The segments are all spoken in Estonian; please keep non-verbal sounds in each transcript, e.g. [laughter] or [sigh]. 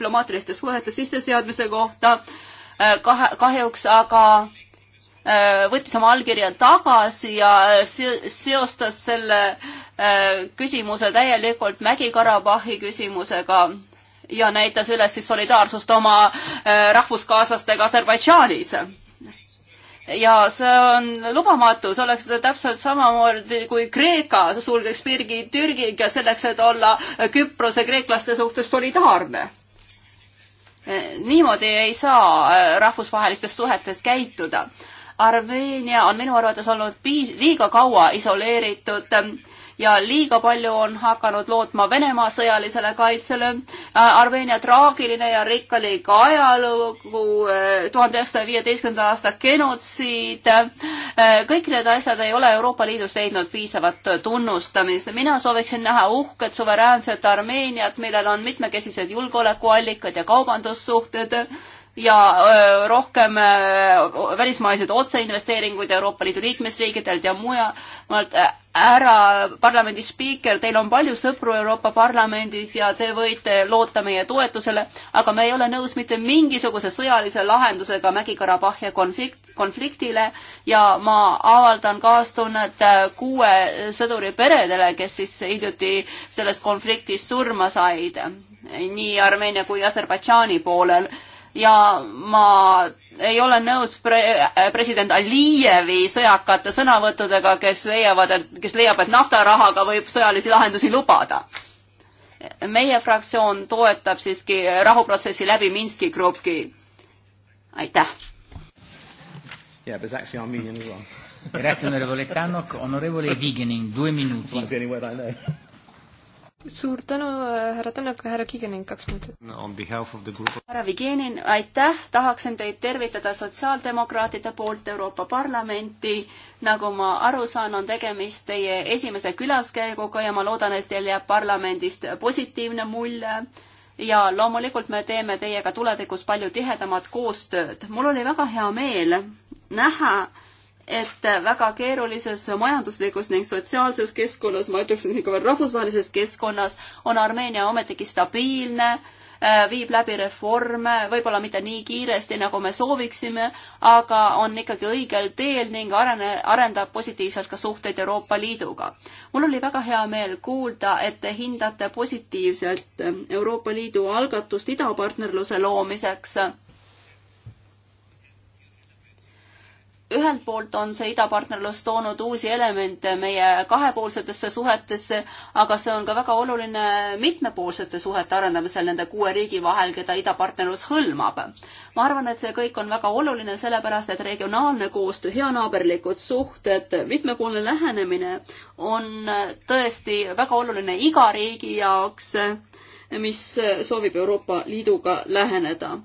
diplomaatiliste suhete sisseseadmise kohta, äh, kahe, kahjuks aga äh, võttis oma allkirja tagasi ja äh, seostas selle küsimuse täielikult Mägi-Karabahhi küsimusega ja näitas üles siis solidaarsust oma rahvuskaaslastega Aserbaidžaanis ja see on lubamatu, see oleks täpselt samamoodi kui Kreeka sulgeks piirgi Türgiga selleks, et olla Küprose kreeklaste suhtes solidaarne niimoodi ei saa äh, rahvusvahelistes suhetes käituda. Armeenia on minu arvates olnud piis-, liiga kaua isoleeritud ähm, ja liiga palju on hakanud lootma Venemaa sõjalisele kaitsele. Äh, Armeenia traagiline ja rikkalik ajalugu, äh, tuhande üheksasaja viieteistkümnenda aasta genotsiid, äh, kõik need asjad ei ole Euroopa Liidus leidnud piisavat tunnustamist. mina sooviksin näha uhket suveräänset Armeeniat, millel on mitmekesised julgeolekuallikad ja kaubandussuhted ja rohkem välismaiseid otseinvesteeringuid Euroopa Liidu liikmesriikidelt ja mujalt. härra parlamendi spiiker, teil on palju sõpru Euroopa Parlamendis ja te võite loota meie toetusele, aga me ei ole nõus mitte mingisuguse sõjalise lahendusega Mägi-Karabahhi konflikt, konfliktile ja ma avaldan kaastunnet kuue sõduri peredele, kes siis hiljuti selles konfliktis surma said nii Armeenia kui Aserbaidžaani poolel ja ma ei ole nõus pre president Alijevi sõjakate sõnavõttudega, kes leiavad, et, kes leiab, et naftarahaga võib sõjalisi lahendusi lubada. meie fraktsioon toetab siiski rahuprotsessi läbi Minski grupi. aitäh. Yeah, but it's actually Armenian as well. Grazie onorevole Tannock, onorevole Vigenin, due minuti suur tänu, härra Tänak ja härra Kiigening, kaks minutit no,. härra Vigenin, aitäh, tahaksin teid tervitada sotsiaaldemokraatide poolt Euroopa Parlamenti. nagu ma aru saan, on tegemist teie esimese külaskäiguga ja ma loodan, et teil jääb parlamendist positiivne mulje ja loomulikult me teeme teiega tulevikus palju tihedamat koostööd. mul oli väga hea meel näha, et väga keerulises majanduslikus ning sotsiaalses keskkonnas, ma ütleksin siinkohal rahvusvahelises keskkonnas, on Armeenia ometigi stabiilne, äh, viib läbi reforme, võib-olla mitte nii kiiresti, nagu me sooviksime, aga on ikkagi õigel teel ning arene, arendab positiivselt ka suhteid Euroopa Liiduga. mul oli väga hea meel kuulda, et te hindate positiivselt Euroopa Liidu algatust idapartnerluse loomiseks ühelt poolt on see idapartnerlus toonud uusi elemente meie kahepoolsetesse suhetesse, aga see on ka väga oluline mitmepoolsete suhete arendamisel nende kuue riigi vahel, keda idapartnerlus hõlmab. ma arvan, et see kõik on väga oluline, sellepärast et regionaalne koostöö, heanaaberlikud suhted, mitmepoolne lähenemine on tõesti väga oluline iga riigi jaoks, mis soovib Euroopa Liiduga läheneda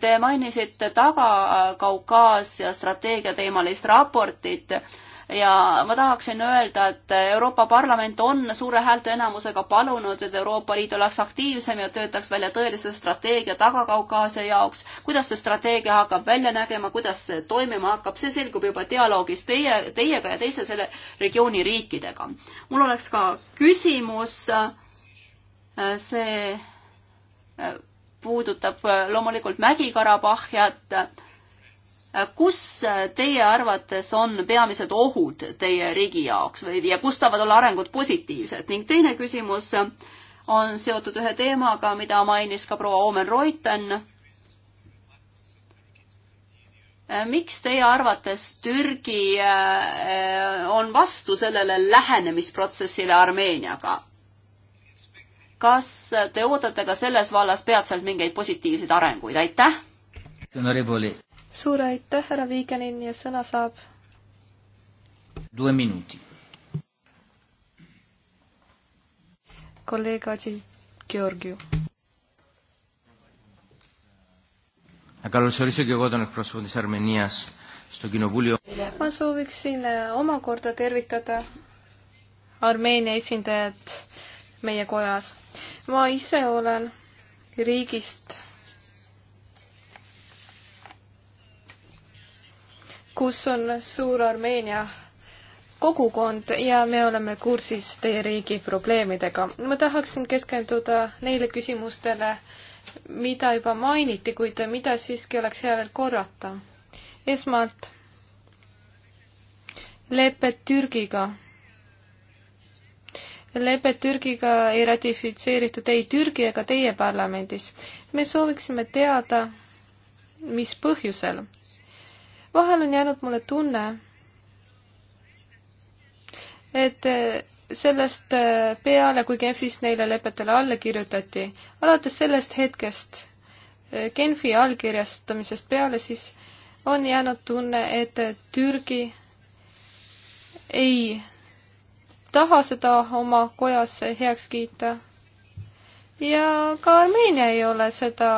Te mainisite Taga-Kaukaasia strateegiateemalist raportit ja ma tahaksin öelda, et Euroopa Parlament on suure häälteenamusega palunud, et Euroopa Liit oleks aktiivsem ja töötaks välja tõelise strateegia Taga-Kaukaasia jaoks. kuidas see strateegia hakkab välja nägema, kuidas see toimima hakkab, see selgub juba dialoogis teie, teiega ja teise selle regiooni riikidega. mul oleks ka küsimus, äh, see äh, puudutab äh, loomulikult Mägi-Karabahhiat. kus äh, teie arvates on peamised ohud teie riigi jaoks või, ja kus saavad olla arengud positiivsed ning teine küsimus äh, on seotud ühe teemaga, mida mainis ka proua Omen Reuten. miks teie arvates Türgi on vastu sellele lähenemisprotsessile Armeeniaga? kas te ootate ka selles vallas peatselt mingeid positiivseid arenguid, aitäh! suur aitäh, härra Viigenin ja sõna saab. kolleeg Adži Georgiu. Να καλωσορίσω και εγώ τον εκπρόσωπο της Αρμενίας στο Κοινοβούλιο. Ma sooviksin eh, omakorda tervitada Armeenia esindajat meie kojas. ma ise olen riigist, kus on suur Armeenia kogukond ja me oleme kursis teie riigi probleemidega. ma tahaksin keskenduda neile küsimustele, mida juba mainiti, kuid mida siiski oleks hea veel korrata. esmalt lepped Türgiga lepet Türgiga ei ratifitseeritud ei Türgi ega teie parlamendis. me sooviksime teada, mis põhjusel. vahel on jäänud mulle tunne, et äh, sellest äh, peale, kui Genfis neile lepetele alla kirjutati, alates sellest hetkest, äh, Genfi allkirjastamisest peale, siis on jäänud tunne, et Türgi ei taha seda oma kojas heaks kiita. ja ka Armeenia ei ole seda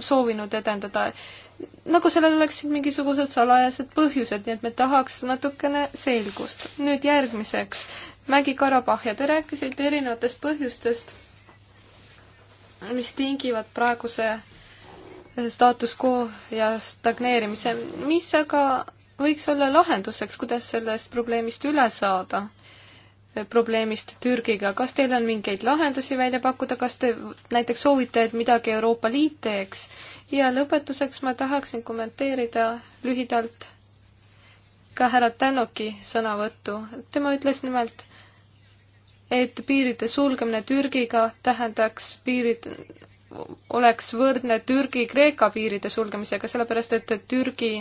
soovinud edendada. nagu sellel oleksid mingisugused salajased põhjused, nii et me tahaks natukene selgust. nüüd järgmiseks, Mägi-Karabahh ja te rääkisite erinevatest põhjustest, mis tingivad praeguse staatus quo ja stagneerimise, mis aga võiks olla lahenduseks, kuidas sellest probleemist üle saada? probleemist Türgiga. kas teil on mingeid lahendusi välja pakkuda, kas te näiteks soovite, et midagi Euroopa Liit teeks? ja lõpetuseks ma tahaksin kommenteerida lühidalt ka härra Tänoki sõnavõttu. tema ütles nimelt, et piiride sulgemine Türgiga tähendaks piirid, oleks võrdne Türgi-Kreeka piiride sulgemisega, sellepärast et Türgi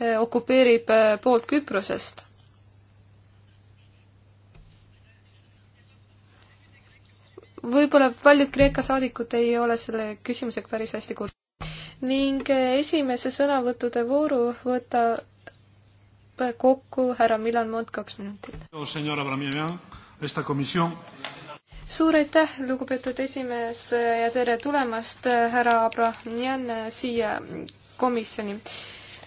eh, okupeerib eh, poolt Küprosest võib-olla paljud Kreeka saadikud ei ole selle küsimusega päris hästi kursis. ning eh, esimese sõnavõttude vooru võtab kokku härra Milan Mont kaks minutit. suur aitäh, lugupeetud esimees ja tere tulemast, eh, härra Abrahamian, siia komisjoni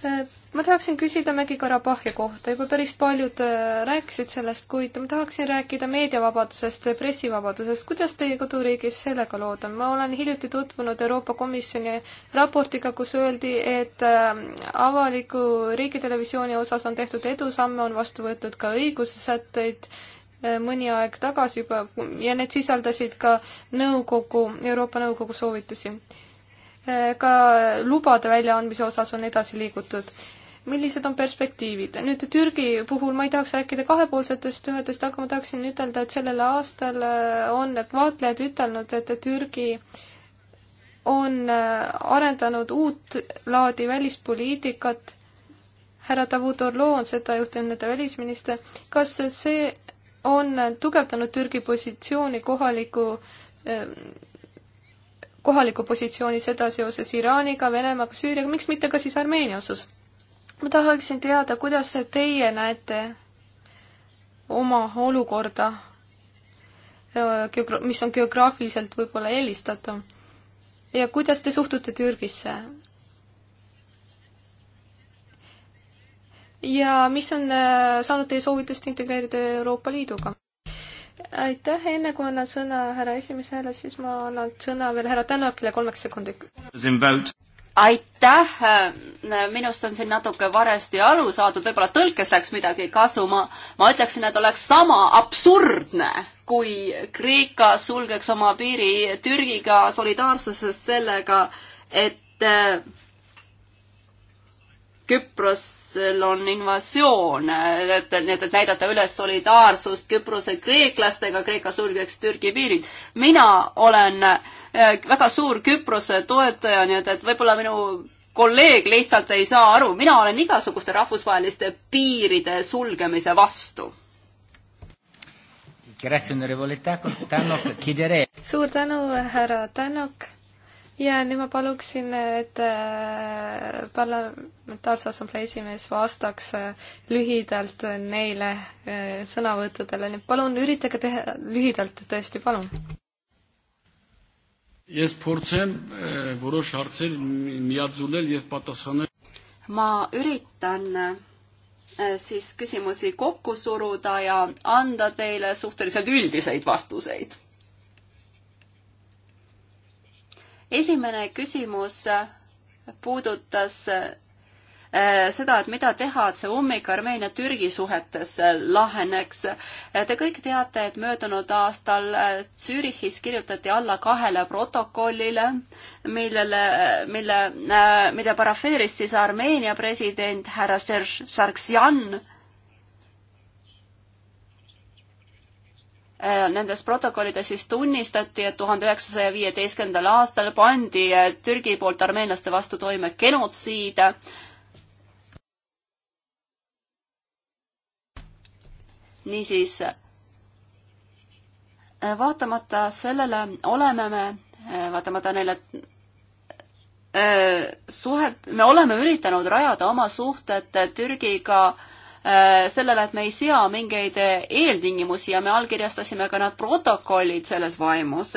eh, ma tahaksin küsida Mägi-Karabahhi kohta, juba päris paljud äh, rääkisid sellest, kuid ma tahaksin rääkida meediavabadusest, pressivabadusest. kuidas teie koduriigis sellega lood on? ma olen hiljuti tutvunud Euroopa Komisjoni raportiga, kus öeldi, et äh, avaliku riigitelevisiooni osas on tehtud edusamme, on vastu võetud ka õigussätteid äh, mõni aeg tagasi juba ja need sisaldasid ka nõukogu, Euroopa Nõukogu soovitusi. ka lubade väljaandmise osas on edasi liigutud millised on perspektiivid? nüüd Türgi puhul ma ei tahaks rääkida kahepoolsetest suhetest, aga ma tahaksin ütelda, et sellel aastal äh, on need vaatlejad ütelnud, et Türgi on äh, arendanud uut laadi välispoliitikat. härra Davutoglu on seda juhtinud, nende välisminister. kas see on tugevdanud Türgi positsiooni kohaliku äh, kohaliku positsiooni seda seoses Iraaniga, Venemaaga, Süüriaga, miks mitte ka siis Armeenia osas? ma tahaksin teada, kuidas teie näete oma olukorda, mis on geograafiliselt võib-olla eelistatum ja kuidas te suhtute Türgisse? ja mis on äh, saanud teie soovitust integreerida Euroopa Liiduga? aitäh, enne kui annan sõna härra esimesele, siis ma annan sõna veel härra Tänakile kolmeks sekundiks aitäh, minust on siin natuke varesti aru saadud, võib-olla tõlkes läks midagi kasu, ma, ma ütleksin, et oleks sama absurdne, kui Kreeka sulgeks oma piiri Türgiga solidaarsuses sellega, et äh, Küprosel on invasioon, et, et, et näidata üles solidaarsust Küprose kreeklastega, Kreeka sulgeks Türgi piirid. mina olen eh, väga suur Küprose toetaja, nii et, et võib-olla minu kolleeg lihtsalt ei saa aru, mina olen igasuguste rahvusvaheliste piiride sulgemise vastu. suur tänu, härra Tänok ja nüüd ma paluksin, et äh, parlamentaarse assamblee esimees vastaks äh, lühidalt neile äh, sõnavõttudele, nii et palun üritage teha lühidalt, tõesti, palun. ma üritan siis küsimusi kokku suruda ja anda teile suhteliselt üldiseid vastuseid esimene küsimus puudutas eh, seda, et mida teha, et see ummik Armeenia-Türgi suhetes eh, laheneks. Te kõik teate, et möödunud aastal eh, Zürichis kirjutati alla kahele protokollile, millele, mille, mille parafeeris siis Armeenia president härra Serge Sargsjan Äh, nendes protokollides siis tunnistati, et tuhande üheksasaja viieteistkümnendal aastal pandi äh, Türgi poolt armeenlaste vastu toime genotsiid. niisiis, äh, vaatamata sellele oleme me, vaatamata neile suhet, me oleme üritanud rajada oma suhted Türgiga äh, Äh, sellele, et me ei sea mingeid eeltingimusi ja me allkirjastasime ka need protokollid selles vaimus.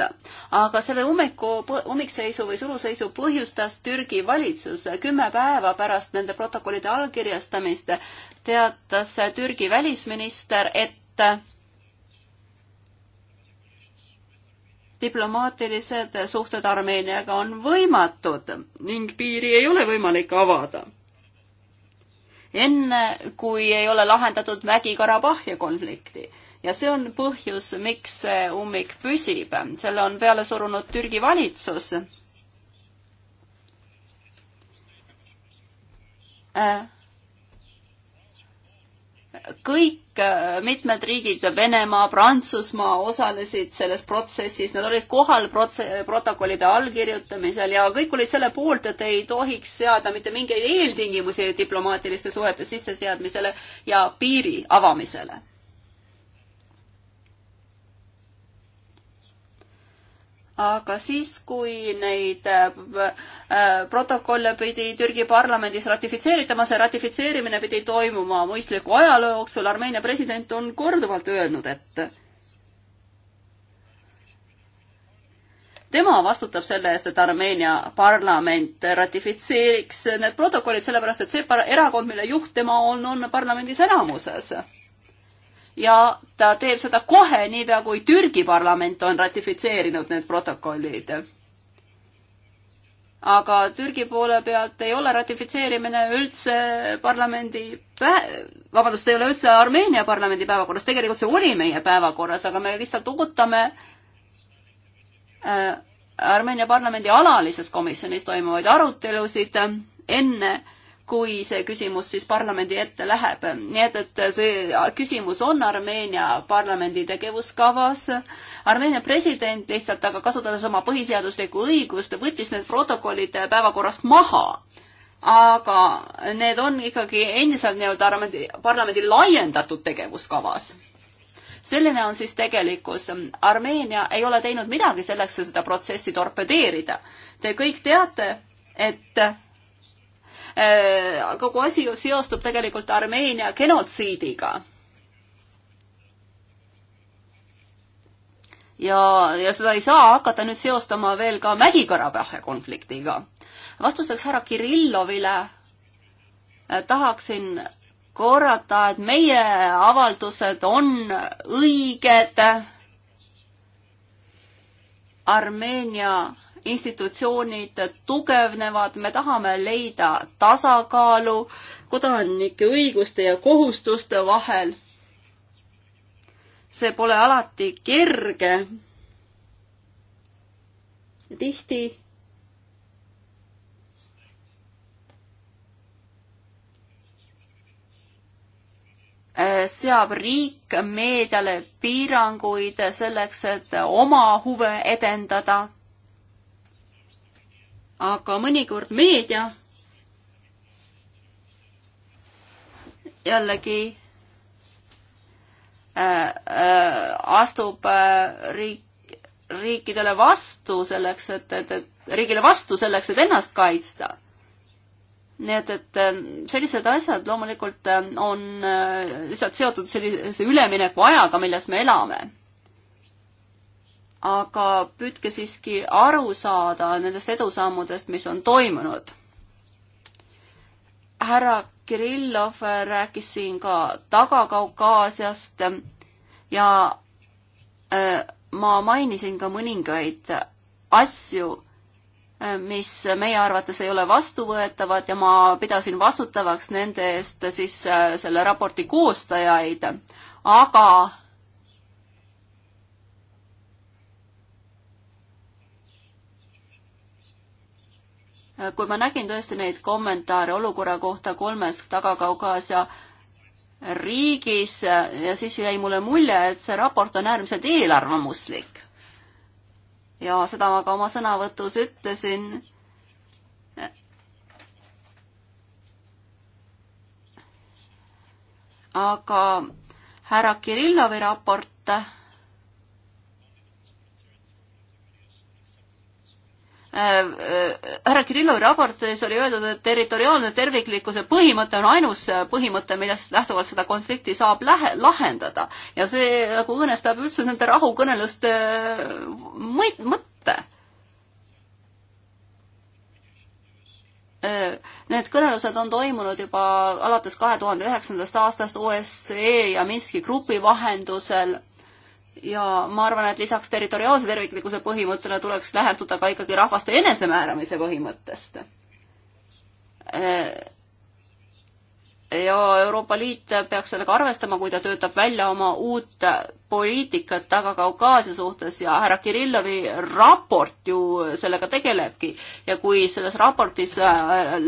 aga selle ummiku, ummikseisu või suruseisu põhjustas Türgi valitsus. kümme päeva pärast nende protokollide allkirjastamist teatas Türgi välisminister, et diplomaatilised suhted Armeeniaga on võimatud ning piiri ei ole võimalik avada enne kui ei ole lahendatud Mägi-Karabahhi konflikti. ja see on põhjus, miks see ummik püsib. selle on peale surunud Türgi valitsus äh kõik äh, mitmed riigid, Venemaa, Prantsusmaa osalesid selles protsessis, nad olid kohal prots-, protokollide allkirjutamisel ja kõik olid selle poolt, et ei tohiks seada mitte mingeid eeltingimusi diplomaatiliste suhete sisseseadmisele ja piiri avamisele aga siis, kui neid äh, äh, protokolle pidi Türgi parlamendis ratifitseeritama, see ratifitseerimine pidi toimuma mõistliku ajaloo jooksul, Armeenia president on korduvalt öelnud, et tema vastutab selle eest, et Armeenia parlament ratifitseeriks need protokollid, sellepärast et see erakond, mille juht tema on, on parlamendis enamuses ja ta teeb seda kohe, niipea kui Türgi parlament on ratifitseerinud need protokollid. aga Türgi poole pealt ei ole ratifitseerimine üldse parlamendi pä-, vabandust, ei ole üldse Armeenia parlamendi päevakorras, tegelikult see oli meie päevakorras, aga me lihtsalt ootame äh, Armeenia parlamendi alalises komisjonis toimuvaid arutelusid enne äh, kui see küsimus siis parlamendi ette läheb. nii et, et see küsimus on Armeenia parlamendi tegevuskavas. Armeenia president lihtsalt aga kasutades oma põhiseaduslikku õigust, võttis need protokollid päevakorrast maha. aga need on ikkagi endiselt nii-öelda parlamendi, parlamendi laiendatud tegevuskavas selline on siis tegelikkus. Armeenia ei ole teinud midagi selleks, et seda protsessi torpedeerida. Te kõik teate, et Äh, kogu asi ju seostub tegelikult Armeenia genotsiidiga. ja, ja seda ei saa hakata nüüd seostama veel ka Mägi-Karabahhi konfliktiga. vastuseks härra Kirillovile äh, tahaksin korrata, et meie avaldused on õiged. Armeenia institutsioonid tugevnevad, me tahame leida tasakaalu kodanike õiguste ja kohustuste vahel. see pole alati kerge. tihti eh, seab riik meediale piiranguid selleks, et oma huve edendada aga mõnikord meedia jällegi äh, äh, astub äh, riik, riikidele vastu selleks, et, et, et riigile vastu selleks, et ennast kaitsta. nii et, et äh, sellised asjad loomulikult äh, on äh, lihtsalt seotud sellise üleminekuajaga, milles me elame aga püüdke siiski aru saada nendest edusammudest, mis on toimunud. härra Kirillov rääkis siin ka Taga-Kaukaasiast ja äh, ma mainisin ka mõningaid asju, äh, mis meie arvates ei ole vastuvõetavad ja ma pidasin vastutavaks nende eest siis äh, selle raporti koostajaid, aga kui ma nägin tõesti neid kommentaare olukorra kohta kolmes Taga-Kaukaasia riigis ja siis jäi mulle mulje, et see raport on äärmiselt eelarvamuslik. ja seda ma ka oma sõnavõtus ütlesin. aga härra Kirillovi raport Äh, äh, härra Kirillovi raportis oli öeldud, et territoriaalne terviklikkuse põhimõte on ainus äh, põhimõte, millest lähtuvalt seda konflikti saab lähe, lahendada ja see nagu õõnestab üldse nende rahukõneluste mõtte. Need kõnelused on toimunud juba alates kahe tuhande üheksandast aastast OSCE ja Minski grupi vahendusel ja ma arvan, et lisaks territoriaalse terviklikkuse põhimõttele tuleks lähenduda ka ikkagi rahvaste enesemääramise põhimõttest. ja Euroopa Liit peaks sellega arvestama, kui ta töötab välja oma uut poliitikat Taga-Kaukaasia suhtes ja härra Kirillovi raport ju sellega tegelebki ja kui selles raportis äh,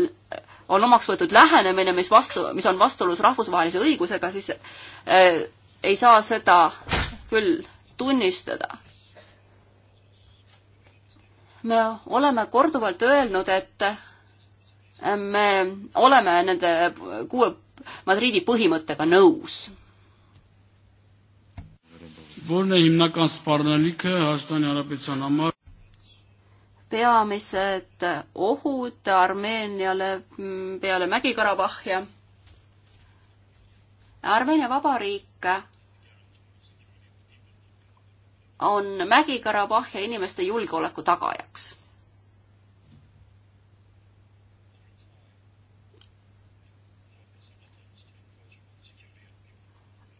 on omaks võetud lähenemine, mis vastu, mis on vastuolus rahvusvahelise õigusega, siis äh, ei saa seda küll tunnistada. me oleme korduvalt öelnud, et me oleme nende kuue Madridi põhimõttega nõus. peamised ohud Armeeniale peale Mägi-Karabahhia Armeenia Vabariik on Mägi-Karabahhi inimeste julgeoleku tagajaks.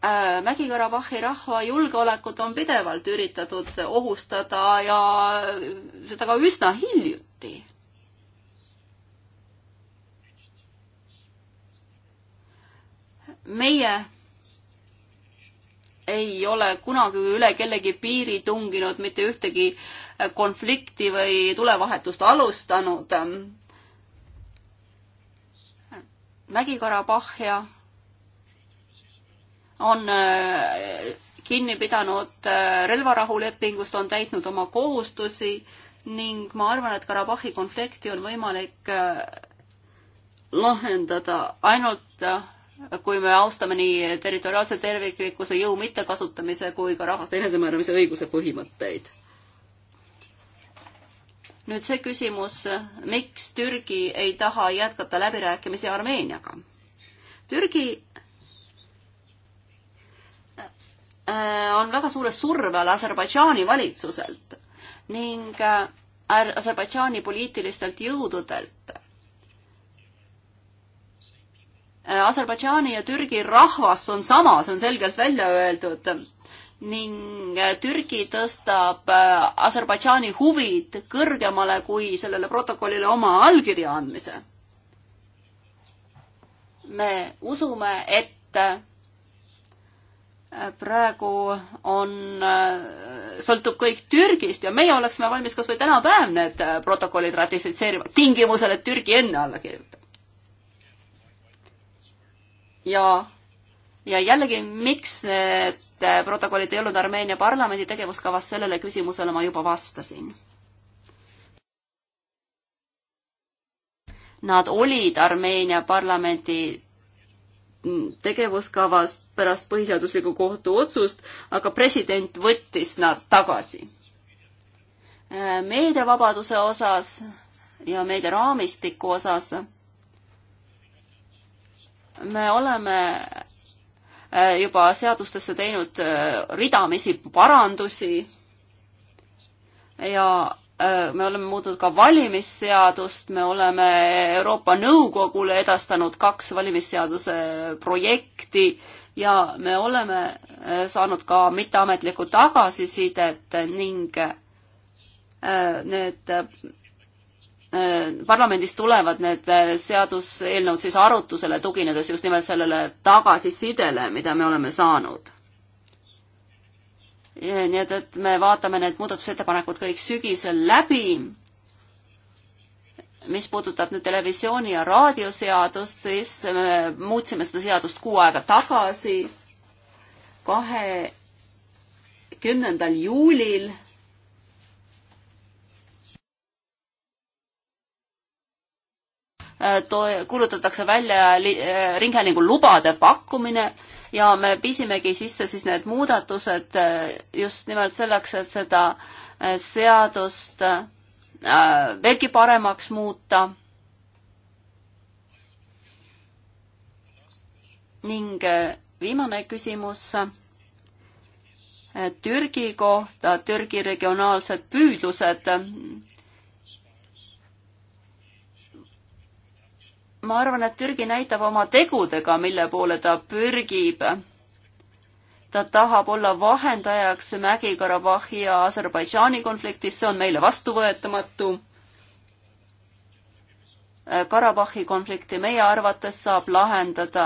Äh, Mägi-Karabahhi rahva julgeolekut on pidevalt üritatud ohustada ja seda ka üsna hiljuti. meie ei ole kunagi üle kellegi piiri tunginud, mitte ühtegi äh, konflikti või tulevahetust alustanud. Mägi-Karabahhia on äh, kinni pidanud äh, relvarahulepingust, on täitnud oma kohustusi ning ma arvan, et Karabahhi konflikti on võimalik lahendada ainult kui me austame nii territoriaalse terviklikkuse jõu mittekasutamise kui ka rahvaste enesemääramise õiguse põhimõtteid. nüüd see küsimus, miks Türgi ei taha jätkata läbirääkimisi Armeeniaga? Türgi äh, on väga suure surve all Aserbaidžaani valitsuselt ning äh, Aserbaidžaani poliitilistelt jõududelt Äh, Aserbaidžaani ja Türgi rahvas on sama, see on selgelt välja öeldud ning äh, Türgi tõstab äh, Aserbaidžaani huvid kõrgemale kui sellele protokollile oma allkirja andmise. me usume, et praegu on, sõltub kõik Türgist ja meie oleksime valmis kas või täna päev need protokollid ratifitseerima, tingimusel, et Türgi enne alla kirjutab ja, ja jällegi, miks need äh, protokollid ei olnud Armeenia parlamendi tegevuskavas, sellele küsimusele ma juba vastasin. Nad olid Armeenia parlamendi tegevuskavas pärast põhiseadusliku kohtu otsust, aga president võttis nad tagasi. Äh, meediavabaduse osas ja meediaraamistiku osas me oleme äh, juba seadustesse teinud äh, ridamisi parandusi ja äh, me oleme muutnud ka valimisseadust, me oleme Euroopa Nõukogule edastanud kaks valimisseaduse projekti ja me oleme saanud ka mitteametlikku tagasisidet ning need Äh, parlamendis tulevad need äh, seaduseelnõud siis arutusele, tuginedes just nimelt sellele tagasisidele, mida me oleme saanud. nii et, et me vaatame need muudatusettepanekud kõik sügisel läbi. mis puudutab nüüd televisiooni ja raadioseadust, siis me muutsime seda seadust kuu aega tagasi, kahekümnendal juulil Äh, kuulutatakse välja äh, ringhäälingu lubade pakkumine ja me pisimegi sisse siis need muudatused äh, just nimelt selleks, et seda seadust veelgi paremaks muuta. ning viimane küsimus Türgi kohta, Türgi regionaalsed püüdlused ma arvan, et Türgi näitab oma tegudega, mille poole ta pürgib. ta tahab olla vahendajaks Mägi-Karabahhi ja Aserbaidžaani konfliktis, see on meile vastuvõetamatu. Karabahhi konflikti meie arvates saab lahendada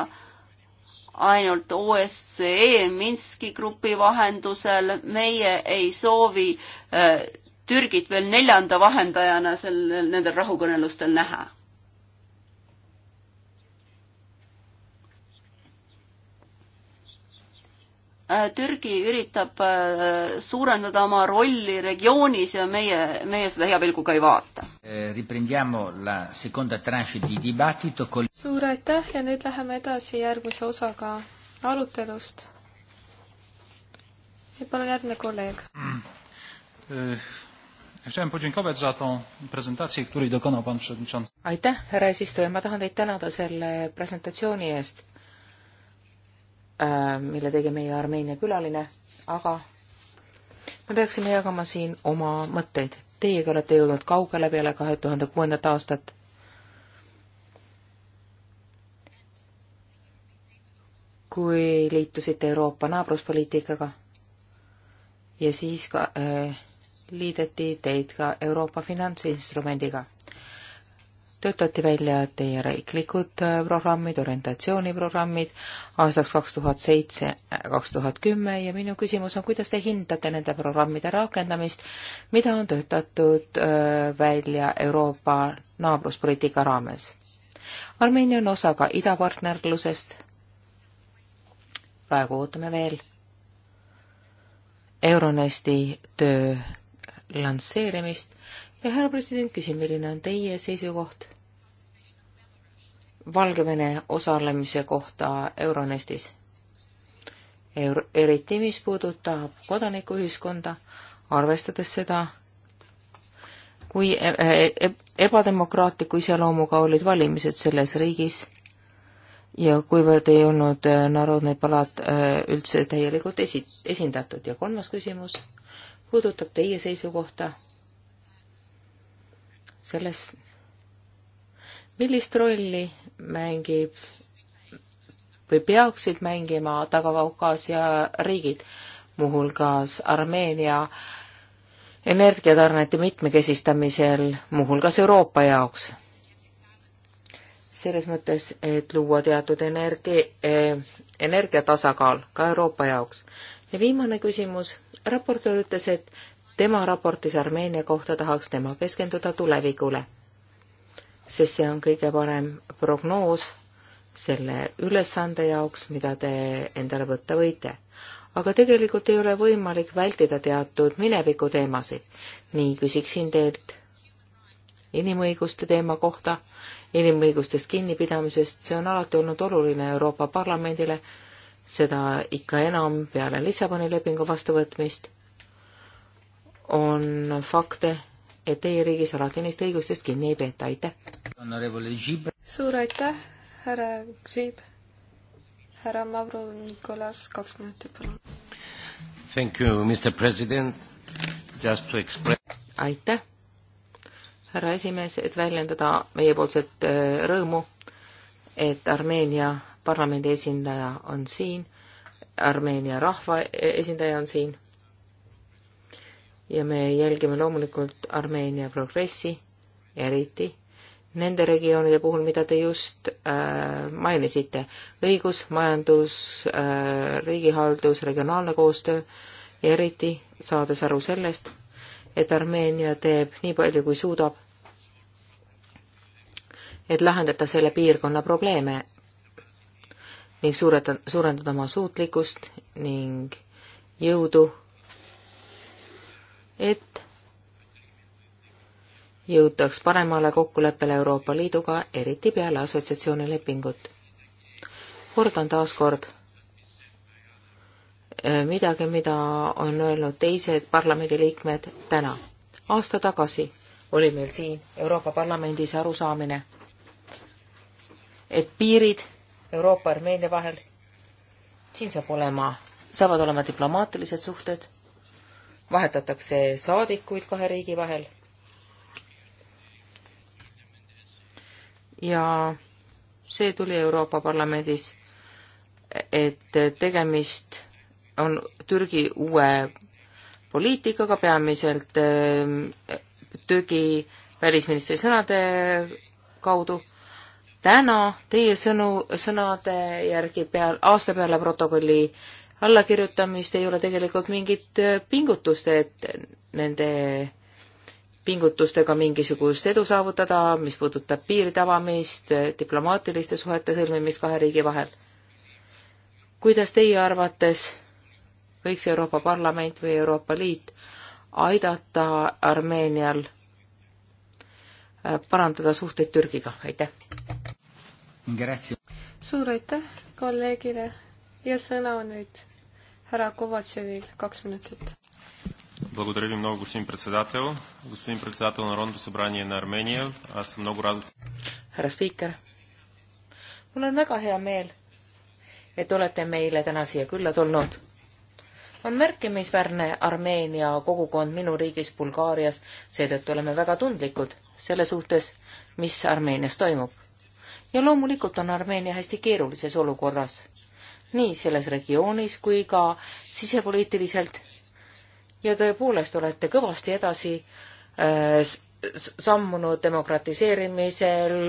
ainult OSCE Minski grupi vahendusel, meie ei soovi eh, Türgit veel neljanda vahendajana sel, nendel rahukõnelustel näha Äh, Türgi üritab äh, suurendada oma rolli regioonis ja meie, meie seda hea pilguga ei vaata. Eh, suur aitäh ja nüüd läheme edasi järgmise osaga arutelust. ja palun järgmine kolleeg. Eh, aitäh, härra eesistuja, ma tahan teid tänada selle presentatsiooni eest Äh, mille tegi meie Armeenia külaline, aga me peaksime jagama siin oma mõtteid. Teiegi olete jõudnud kaugele peale kahe tuhande kuuendat aastat. kui liitusite Euroopa naabruspoliitikaga ja siis ka äh, liideti teid ka Euroopa finantsinstrumendiga töötati välja teie riiklikud äh, programmid, orientatsiooniprogrammid aastaks kaks tuhat seitse, äh, kaks tuhat kümme ja minu küsimus on, kuidas te hindate nende programmide rakendamist, mida on töötatud äh, välja Euroopa naabruspoliitika raames? Armeenia on osa ka idapartnerlusest. praegu ootame veel Euronesti töö lansseerimist ja härra president, küsin, milline on teie seisukoht Valgevene osalemise kohta Euronestis Euro, eriti mis puudutab kodanikuühiskonda, arvestades seda, kui e-, e-, e-, ebademokraatliku iseloomuga olid valimised selles riigis ja kuivõrd ei olnud Narodne palat üldse täielikult esi-, esindatud ja kolmas küsimus puudutab teie seisukohta selles millist rolli mängib või peaksid mängima Taga-Kaukaasia riigid, muuhulgas Armeenia energiatarnete mitmekesistamisel, muuhulgas Euroopa jaoks? selles mõttes, et luua teatud energi- eh,, energiatasakaal ka Euroopa jaoks. ja viimane küsimus, raportöör ütles, et tema raportis Armeenia kohta tahaks tema keskenduda tulevikule sest see on kõige parem prognoos selle ülesande jaoks, mida te endale võtta võite. aga tegelikult ei ole võimalik vältida teatud mineviku teemasid. nii küsiksin teilt inimõiguste teema kohta, inimõigustest kinnipidamisest, see on alati olnud oluline Euroopa Parlamendile, seda ikka enam peale Lissaboni lepingu vastuvõtmist, on fakte et teie riigis alatinist õigustest kinni ei peeta, aitäh! suur aitäh, härra Žib! härra Mavro Nikolas, kaks minutit, palun! Thank you, Mr President, just to express aitäh, härra esimees, et väljendada meiepoolset äh, rõõmu, et Armeenia parlamendi esindaja on siin, Armeenia rahva e-, esindaja on siin ja me jälgime loomulikult Armeenia progressi, eriti nende regioonide puhul, mida te just äh, mainisite, õigus, majandus äh,, riigihaldus, regionaalne koostöö ja eriti saades aru sellest, et Armeenia teeb nii palju, kui suudab, et lahendada selle piirkonna probleeme ning suureta, suurendada oma suutlikkust ning jõudu et jõutaks paremale kokkuleppele Euroopa Liiduga, eriti peale assotsiatsiooni lepingut. kordan taas kord eh, midagi, mida on öelnud teised parlamendiliikmed täna. aasta tagasi oli meil siin Euroopa Parlamendis arusaamine, et piirid Euroopa ja Armeenia vahel, siin saab olema, saavad olema diplomaatilised suhted vahetatakse saadikuid kahe riigi vahel. ja see tuli Euroopa Parlamendis, et tegemist on Türgi uue poliitikaga, peamiselt eh, Türgi välisministri sõnade kaudu. täna teie sõnu, sõnade järgi peal, aasta peale protokolli allakirjutamist, ei ole tegelikult mingit äh, pingutust, et nende pingutustega mingisugust edu saavutada, mis puudutab piiride avamist, äh, diplomaatiliste suhete sõlmimist kahe riigi vahel. kuidas teie arvates võiks Euroopa Parlament või Euroopa Liit aidata Armeenial äh, parandada suhteid Türgiga, aitäh! suur aitäh kolleegile ja sõna nüüd härra Kovatševil kaks minutit. Благодаря ви много, господин председател. Господин председател на Народното събрание на Армения, аз съм много радостен. Härra spiiker, mul on väga hea meel, et olete meile täna siia külla tulnud. on märkimisväärne Armeenia kogukond minu riigis Bulgaarias, seetõttu oleme väga tundlikud selle suhtes, mis Armeenias toimub. ja loomulikult on Armeenia hästi keerulises olukorras nii selles regioonis kui ka sisepoliitiliselt. ja tõepoolest olete kõvasti edasi äh, sammunud demokratiseerimisel,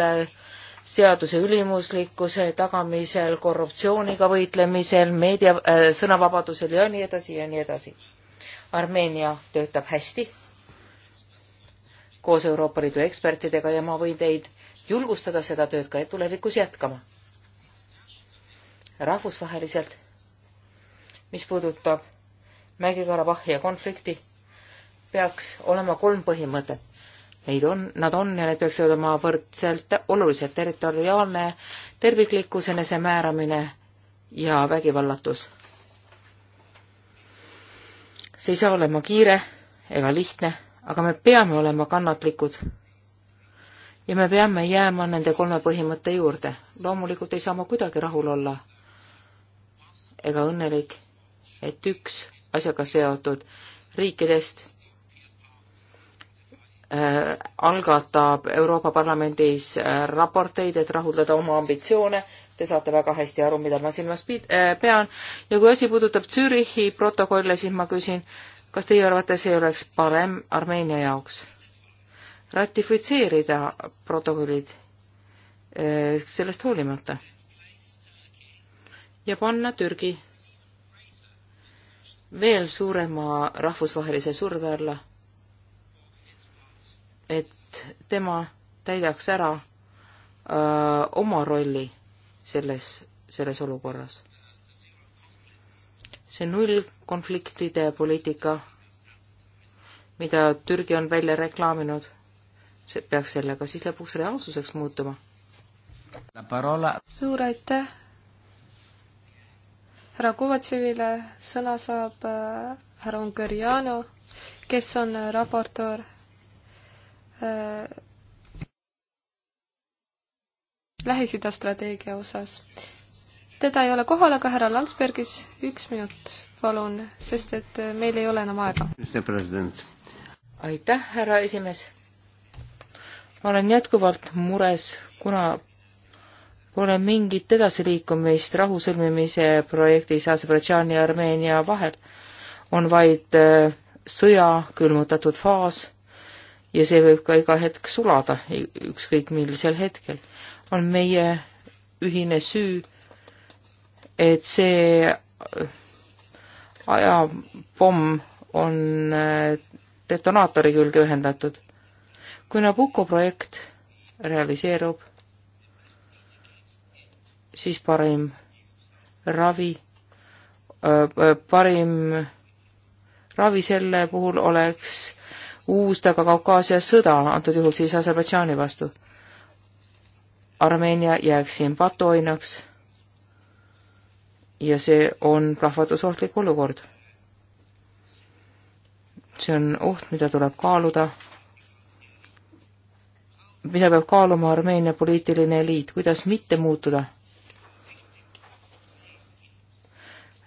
seaduse ülimuslikkuse tagamisel, korruptsiooniga võitlemisel, meedia, äh, sõnavabadusel ja nii edasi ja nii edasi. Armeenia töötab hästi koos Euroopa Liidu ekspertidega ja ma võin teid julgustada seda tööd ka tulevikus jätkama rahvusvaheliselt, mis puudutab Mägi-Karabahhi ja konflikti, peaks olema kolm põhimõtet. Neid on, nad on ja need peaksid olema võrdselt olulised, territoriaalne terviklikkus, enesemääramine ja vägivallatus. see ei saa olema kiire ega lihtne, aga me peame olema kannatlikud ja me peame jääma nende kolme põhimõtte juurde. loomulikult ei saa ma kuidagi rahul olla ega õnnelik, et üks asjaga seotud riikidest äh, algatab Euroopa Parlamendis äh, raporteid, et rahuldada oma ambitsioone. Te saate väga hästi aru, mida ma silmas pid- äh,, pean. ja kui asi puudutab Zürichi protokolle, siis ma küsin, kas teie arvates ei oleks parem Armeenia jaoks ratifitseerida protokollid äh, sellest hoolimata? ja panna Türgi veel suurema rahvusvahelise surve alla, et tema täidaks ära öö, oma rolli selles, selles olukorras. see nullkonfliktide poliitika, mida Türgi on välja reklaaminud, see peaks sellega siis lõpuks reaalsuseks muutuma. suur aitäh härra Kovatševile, sõna saab äh, härra Ungariano, kes on äh, raportöör äh, Lähis-Ida strateegia osas. teda ei ole kohal, aga härra Landsbergis üks minut, palun, sest et meil ei ole enam aega. aitäh, härra esimees. ma olen jätkuvalt mures, kuna pole mingit edasiliikumist rahu sõlmimise projektis Aserbaidžaani ja Armeenia vahel. on vaid äh, sõja külmutatud faas ja see võib ka iga hetk sulada, ükskõik millisel hetkel. on meie ühine süü, et see äh, ajapomm on äh, detonaatori külge ühendatud. kui Nabucco projekt realiseerub siis parim ravi, parim ravi selle puhul oleks uus Taga-Kaukaasia sõda, antud juhul siis Aserbaidžaani vastu. Armeenia jääks siin patoinaks ja see on plahvatusohtlik olukord. see on oht, mida tuleb kaaluda, mida peab kaaluma Armeenia poliitiline eliit, kuidas mitte muutuda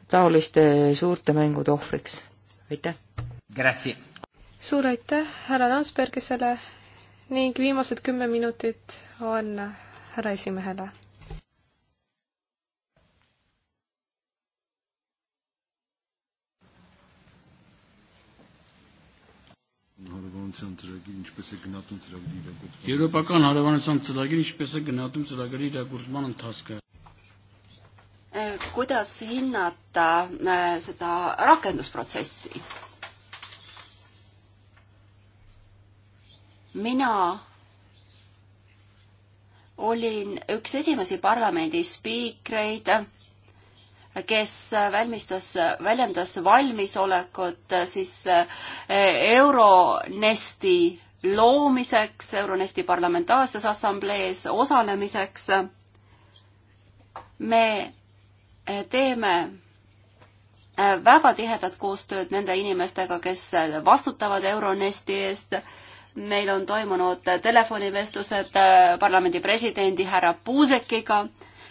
taoliste suurte mängude ohvriks. aitäh! suur aitäh, härra Landsbergi, selle ning viimased kümme minutit on härra esimehele. Եվրոպական հարևանության ծրագիրը ինչպես է գնահատում ծրագրի իրագործման ընթացքը։ Eh, kuidas hinnata eh, seda rakendusprotsessi? mina olin üks esimesi parlamendi spiikreid, kes valmistas, väljendas valmisolekut eh, siis Euronesti loomiseks, Euronesti parlamentaarses assamblees osalemiseks. me teeme äh, väga tihedat koostööd nende inimestega, kes vastutavad Euronesti eest. meil on toimunud telefonivestlused äh, parlamendi presidendi härra Puusekiga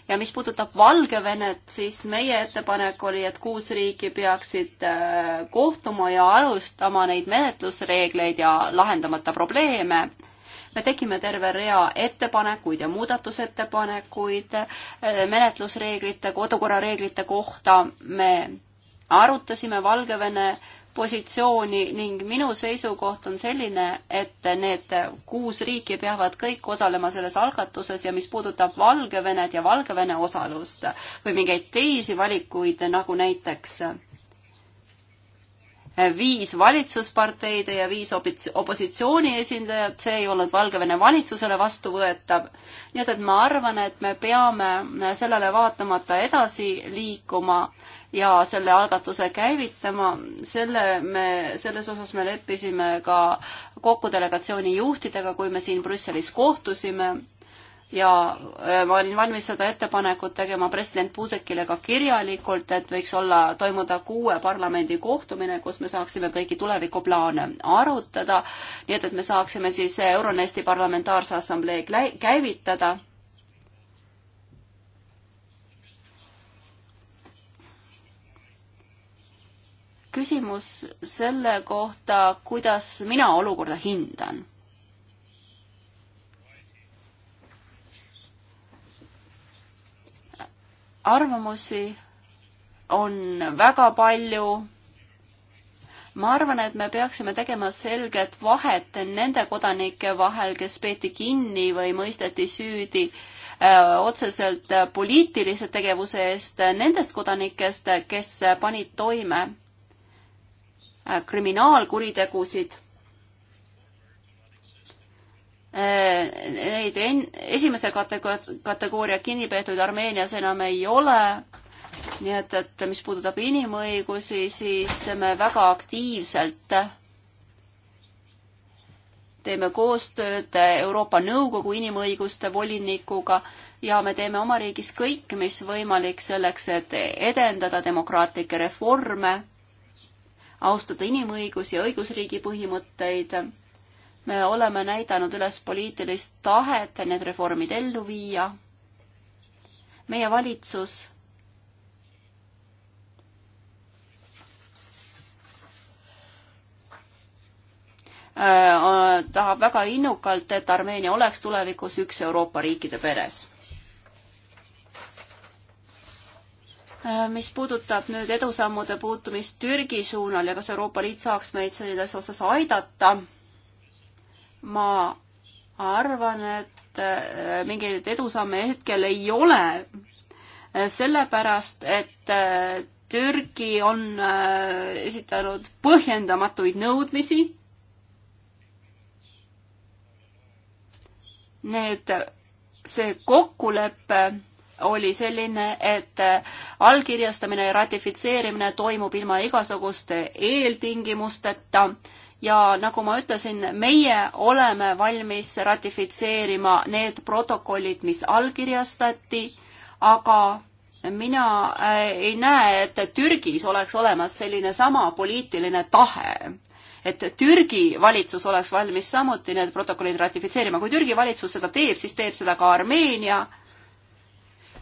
ja mis puudutab Valgevenet, siis meie ettepanek oli, et kuus riiki peaksid äh, kohtuma ja alustama neid menetlusreegleid ja lahendamata probleeme me tegime terve rea ettepanekuid ja muudatusettepanekuid eh, menetlusreeglite, kodukorrareeglite kohta, me arutasime Valgevene positsiooni ning minu seisukoht on selline, et need kuus riiki peavad kõik osalema selles algatuses ja mis puudutab Valgevenet ja Valgevene osalust või mingeid teisi valikuid, nagu näiteks viis valitsusparteide ja viis opositsiooni esindajat, see ei olnud Valgevene valitsusele vastuvõetav. nii et, et ma arvan, et me peame sellele vaatamata edasi liikuma ja selle algatuse käivitama, selle me, selles osas me leppisime ka kokku delegatsiooni juhtidega, kui me siin Brüsselis kohtusime ja äh, ma olin valmis seda ettepanekut tegema president Puusekile ka kirjalikult, et võiks olla, toimuda kuue parlamendi kohtumine, kus me saaksime kõiki tulevikuplaane arutada, nii et, et me saaksime siis Euronesti Parlamentaarse Assamblee käivitada. küsimus selle kohta, kuidas mina olukorda hindan arvamusi on väga palju. ma arvan, et me peaksime tegema selget vahet nende kodanike vahel, kes peeti kinni või mõisteti süüdi öö, äh, otseselt poliitilise tegevuse eest, nendest kodanikest, kes panid toime äh, kriminaalkuritegusid Neid en-, esimese kategooria, kategooria kinnipeetuid Armeenias enam ei ole, nii et, et mis puudutab inimõigusi, siis me väga aktiivselt teeme koostööd Euroopa Nõukogu inimõiguste volinikuga ja me teeme oma riigis kõik, mis võimalik selleks, et edendada demokraatlikke reforme, austada inimõigusi ja õigusriigi põhimõtteid me oleme näidanud üles poliitilist tahet need reformid ellu viia. meie valitsus äh, tahab väga innukalt, et Armeenia oleks tulevikus üks Euroopa riikide peres. Äh, mis puudutab nüüd edusammude puutumist Türgi suunal ja kas Euroopa Liit saaks meid selles osas aidata ma arvan, et äh, mingeid edusamme hetkel ei ole, äh, sellepärast et äh, Türgi on esitanud põhjendamatuid nõudmisi. Need, see kokkulepe oli selline, et allkirjastamine ja ratifitseerimine toimub ilma igasuguste eeltingimusteta ja nagu ma ütlesin, meie oleme valmis ratifitseerima need protokollid, mis allkirjastati, aga mina äh, ei näe, et Türgis oleks olemas selline sama poliitiline tahe. et Türgi valitsus oleks valmis samuti need protokollid ratifitseerima. kui Türgi valitsus seda teeb, siis teeb seda ka Armeenia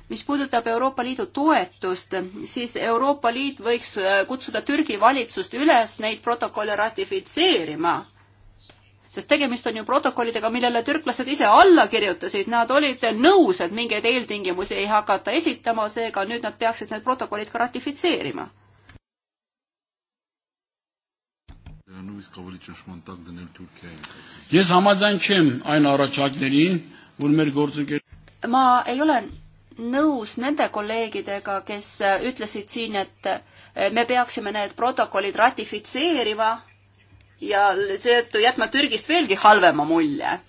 mis puudutab Euroopa Liidu toetust, siis Euroopa Liit võiks äh, kutsuda Türgi valitsust üles neid protokolle ratifitseerima. sest tegemist on ju protokollidega, millele türklased ise alla kirjutasid, nad olid nõus, et mingeid eeltingimusi ei hakata esitama, seega nüüd nad peaksid need protokollid ka ratifitseerima. Ես համաձայն չեմ այն առաջարկներին, որ մեր գործընկեր Μα ei ole nõus nende kolleegidega, kes ütlesid siin, et eh, me peaksime need protokollid ratifitseerima ja seetõttu jätma Türgist veelgi halvema mulje.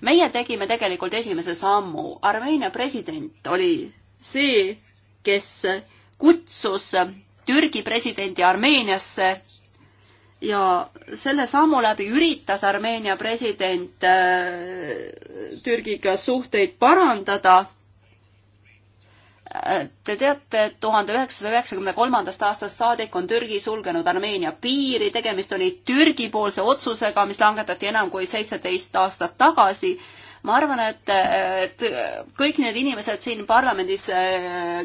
meie tegime tegelikult esimese sammu. Armeenia president oli see, kes kutsus Türgi presidendi Armeeniasse ja selle sammu läbi üritas Armeenia president eh, Türgiga suhteid parandada Te teate, et tuhande üheksasaja üheksakümne kolmandast aastast saadik on Türgi sulgenud Armeenia piiri, tegemist oli Türgi-poolse otsusega, mis langetati enam kui seitseteist aastat tagasi. ma arvan, et, et kõik need inimesed siin parlamendis,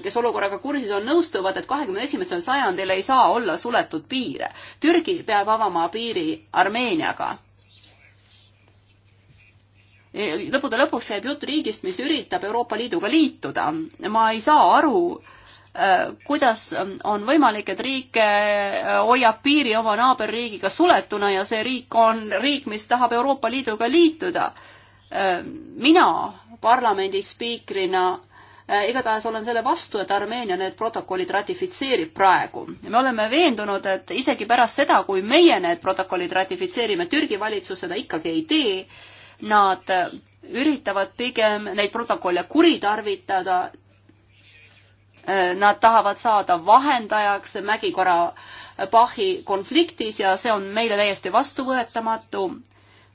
kes olukorraga kursis on, nõustuvad, et kahekümne esimesel sajandil ei saa olla suletud piire. Türgi peab avama piiri Armeeniaga lõppude lõpuks käib jutt riigist, mis üritab Euroopa Liiduga liituda. ma ei saa aru, äh, kuidas ähm, on võimalik, et riik äh, hoiab piiri oma naaberriigiga suletuna ja see riik on riik, mis tahab Euroopa Liiduga liituda. Äh, mina parlamendi spiikrina igatahes olen selle vastu, et Armeenia need protokollid ratifitseerib praegu. me oleme veendunud, et isegi pärast seda, kui meie need protokollid ratifitseerime, Türgi valitsus seda ikkagi ei tee nad üritavad pigem neid protokolle kuritarvitada. Nad tahavad saada vahendajaks Mägi-Kora Bahi konfliktis ja see on meile täiesti vastuvõetamatu.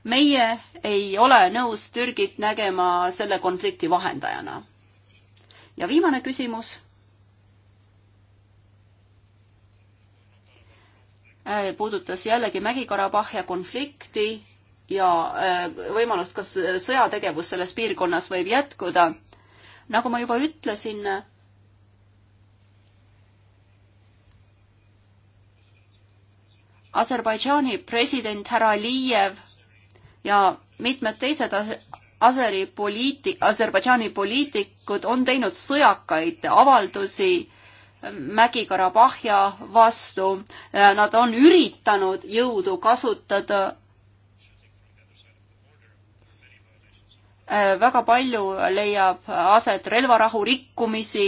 meie ei ole nõus Türgit nägema selle konflikti vahendajana. ja viimane küsimus puudutas jällegi Mägi-Karabahhi konflikti ja äh, võimalust, kas sõjategevus selles piirkonnas võib jätkuda. nagu ma juba ütlesin, Aserbaidžaani president härra Aliyev ja mitmed teised Aseri poliitik, Aserbaidžaani poliitikud on teinud sõjakaid avaldusi Mägi-Karabahhia vastu. Nad on üritanud jõudu kasutada Äh, väga palju leiab aset relvarahu rikkumisi.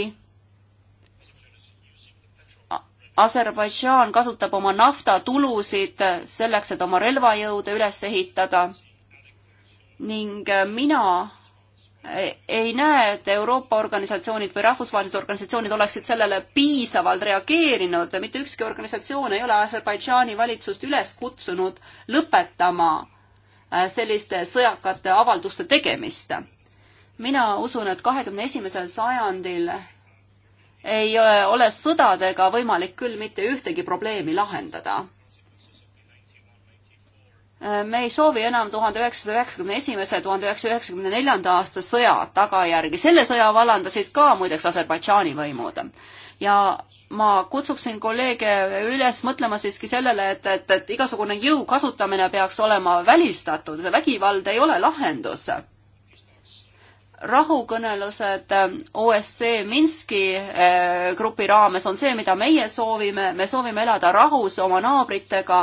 Aserbaidžaan kasutab oma naftatulusid selleks, et oma relvajõude üles ehitada ning äh, mina äh, ei näe, et Euroopa organisatsioonid või rahvusvahelised organisatsioonid oleksid sellele piisavalt reageerinud, mitte ükski organisatsioon ei ole Aserbaidžaani valitsust üles kutsunud lõpetama Äh, selliste sõjakate avalduste tegemist. mina usun, et kahekümne esimesel sajandil ei äh, ole sõdadega võimalik küll mitte ühtegi probleemi lahendada. Äh, me ei soovi enam tuhande üheksasaja üheksakümne esimese, tuhande üheksasaja üheksakümne neljanda aasta sõja tagajärgi. selle sõja vallandasid ka muideks Aserbaidžaani võimud ja ma kutsuksin kolleege üles mõtlema siiski sellele, et, et, et igasugune jõu kasutamine peaks olema välistatud, vägivald ei ole lahendus. rahukõnelused OSCE Minski eh, grupi raames on see, mida meie soovime, me soovime elada rahus oma naabritega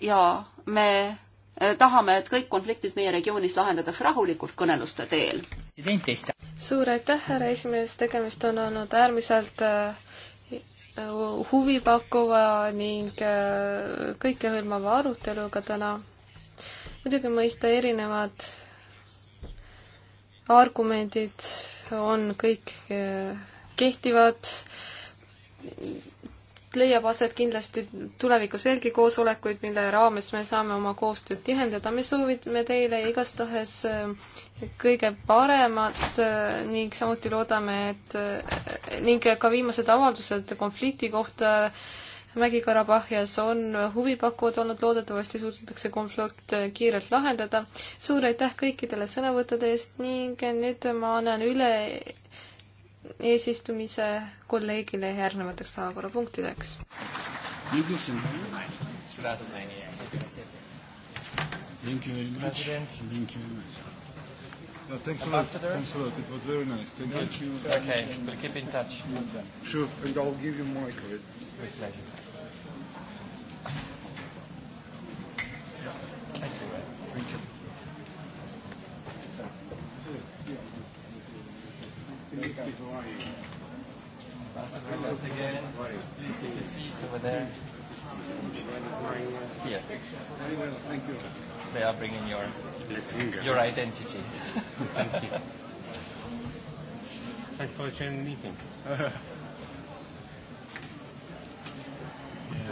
ja me eh, tahame, et kõik konfliktid meie regioonis lahendatakse rahulikult kõneluste teel suur aitäh, härra esimees, tegemist on olnud äärmiselt äh, huvipakkuva ning äh, kõikehõlmava aruteluga täna. muidugi mõista erinevad argumendid on kõik äh, kehtivad leiab aset kindlasti tulevikus veelgi koosolekuid, mille raames me saame oma koostööd tihendada. me soovime teile igastahes äh, kõige paremat äh, ning samuti loodame, et äh, ning ka viimased avaldused konflikti kohta Mägi-Karabahhias on huvipakkuvad olnud, loodetavasti suudetakse konflikt kiirelt lahendada. suur aitäh kõikidele sõnavõttude eest ning nüüd ma annan üle eesistumise kolleegile järgnevateks päevakorrapunktideks. Thank you very much. Thank you very much. No, uh, thanks Ambassador. a lot. Thanks a lot. It was very nice. Thank Good. you. Okay, we'll keep in touch. Sure, and I'll give you my credit. With pleasure. Thank you. Thank you. are bringing your your identity. Thank you. Thanks for attending the meeting. yes.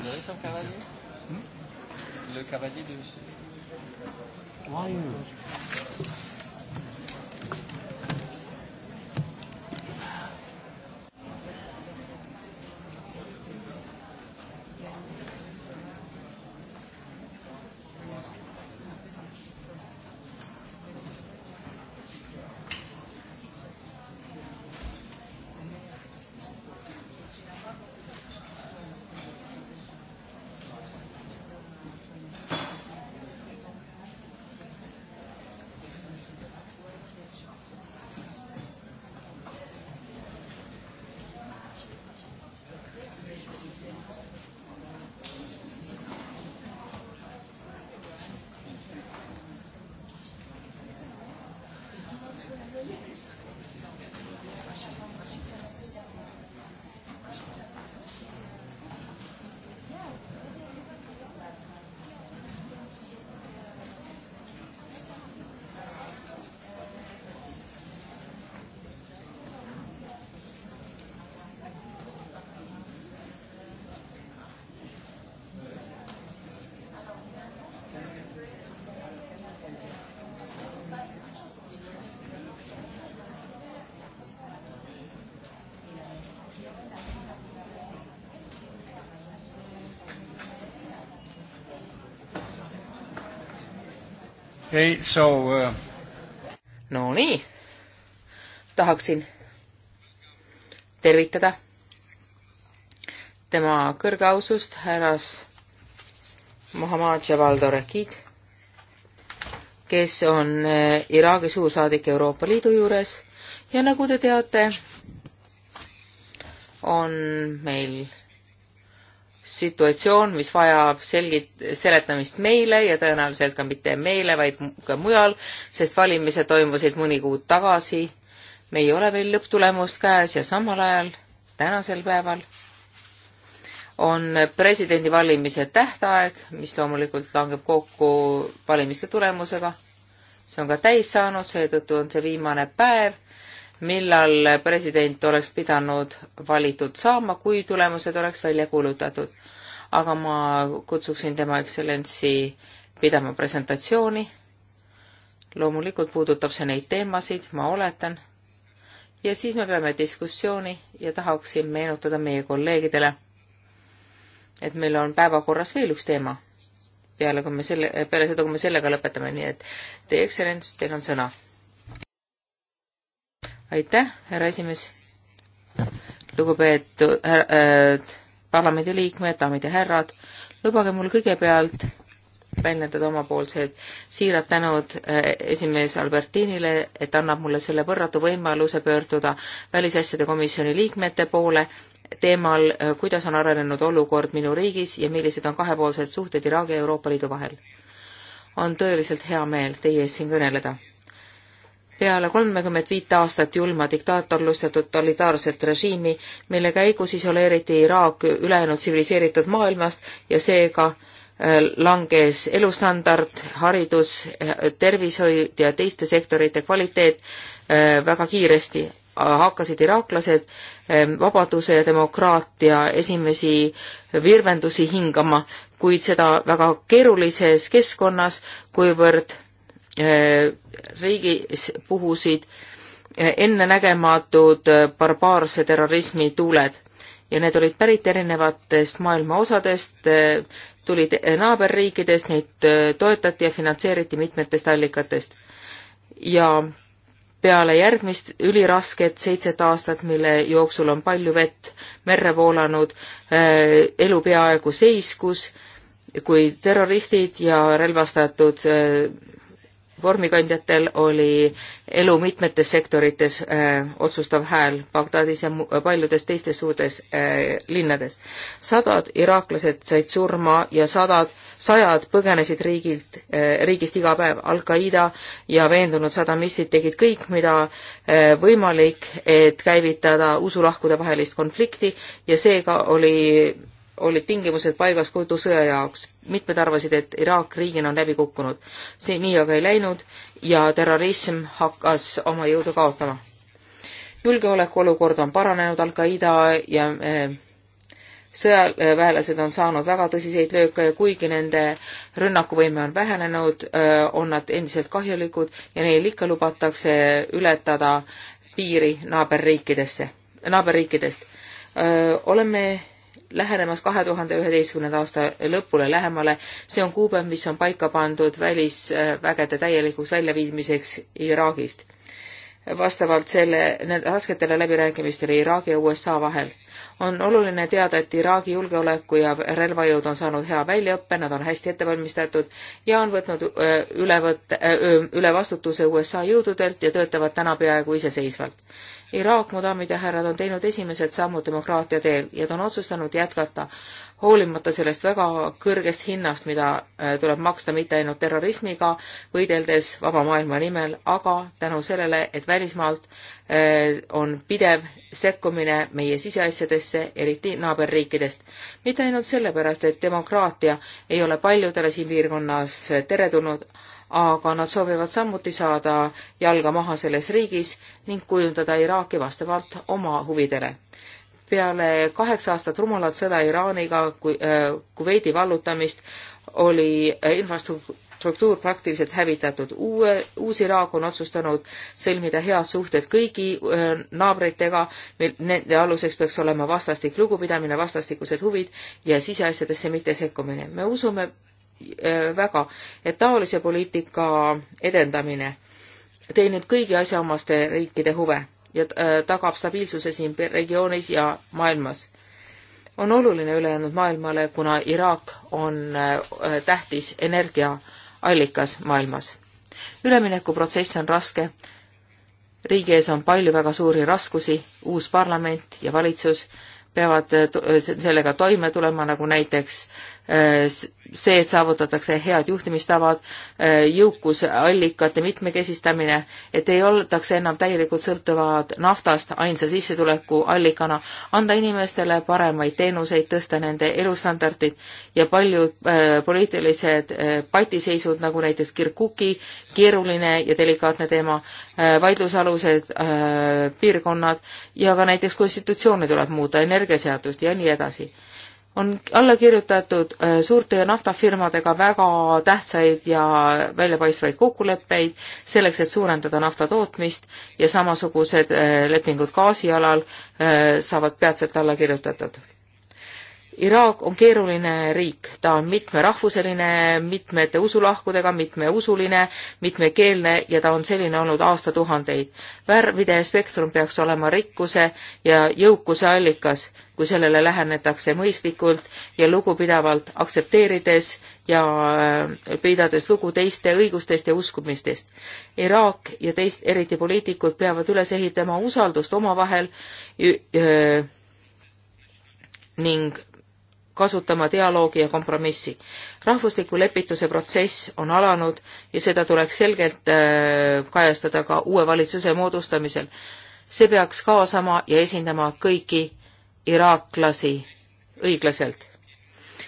Vous avez cavalier? Hmm? Le cavalier de... Why you? Okei, okay, so... Uh... No niin. Tahaksin tervitada tema kõrgeausust, härras Mohammad Javad Orekid, kes on eh, Iraagi suursaadik Euroopa Liidu juures ja nagu te teate, on meil situatsioon, mis vajab selgit-, seletamist meile ja tõenäoliselt ka mitte meile, vaid ka mujal, sest valimised toimusid mõni kuud tagasi. me ei ole veel lõpptulemust käes ja samal ajal, tänasel päeval, on presidendivalimise tähtaeg, mis loomulikult langeb kokku valimiste tulemusega. see on ka täis saanud, seetõttu on see viimane päev millal president oleks pidanud valitud saama, kui tulemused oleks välja kuulutatud. aga ma kutsuksin tema ekstsellentsi pidama presentatsiooni. loomulikult puudutab see neid teemasid, ma oletan. ja siis me peame diskussiooni ja tahaksin meenutada meie kolleegidele, et meil on päevakorras veel üks teema peale, kui me selle, peale seda, kui me sellega lõpetame, nii et Teie Ekstsellents, teil on sõna aitäh, härra esimees. lugupeetud äh, äh, parlamendiliikmed, daamid ja härrad, lubage mul kõigepealt väljendada omapoolsed siirad tänud äh, esimees Albertinile, et annab mulle selle võrratu võimaluse pöörduda Välisasjade Komisjoni liikmete poole teemal, äh, kuidas on arenenud olukord minu riigis ja millised on kahepoolsed suhted Iraagi ja Euroopa Liidu vahel. on tõeliselt hea meel teie ees siin kõneleda peale kolmekümmet viit aastat julma diktaatorlust ja totalitaarset režiimi, mille käigus isoleeriti Iraak ülejäänud tsiviliseeritud maailmast ja seega äh, langes elustandard, haridus, äh, tervishoid ja teiste sektorite kvaliteet äh, väga kiiresti. hakkasid iraaklased ähm, vabaduse ja demokraatia esimesi virvendusi hingama, kuid seda väga keerulises keskkonnas, kuivõrd Äh, riigis puhusid äh, ennenägematud äh, barbaarse terrorismi tuuled ja need olid pärit erinevatest maailma osadest, tulid naaberriikidest, neid toetati ja finantseeriti mitmetest allikatest. ja peale järgmist ülirasket seitset aastat, mille jooksul on palju vett merre voolanud, elu peaaegu seiskus, kui terroristid ja relvastatud vormikandjatel oli elu mitmetes sektorites äh, otsustav hääl Bagdadis ja paljudes teistes suurtes äh, linnades. sadad iraaklased said surma ja sadad, sajad põgenesid riigilt äh,, riigist iga päev. Al-Qaeda ja veendunud sadamistid tegid kõik, mida äh, võimalik, et käivitada usulahkude vahelist konflikti ja seega oli olid tingimused paigas Kudu sõja jaoks. mitmed arvasid, et Iraak riigina on läbi kukkunud. see nii aga ei läinud ja terrorism hakkas oma jõudu kaotama. julgeolekuolukord on paranenud, Al-Qaeda ja äh, sõjaväelased on saanud väga tõsiseid lööke ja kuigi nende rünnakuvõime on vähenenud, eh, on nad endiselt kahjulikud ja neil ikka lubatakse ületada piiri naaberriikidesse, naaberriikidest. Eh, oleme lähenemas kahe tuhande üheteistkümnenda aasta lõpule lähemale. see on kuupäev, mis on paika pandud välisvägede täielikuks väljaviimiseks Iraagist vastavalt selle, nende rasketele läbirääkimistele Iraagi ja USA vahel. on oluline teada, et Iraagi julgeoleku ja relvajõud on saanud hea väljaõppe, nad on hästi ette valmistatud ja on võtnud äh, üle võt-, äh, üle vastutuse USA jõududelt ja töötavad täna peaaegu iseseisvalt. Iraak, mu daamid ja härrad, on teinud esimesed sammud demokraatia teel ja ta on otsustanud jätkata hoolimata sellest väga kõrgest hinnast, mida äh, tuleb maksta mitte ainult terrorismiga võideldes vaba maailma nimel, aga tänu sellele, et välismaalt äh, on pidev sekkumine meie siseasjadesse, eriti naaberriikidest. mitte ainult sellepärast, et demokraatia ei ole paljudele siin piirkonnas teretulnud, aga nad soovivad samuti saada jalga maha selles riigis ning kujundada Iraaki vastavalt oma huvidele peale kaheksa aastat rumalat sõda Iraaniga, kui äh, Kuveidi vallutamist, oli äh, infrastruktuur praktiliselt hävitatud. uue, uus Iraak on otsustanud sõlmida head suhted kõigi äh, naabritega, nende aluseks peaks olema vastastik lugupidamine, vastastikused huvid ja siseasjadesse mittesekkumine. me usume äh, väga, et taolise poliitika edendamine teenib kõigi asjaomaste riikide huve ja äh, tagab stabiilsuse siin regioonis ja maailmas. on oluline ülejäänud maailmale, kuna Iraak on äh, tähtis energiaallikas maailmas. üleminekuprotsess on raske, riigi ees on palju väga suuri raskusi, uus parlament ja valitsus peavad äh, sellega toime tulema, nagu näiteks Äh, see, et saavutatakse head juhtimistavad, äh, jõukusallikate mitmekesistamine, et ei oldaks enam täielikult sõltuvad naftast ainsa sissetulekuallikana, anda inimestele paremaid teenuseid, tõsta nende elustandardid ja paljud äh, poliitilised äh, patiseisud, nagu näiteks Kirkuki, keeruline ja delikaatne teema äh,, vaidlusalused äh, piirkonnad ja ka näiteks konstitutsioone tuleb muuta, energiaseadust ja nii edasi on alla kirjutatud äh, suurte naftafirmadega väga tähtsaid ja väljapaistvaid kokkuleppeid selleks, et suurendada nafta tootmist ja samasugused äh, lepingud gaasi alal äh, saavad peatselt alla kirjutatud. Iraak on keeruline riik, ta on mitmerahvuseline, mitmete usulahkudega, mitmeusuline, mitmekeelne ja ta on selline olnud aastatuhandeid. värvide spektrum peaks olema rikkuse ja jõukuse allikas, kui sellele lähenetakse mõistlikult ja lugupidavalt, aktsepteerides ja äh, pidades lugu teiste õigustest ja uskumistest. Iraak ja teist, eriti poliitikud, peavad üles ehitama usaldust omavahel ning kasutama dialoogi ja kompromissi. rahvusliku lepituse protsess on alanud ja seda tuleks selgelt äh, kajastada ka uue valitsuse moodustamisel. see peaks kaasama ja esindama kõiki iraaklasi õiglaselt.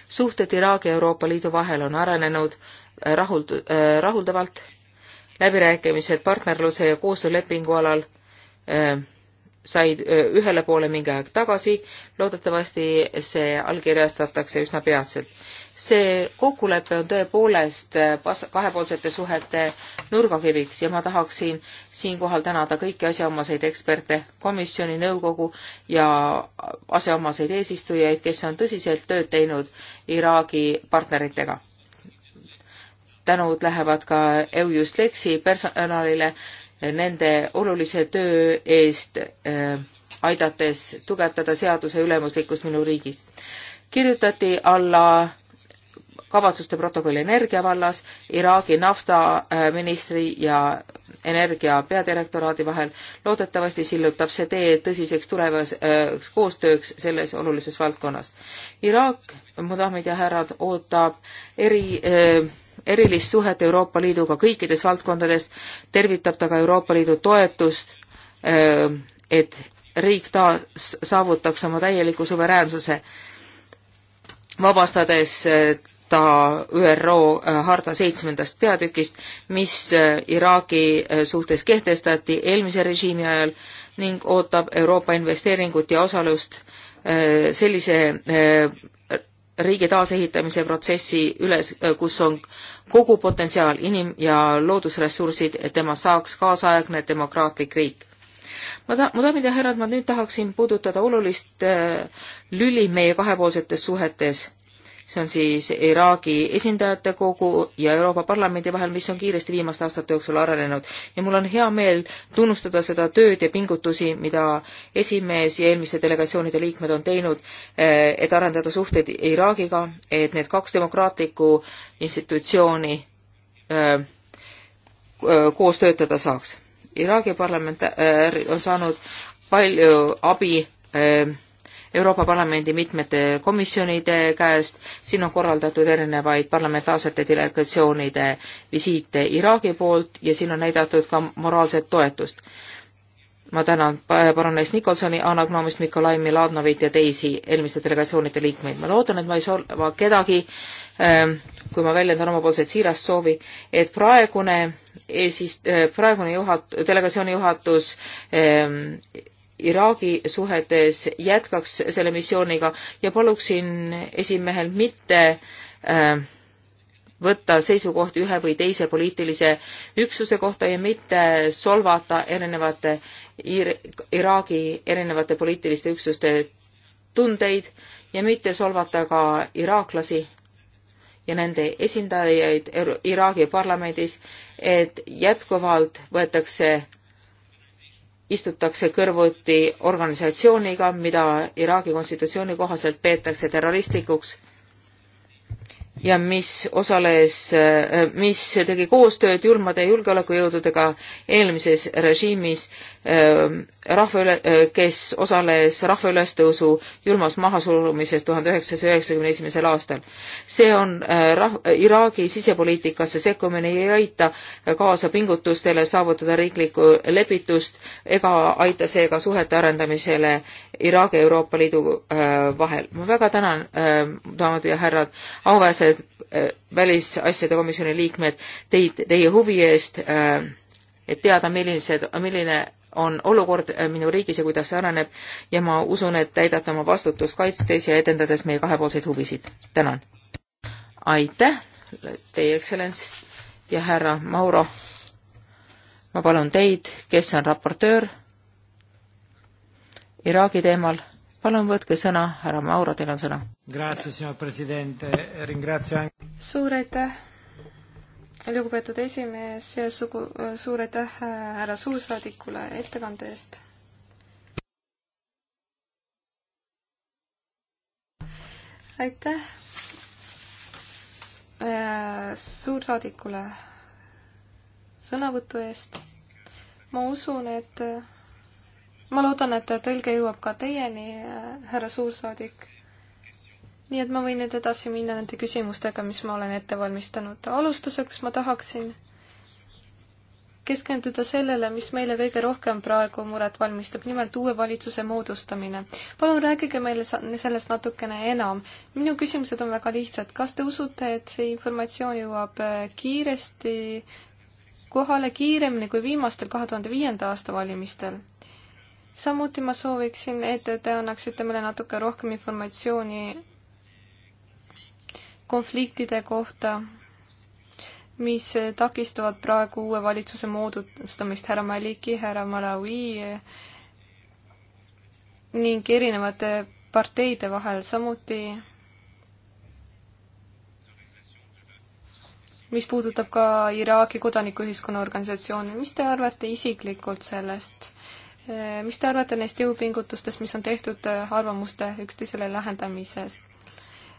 suhted Iraagi ja Euroopa Liidu vahel on arenenud äh, rahuld-, äh, rahuldavalt, läbirääkimised partnerluse ja koostöölepingu alal äh, said ühele poole mingi aeg tagasi, loodetavasti see allkirjastatakse üsna peatselt. see kokkulepe on tõepoolest äh, kahepoolsete suhete nurgakiviks ja ma tahaksin siinkohal tänada kõiki asjaomaseid eksperte, komisjoni, nõukogu ja asjaomaseid eesistujaid, kes on tõsiselt tööd teinud Iraagi partneritega. tänud lähevad ka EUJust Lexi personalile, nende olulise töö eest, äh, aidates tugevdada seaduse ülemuslikkust minu riigis. kirjutati alla kavatsuste protokolli energia vallas Iraagi naftaministri äh, ja energia peadirektoraadi vahel. loodetavasti sillutab see tee tõsiseks tulevaseks äh, koostööks selles olulises valdkonnas. Iraak, mu daamid ja härrad, ootab eri öö, erilist suhet Euroopa Liiduga kõikides valdkondades, tervitab ta ka Euroopa Liidu toetust, äh, et riik taas saavutaks oma täieliku suveräänsuse, vabastades äh, ta ÜRO äh, harta seitsmendast peatükist, mis Iraagi suhtes kehtestati eelmise režiimi ajal ning ootab Euroopa investeeringut ja osalust sellise riigi taasehitamise protsessi üles, kus on kogu potentsiaal inim- ja loodusressursid, et tema saaks kaasaegne demokraatlik riik. ma ta-, mu daamid ja härrad, ma nüüd tahaksin puudutada olulist äh, lüli meie kahepoolsetes suhetes see on siis Iraagi esindajate kogu ja Euroopa Parlamendi vahel, mis on kiiresti viimaste aastate jooksul arenenud. ja mul on hea meel tunnustada seda tööd ja pingutusi, mida esimees ja eelmiste delegatsioonide liikmed on teinud, eh, et arendada suhteid Iraagiga, et need kaks demokraatlikku institutsiooni eh, eh, koos töötada saaks. Iraagi parlament on saanud palju abi Euroopa Parlamendi mitmete komisjonide käest, siin on korraldatud erinevaid parlamentaarsete delegatsioonide visiite Iraagi poolt ja siin on näidatud ka moraalset toetust. ma tänan baroness Nikolsoni, anagnoomist Nikolai Miladnovit ja teisi eelmiste delegatsioonide liikmeid. ma loodan, et ma ei solva kedagi, ähm, kui ma väljendan omapoolset siirast soovi, et praegune siis äh, praegune juhat-, delegatsiooni juhatus ähm, Iraagi suhetes jätkaks selle missiooniga ja paluksin esimehel mitte äh, võtta seisukohti ühe või teise poliitilise üksuse kohta ja mitte solvata erinevate Ir Iraagi erinevate poliitiliste üksuste tundeid ja mitte solvata ka iraaklasi ja nende esindajaid Iraagi parlamendis, et jätkuvalt võetakse istutakse kõrvuti organisatsiooniga, mida Iraagi konstitutsiooni kohaselt peetakse terroristlikuks ja mis osales, mis tegi koostööd julmade julgeolekujõududega eelmises režiimis Ehm, rahva üle, eh, kes osales rahva ülestõusu julmas mahasurumises tuhande üheksasaja üheksakümne esimesel aastal. see on eh, rah-, Iraagi sisepoliitikasse sekkumine ei aita kaasa pingutustele saavutada riiklikku lepitust ega aita seega suhete arendamisele Iraagi ja Euroopa Liidu eh, vahel. ma väga tänan, daamad ja härrad, auväärsed välisasjade komisjoni liikmed, teid, teie huvi eest, et teada, millised, milline on olukord äh, minu riigis ja kuidas see areneb ja ma usun, et täidate oma vastutust kaitstes ja edendades meie kahepoolseid huvisid. tänan! aitäh, Teie Ekstsellents ja härra Mauro, ma palun teid, kes on raportöör Iraagi teemal, palun võtke sõna, härra Mauro, teil on sõna. suur aitäh lugupeetud esimees ja sugu, suur aitäh äh, härra suursaadikule ettekande eest. aitäh äh, suursaadikule sõnavõtu eest. ma usun, et ma loodan, et tõlge jõuab ka teieni, äh, härra suursaadik nii et ma võin nüüd edasi minna nende küsimustega, mis ma olen ette valmistanud. alustuseks ma tahaksin keskenduda sellele, mis meile kõige rohkem praegu muret valmistab, nimelt uue valitsuse moodustamine. palun rääkige meile sellest natukene enam. minu küsimused on väga lihtsad. kas te usute, et see informatsioon jõuab äh, kiiresti kohale kiiremini kui viimastel kahe tuhande viienda aasta valimistel. samuti ma sooviksin, et te annaksite meile natuke rohkem informatsiooni konfliktide kohta, mis takistavad praegu uue valitsuse moodustamist härra Maliki, härra Malawi ning erinevate parteide vahel, samuti mis puudutab ka Iraagi kodanikuühiskonna organisatsioone, mis te arvate isiklikult sellest? Eh, mis te arvate neist jõupingutustest, mis on tehtud eh, arvamuste üksteisele lähendamisest?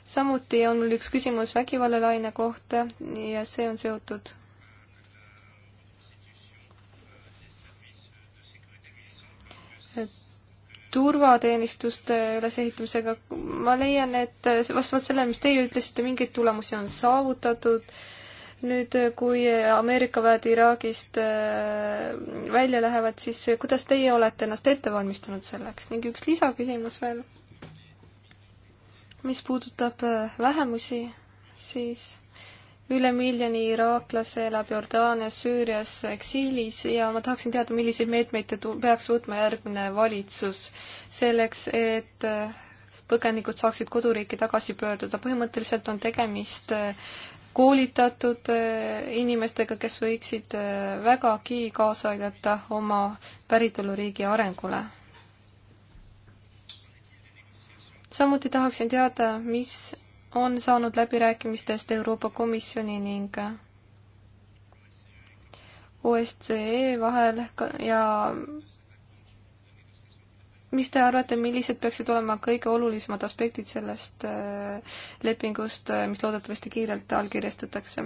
samuti on mul üks küsimus vägivallalaine kohta ja see on seotud turvateenistuste ülesehitamisega, ma leian, et vastavalt sellele, mis teie ütlesite, mingeid tulemusi on saavutatud, nüüd kui Ameerika väed Iraagist äh, välja lähevad, siis kuidas teie olete ennast ette valmistanud selleks ning üks lisaküsimus veel mis puudutab äh, vähemusi, siis üle miljoni iraaklase elab Jordaanias, Süürias eksiilis ja ma tahaksin teada, milliseid meetmeid te peaks võtma järgmine valitsus selleks, et äh, põgenikud saaksid koduriiki tagasi pöörduda. põhimõtteliselt on tegemist äh, koolitatud inimestega, kes võiksid vägagi kaasa aidata oma päritoluriigi arengule samuti tahaksin teada, mis on saanud läbirääkimistest Euroopa Komisjoni ning OSCE vahel ja mis te arvate, millised peaksid olema kõige olulisemad aspektid sellest äh, lepingust, äh, mis loodetavasti kiirelt allkirjastatakse?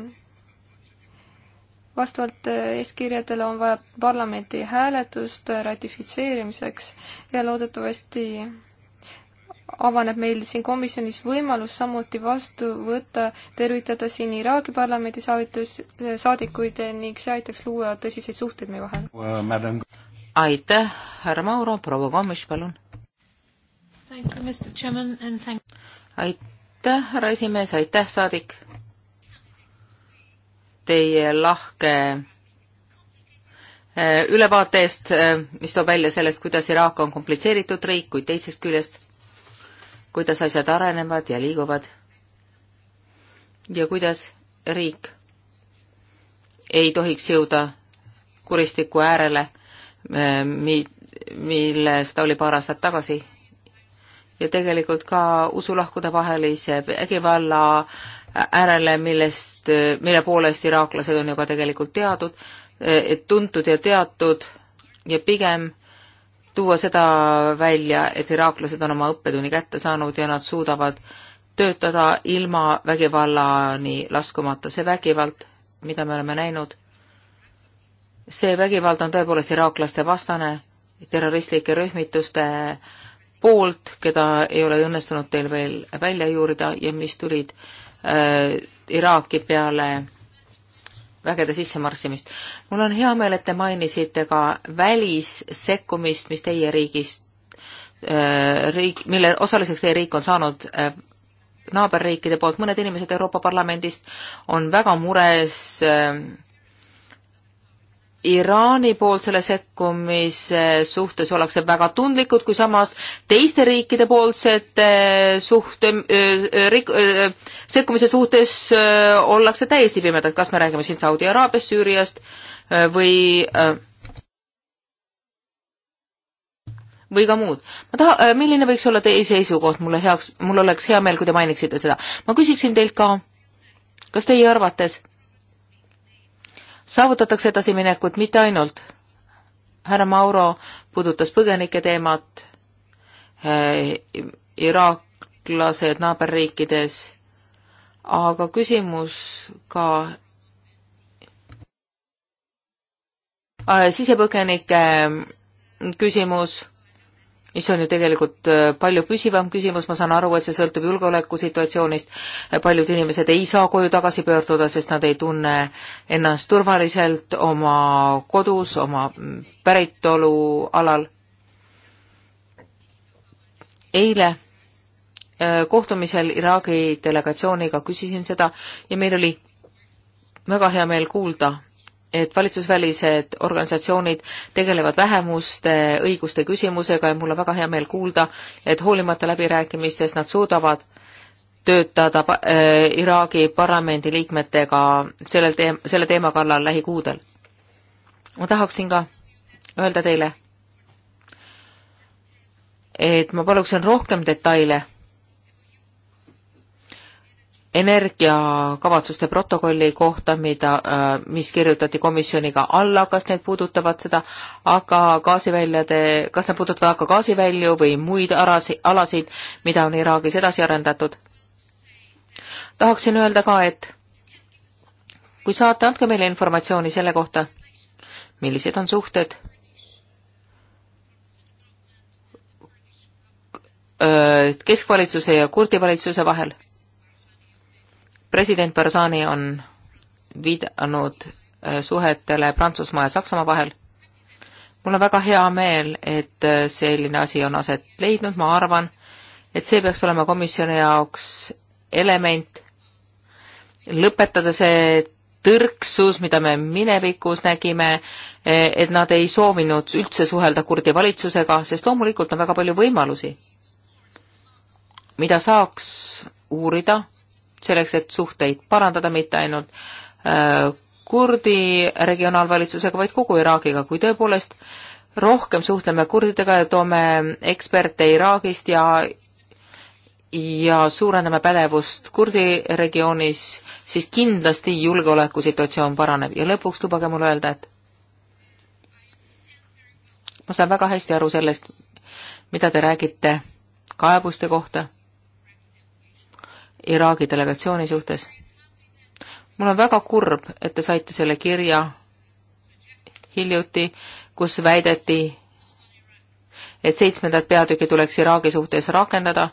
vastavalt äh, eeskirjadele on vaja parlamendi hääletust ratifitseerimiseks ja loodetavasti avaneb meil siin komisjonis võimalus samuti vastu võtta, tervitada siin Iraagi parlamendi saavitus, eh, saadikuid ning see aitaks luua tõsiseid suhteid meie vahel. aitäh, härra Mauro, proua Komis, palun. aitäh, härra esimees, aitäh, saadik. Teie lahke eh, ülevaate eest, eh, mis toob välja sellest, kuidas Iraak on komplitseeritud riik, kuid teisest küljest kuidas asjad arenevad ja liiguvad ja kuidas riik ei tohiks jõuda kuristiku äärele, äh, mi-, milles ta oli paar aastat tagasi. ja tegelikult ka usulahkude vahelise vägivalla äärele, millest, mille poolest iraaklased on ju ka tegelikult teadnud, äh, tuntud ja teatud ja pigem tuua seda välja, et iraaklased on oma õppetunni kätte saanud ja nad suudavad töötada ilma vägivallani laskumata. see vägivald, mida me oleme näinud, see vägivald on tõepoolest iraaklaste vastane, terroristlike rühmituste poolt, keda ei ole õnnestunud teil veel välja juurida ja mis tulid äh, Iraaki peale vägede sissemarsimist. mul on hea meel, et te mainisite ka välissekkumist, mis teie riigist, äh, riik, mille osaliseks teie riik on saanud äh, naaberriikide poolt, mõned inimesed Euroopa Parlamendist on väga mures äh, Iraani poolt selle sekkumise suhtes ollakse väga tundlikud, kui samas teiste riikide poolsete suhte, rik-, sekkumise suhtes ollakse täiesti pimedad, kas me räägime siin Saudi Araabiast, Süüriast või või ka muud. ma taha, milline võiks olla teie seisukoht, mulle heaks, mul oleks hea meel, kui te mainiksite seda. ma küsiksin teilt ka, kas teie arvates saavutatakse edasiminekut mitte ainult. härra Mauro puudutas põgenike teemat, eh, iraaklased naaberriikides, aga küsimus ka eh, sisepõgenike küsimus mis on ju tegelikult äh, palju püsivam küsimus, ma saan aru, et see sõltub julgeolekusituatsioonist, äh, paljud inimesed ei saa koju tagasi pöörduda, sest nad ei tunne ennast turvaliselt oma kodus, oma mm, päritolualal. eile äh, kohtumisel Iraagi delegatsiooniga küsisin seda ja meil oli väga hea meel kuulda, et valitsusvälised organisatsioonid tegelevad vähemuste õiguste küsimusega ja mul on väga hea meel kuulda, et hoolimata läbirääkimistest nad suudavad töötada äh, Iraagi parlamendi liikmetega sellel teem-, selle teema kallal lähikuudel. ma tahaksin ka öelda teile, et ma paluksin rohkem detaile energiakavatsuste protokolli kohta, mida, äh, mis kirjutati komisjoniga alla, kas need puudutavad seda aga gaasiväljade, kas need puudutavad aga gaasivälju või muid arasi, alasid, mida on Iraagis edasi arendatud? tahaksin öelda ka, et kui saate, andke meile informatsiooni selle kohta, millised on suhted äh, keskvalitsuse ja kurdi valitsuse vahel president Barzani on viidanud äh, suhetele Prantsusmaa ja Saksamaa vahel. mul on väga hea meel, et äh, selline asi on aset leidnud, ma arvan, et see peaks olema komisjoni jaoks element, lõpetada see tõrksus, mida me minevikus nägime, äh, et nad ei soovinud üldse suhelda kurdi valitsusega, sest loomulikult on väga palju võimalusi, mida saaks uurida selleks, et suhteid parandada mitte ainult äh, kurdi regionaalvalitsusega, vaid kogu Iraagiga, kui tõepoolest rohkem suhtleme kurdidega ja toome eksperte Iraagist ja ja suurendame pädevust kurdi regioonis, siis kindlasti julgeolekusituatsioon paraneb ja lõpuks lubage mul öelda, et ma saan väga hästi aru sellest, mida te räägite kaebuste kohta Iraagi delegatsiooni suhtes. mul on väga kurb, et te saite selle kirja hiljuti, kus väideti, et seitsmendat peatükki tuleks Iraagi suhtes rakendada,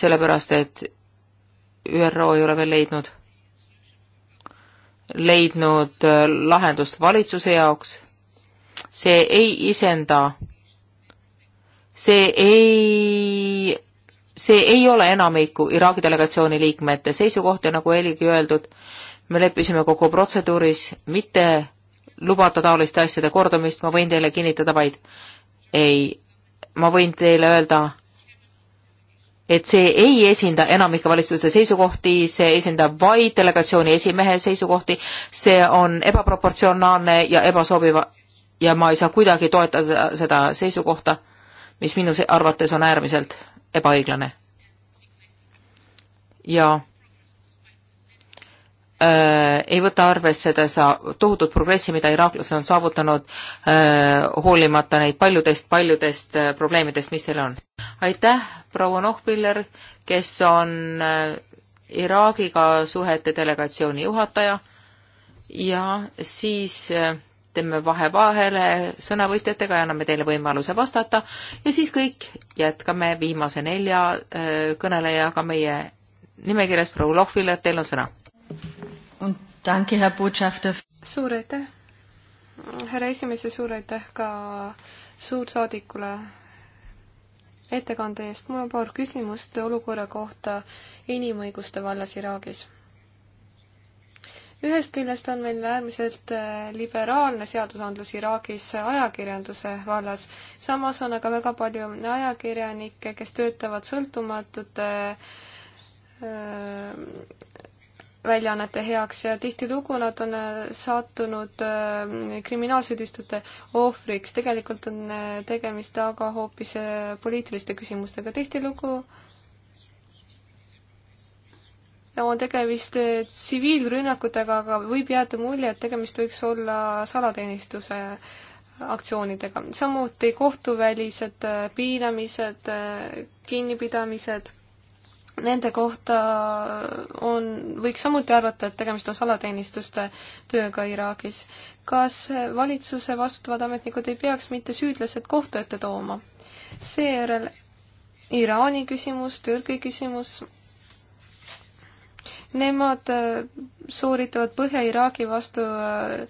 sellepärast et ÜRO ei ole veel leidnud, leidnud äh, lahendust valitsuse jaoks. see ei isenda, see ei see ei ole enamiku Iraagi delegatsiooni liikmete seisukoht ja nagu eelgi öeldud, me leppisime kokku protseduuris mitte lubada taoliste asjade kordamist, ma võin teile kinnitada vaid ei, ma võin teile öelda, et see ei esinda enamike valitsuste seisukohti, see esindab vaid delegatsiooni esimehe seisukohti, see on ebaproportsionaalne ja ebasobiv ja ma ei saa kuidagi toetada seda seisukohta, mis minu arvates on äärmiselt ebaõiglane. ja äh, ei võta arvesse seda tohutut progressi, mida iraaklased on saavutanud äh,, hoolimata neid paljudest, paljudest äh, probleemidest, mis teil on. aitäh, proua Nohpiller, kes on äh, Iraagiga suhete delegatsiooni juhataja ja siis äh, teeme vahe vahele sõnavõtjatega ja anname teile võimaluse vastata ja siis kõik jätkame viimase nelja öö, äh, kõnelejaga meie nimekirjas, proua Lohvile, teil on sõna. suur aitäh, härra esimees ja suur aitäh ka suursaadikule ettekande eest. mul on paar küsimust olukorra kohta inimõiguste vallas Iraagis ühest küljest on meil äärmiselt äh, liberaalne seadusandlus Iraagis äh, ajakirjanduse vallas, samas on aga väga palju ajakirjanikke, kes töötavad sõltumatute äh, väljaannete heaks ja tihtilugu nad on sattunud kriminaalsüüdistute ohvriks, tegelikult on tegemist aga hoopis poliitiliste küsimustega, tihtilugu on tegemist eh, tsiviilrünnakutega, aga võib jääda mulje, et tegemist võiks olla salateenistuse eh, aktsioonidega. samuti kohtuvälised eh, piinamised, kinnipidamised, nende kohta on, võiks samuti arvata, et tegemist on salateenistuste tööga Iraagis. kas valitsuse vastutavad ametnikud ei peaks mitte süüdlased kohtu ette tooma? seejärel Iraani küsimus, Türgi küsimus Nemad äh, sooritavad Põhja-Iraagi vastu äh,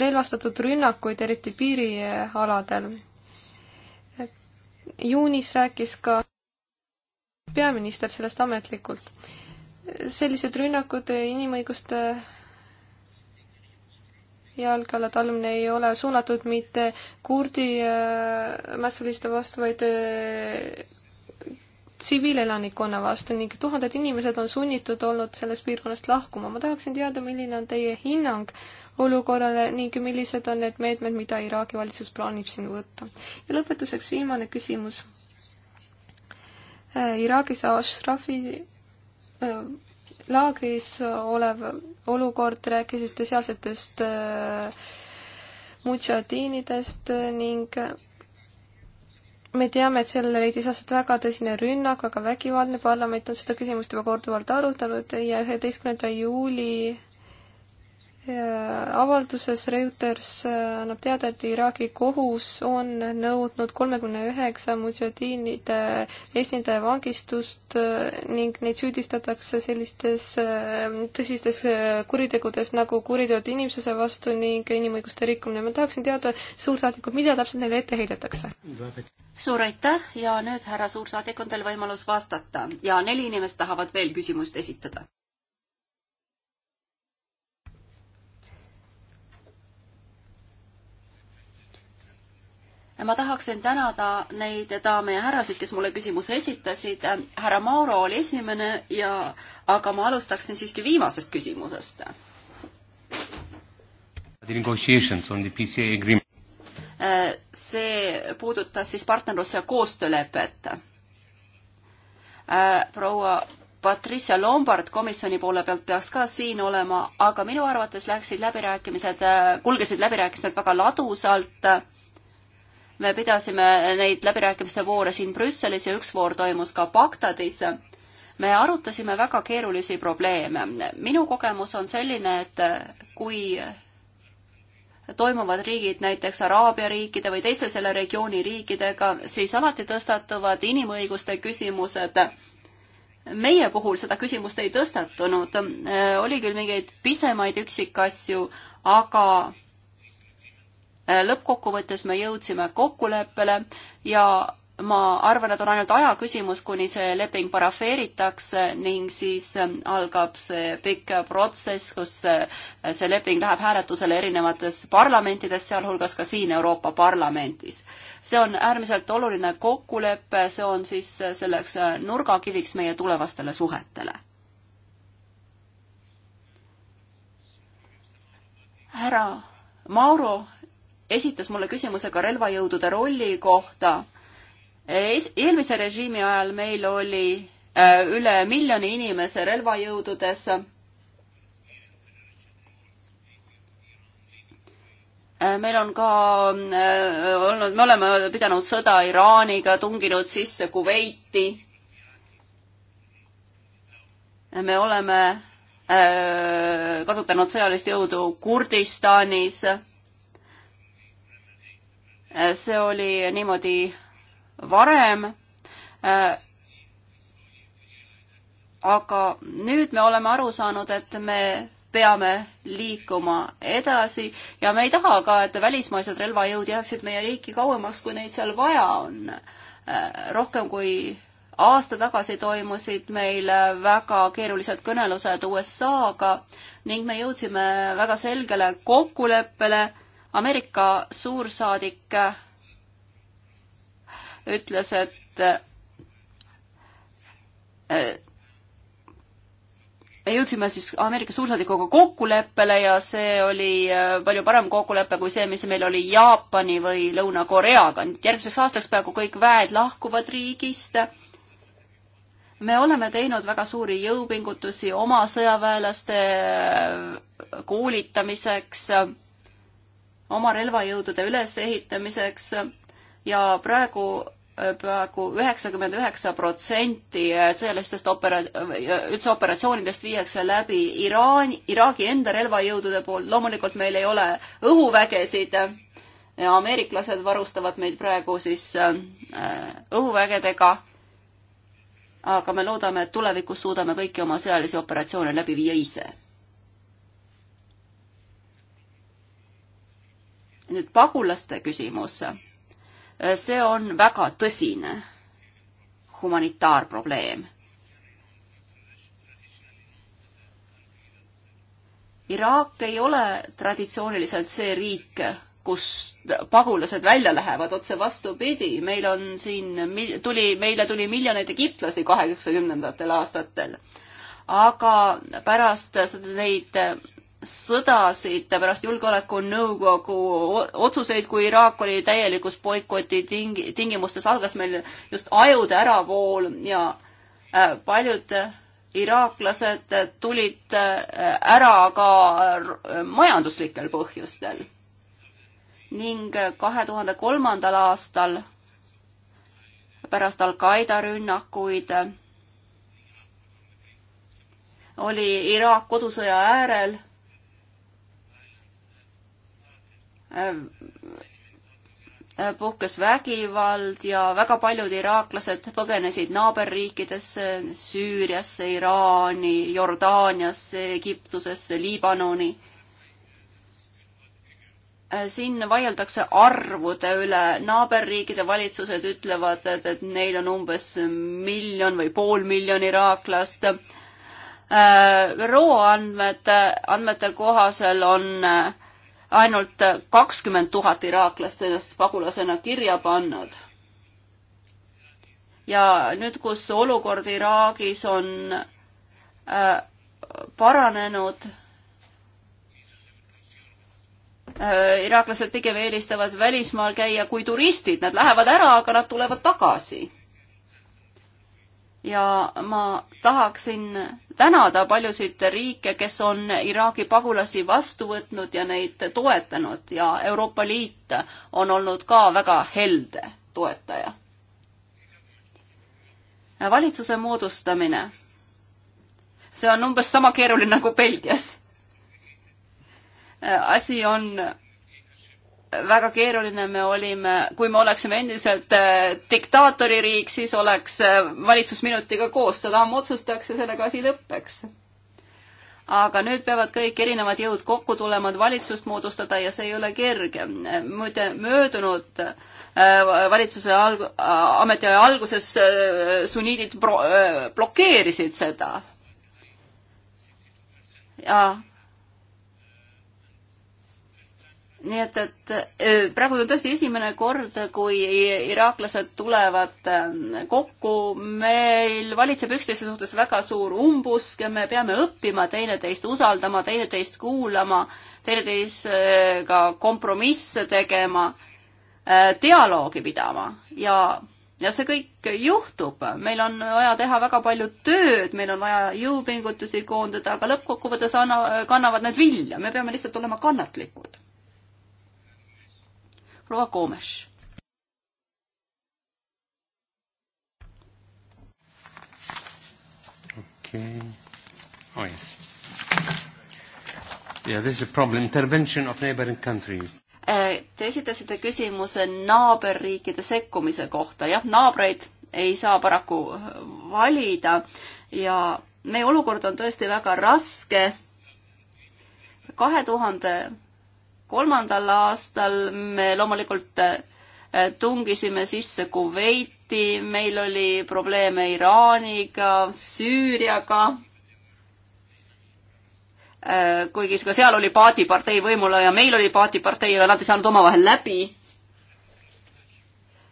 relvastatud rünnakuid, eriti piirialadel. juunis rääkis ka peaminister sellest ametlikult. sellised rünnakud inimõiguste jalge alla talumine ei ole suunatud mitte kurdi äh, mässuliste vastu, vaid tsiviilelanikkonna vastu ning tuhanded inimesed on sunnitud olnud sellest piirkonnast lahkuma. ma tahaksin teada, milline on teie hinnang olukorrale ning millised on need meetmed, mida Iraagi valitsus plaanib siin võtta. ja lõpetuseks viimane küsimus. Äh, Iraagis Ashrafi äh, laagris olev olukord, rääkisite sealsetest äh, mutšadiinidest äh, ning äh, me teame, et seal leidis aset väga tõsine rünnak, väga vägivaldne, parlament on seda küsimust juba korduvalt arutanud ja üheteistkümnenda juuli avalduses Reuters äh, annab teada, et Iraagi kohus on nõudnud kolmekümne üheksa mudžadiinide esindaja vangistust äh, ning neid süüdistatakse sellistes äh, tõsistes kuritegudes nagu kuriteod inimsuse vastu ning inimõiguste rikkumine. ma tahaksin teada, suursaadikud, mida täpselt neile ette heidetakse? suur aitäh ja nüüd, härra suursaadik, on teil võimalus vastata ja neli inimest tahavad veel küsimust esitada ma tahaksin tänada neid daame ja härrasid, kes mulle küsimuse esitasid. härra Mauro oli esimene ja, aga ma alustaksin siiski viimasest küsimusest. Äh, see puudutas siis partnerlus- ja koostöölepet. Äh, proua Patricia Lombard komisjoni poole pealt peaks ka siin olema, aga minu arvates läksid läbirääkimised, äh, kulgesid läbirääkimised väga ladusalt me pidasime neid läbirääkimiste voore siin Brüsselis ja üks voor toimus ka Bagdadis. me arutasime väga keerulisi probleeme. minu kogemus on selline, et kui toimuvad riigid näiteks Araabia riikide või teiste selle regiooni riikidega, siis alati tõstatuvad inimõiguste küsimused. meie puhul seda küsimust ei tõstatunud, oli küll mingeid pisemaid üksikasju, aga Äh, lõppkokkuvõttes me jõudsime kokkuleppele ja ma arvan, et on ainult aja küsimus, kuni see leping parafeeritakse ning siis ähm, algab see pikk protsess, kus äh, see leping läheb hääletusele erinevates parlamentides, sealhulgas ka siin Euroopa Parlamendis. see on äärmiselt oluline kokkulepe, see on siis äh, selleks nurgakiviks meie tulevastele suhetele. härra Mauro esitas mulle küsimuse ka relvajõudude rolli kohta. eelmise režiimi ajal meil oli äh, üle miljoni inimese relvajõududes äh, meil on ka äh, olnud, me oleme pidanud sõda Iraaniga, tunginud sisse Kuveiti. me oleme kasutanud sõjalist jõudu Kurdistanis see oli niimoodi varem. Äh, aga nüüd me oleme aru saanud, et me peame liikuma edasi ja me ei taha ka, et välismaised relvajõud jääksid meie riiki kauemaks, kui neid seal vaja on. Äh, rohkem kui aasta tagasi toimusid meil väga keerulised kõnelused USA-ga ning me jõudsime väga selgele kokkuleppele Ameerika suursaadik äh, ütles, et me äh, äh, jõudsime siis Ameerika suursaadikuga kokkuleppele ja see oli palju parem kokkulepe kui see, mis meil oli Jaapani või Lõuna-Koreaga. nüüd järgmiseks aastaks peaaegu kõik väed lahkuvad riigist. me oleme teinud väga suuri jõupingutusi oma sõjaväelaste koolitamiseks oma relvajõudude ülesehitamiseks ja praegu äh, praegu üheksakümmend üheksa protsenti äh, sellistest opera-, äh, üldse operatsioonidest viiakse läbi Iraan, Iraagi enda relvajõudude poolt, loomulikult meil ei ole õhuvägesid, ameeriklased varustavad meid praegu siis õhuvägedega, aga me loodame, et tulevikus suudame kõiki oma sõjalisi operatsioone läbi viia ise nüüd pagulaste küsimus. see on väga tõsine humanitaarprobleem. Iraak ei ole traditsiooniliselt see riik, kus pagulased välja lähevad, otse vastupidi, meil on siin, tuli, meile tuli miljoneid egiptlasi kaheksakümnendatel aastatel. aga pärast neid sõdasid pärast Julgeolekunõukogu otsuseid, kui Iraak oli täielikus boikoti ting-, tingimustes, algas meil just ajude äravool ja äh, paljud äh, iraaklased tulid äh, ära ka majanduslikel põhjustel. ning kahe tuhande kolmandal aastal pärast Al-Qaeda rünnakuid oli Iraak kodusõja äärel Äh, puhkes vägivald ja väga paljud iraaklased põgenesid naaberriikidesse, Süüriasse, Iraani, Jordaaniasse, Egiptusesse, Liibanoni. Äh, siin vaieldakse arvude üle, naaberriikide valitsused ütlevad, et, et neil on umbes miljon või pool miljon iraaklast äh, ÜRO andmed, andmete kohaselt on äh, ainult kakskümmend tuhat iraaklast ennast pagulasena kirja pannud. ja nüüd, kus olukord Iraagis on äh, paranenud äh,, iraaklased pigem eelistavad välismaal käia kui turistid, nad lähevad ära, aga nad tulevad tagasi. ja ma tahaksin tänada paljusid riike, kes on Iraagi pagulasi vastu võtnud ja neid toetanud ja Euroopa Liit on olnud ka väga helde toetaja. valitsuse moodustamine. see on umbes sama keeruline nagu Belgias. asi on väga keeruline me olime, kui me oleksime endiselt äh, diktaatoririik, siis oleks äh, valitsus minutiga koos, seda otsustaks ja sellega asi lõpeks. aga nüüd peavad kõik erinevad jõud kokku tulema, et valitsust moodustada ja see ei ole kerge. muide, möödunud äh, valitsuse alg-, ametiaja alguses suniidid bro-, blokeerisid seda. jaa nii et, et äh, praegu on tõesti esimene kord, kui iraaklased tulevad ähm, kokku, meil valitseb üksteise suhtes väga suur umbusk ja me peame õppima teineteist usaldama, teineteist kuulama, teineteisega kompromisse tegema, äh, dialoogi pidama ja ja see kõik juhtub, meil on vaja teha väga palju tööd, meil on vaja jõupingutusi koondada, aga lõppkokkuvõttes anna, kannavad need vilja, me peame lihtsalt olema kannatlikud proua Koomes. okei okay., oh yes. Yeah, this is a problem, intervention of neighboring countries. Eh, te esitasite küsimuse naaberriikide sekkumise kohta, jah, naabreid ei saa paraku valida ja meie olukord on tõesti väga raske. kahe tuhande kolmandal aastal me loomulikult äh, tungisime sisse Kuveiti, meil oli probleeme Iraaniga, Süüriaga, äh, kuigi ka seal oli Paati partei võimul ja meil oli Paati partei, aga nad ei saanud omavahel läbi.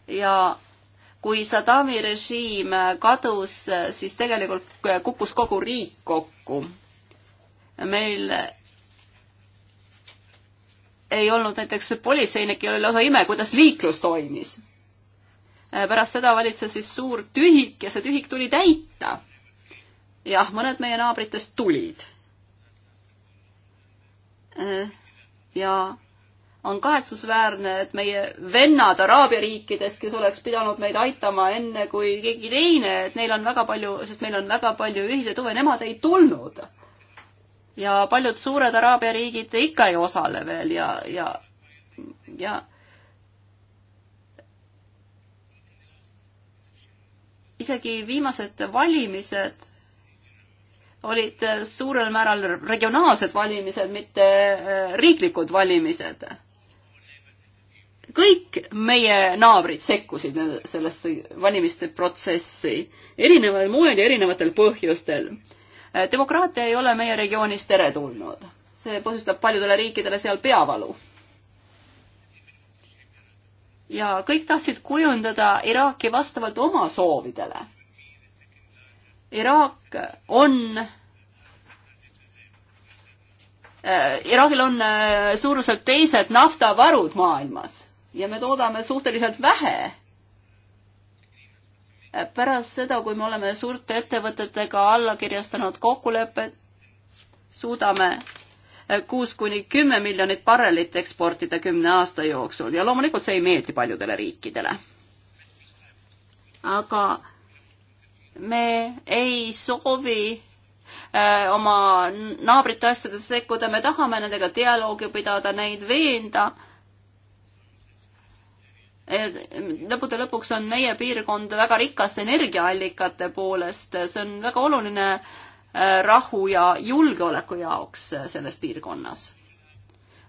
ja kui Saddami režiim kadus, äh, siis tegelikult kukkus kogu riik kokku. meil ei olnud näiteks politseinik, ei ole lausa ime, kuidas liiklus toimis. Äh, pärast seda valitses siis suur tühik ja see tühik tuli täita. jah, mõned meie naabritest tulid. Äh, ja on kahetsusväärne, et meie vennad Araabia riikidest, kes oleks pidanud meid aitama enne kui keegi teine, et neil on väga palju, sest meil on väga palju ühiseid huve, nemad ei tulnud ja paljud suured Araabia riigid ikka ei osale veel ja, ja, ja isegi viimased valimised olid suurel määral regionaalsed valimised, mitte äh, riiklikud valimised. kõik meie naabrid sekkusid sellesse valimiste protsessi erineval moel ja erinevatel põhjustel demokraatia ei ole meie regioonis teretulnud. see põhjustab paljudele riikidele seal peavalu. ja kõik tahtsid kujundada Iraaki vastavalt oma soovidele. Iraak on äh, Iraagil on äh, suuruselt teised naftavarud maailmas ja me toodame suhteliselt vähe pärast seda, kui me oleme suurte ettevõtetega alla kirjastanud kokkulepped, suudame kuus kuni kümme miljonit barrelit eksportida kümne aasta jooksul ja loomulikult see ei meeldi paljudele riikidele. aga me ei soovi öö, äh, oma naabrite asjadesse sekkuda, me tahame nendega dialoogi pidada, neid veenda Eh, lõppude lõpuks on meie piirkond väga rikas energiaallikate poolest, see on väga oluline eh, rahu ja julgeoleku jaoks eh, selles piirkonnas.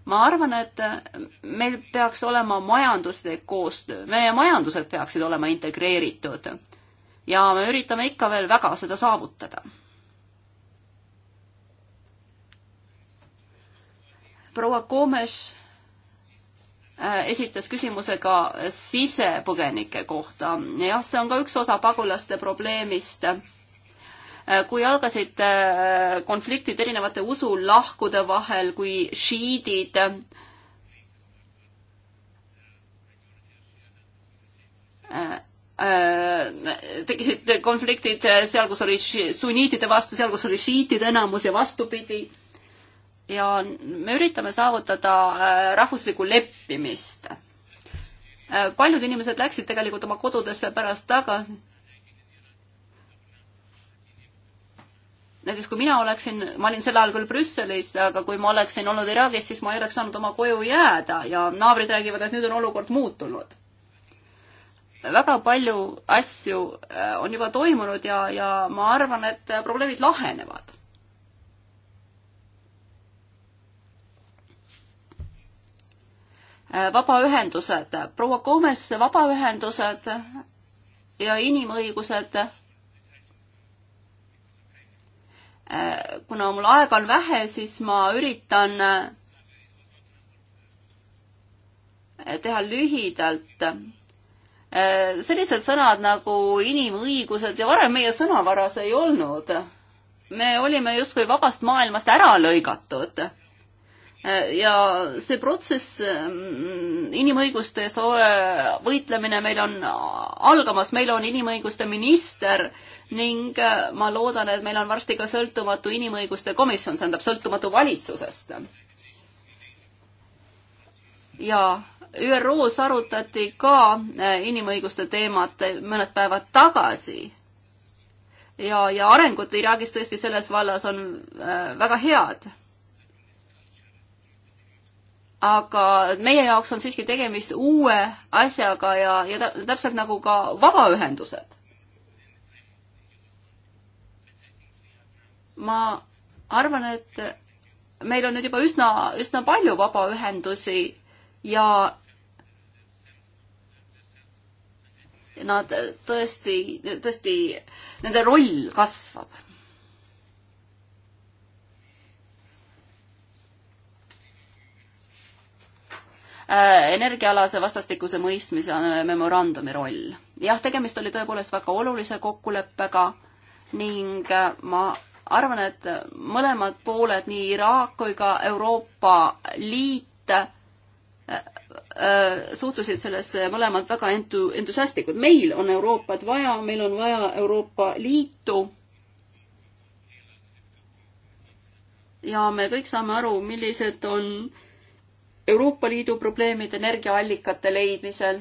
ma arvan, et meil peaks olema majanduslik koostöö, meie majandused peaksid olema integreeritud ja me üritame ikka veel väga seda saavutada. proua Komes Äh, esitas küsimuse ka sisepõgenike kohta. jah, see on ka üks osa pagulaste probleemist. Äh, kui algasid äh, konfliktid erinevate usulahkude vahel, kui šiidid tekkisid konfliktid seal, kus oli sunniitide vastu, seal, kus oli šiitide enamus ja vastupidi ja me üritame saavutada äh, rahvuslikku leppimist. Äh, paljud inimesed läksid tegelikult oma kodudesse pärast tagasi. näiteks kui mina oleksin, ma olin sel ajal küll Brüsselis, aga kui ma oleksin olnud Iraagis, siis ma ei oleks saanud oma koju jääda ja naabrid räägivad, et nüüd on olukord muutunud väga palju asju äh, on juba toimunud ja, ja ma arvan, et probleemid lahenevad. Äh, vabaühendused, proua Gomes, vabaühendused ja inimõigused. Äh, kuna mul aega on vähe, siis ma üritan äh, teha lühidalt. sellised sõnad nagu inimõigused ja varem meie sõnavaras ei olnud. me olime justkui vabast maailmast ära lõigatud ja see protsess, mm, inimõiguste eest võitlemine meil on algamas, meil on inimõiguste minister ning äh, ma loodan, et meil on varsti ka sõltumatu inimõiguste komisjon, see tähendab sõltumatu valitsusest. ja ÜRO-s arutati ka äh, inimõiguste teemat mõned päevad tagasi. ja, ja arengud Iraagis tõesti selles vallas on äh, väga head aga meie jaoks on siiski tegemist uue asjaga ja, ja täpselt nagu ka vabaühendused. ma arvan, et meil on nüüd juba üsna, üsna palju vabaühendusi ja nad tõesti, tõesti, nende roll kasvab Äh, energiaalase vastastikuse mõistmise memorandumi roll. jah, tegemist oli tõepoolest väga olulise kokkuleppega ning äh, ma arvan, et mõlemad pooled, nii Iraak kui ka Euroopa Liit äh, suhtusid sellesse mõlemad väga entu-, entusiastlikud. meil on Euroopat vaja, meil on vaja Euroopa Liitu. ja me kõik saame aru, millised on äh, Euroopa Liidu probleemid energiaallikate leidmisel.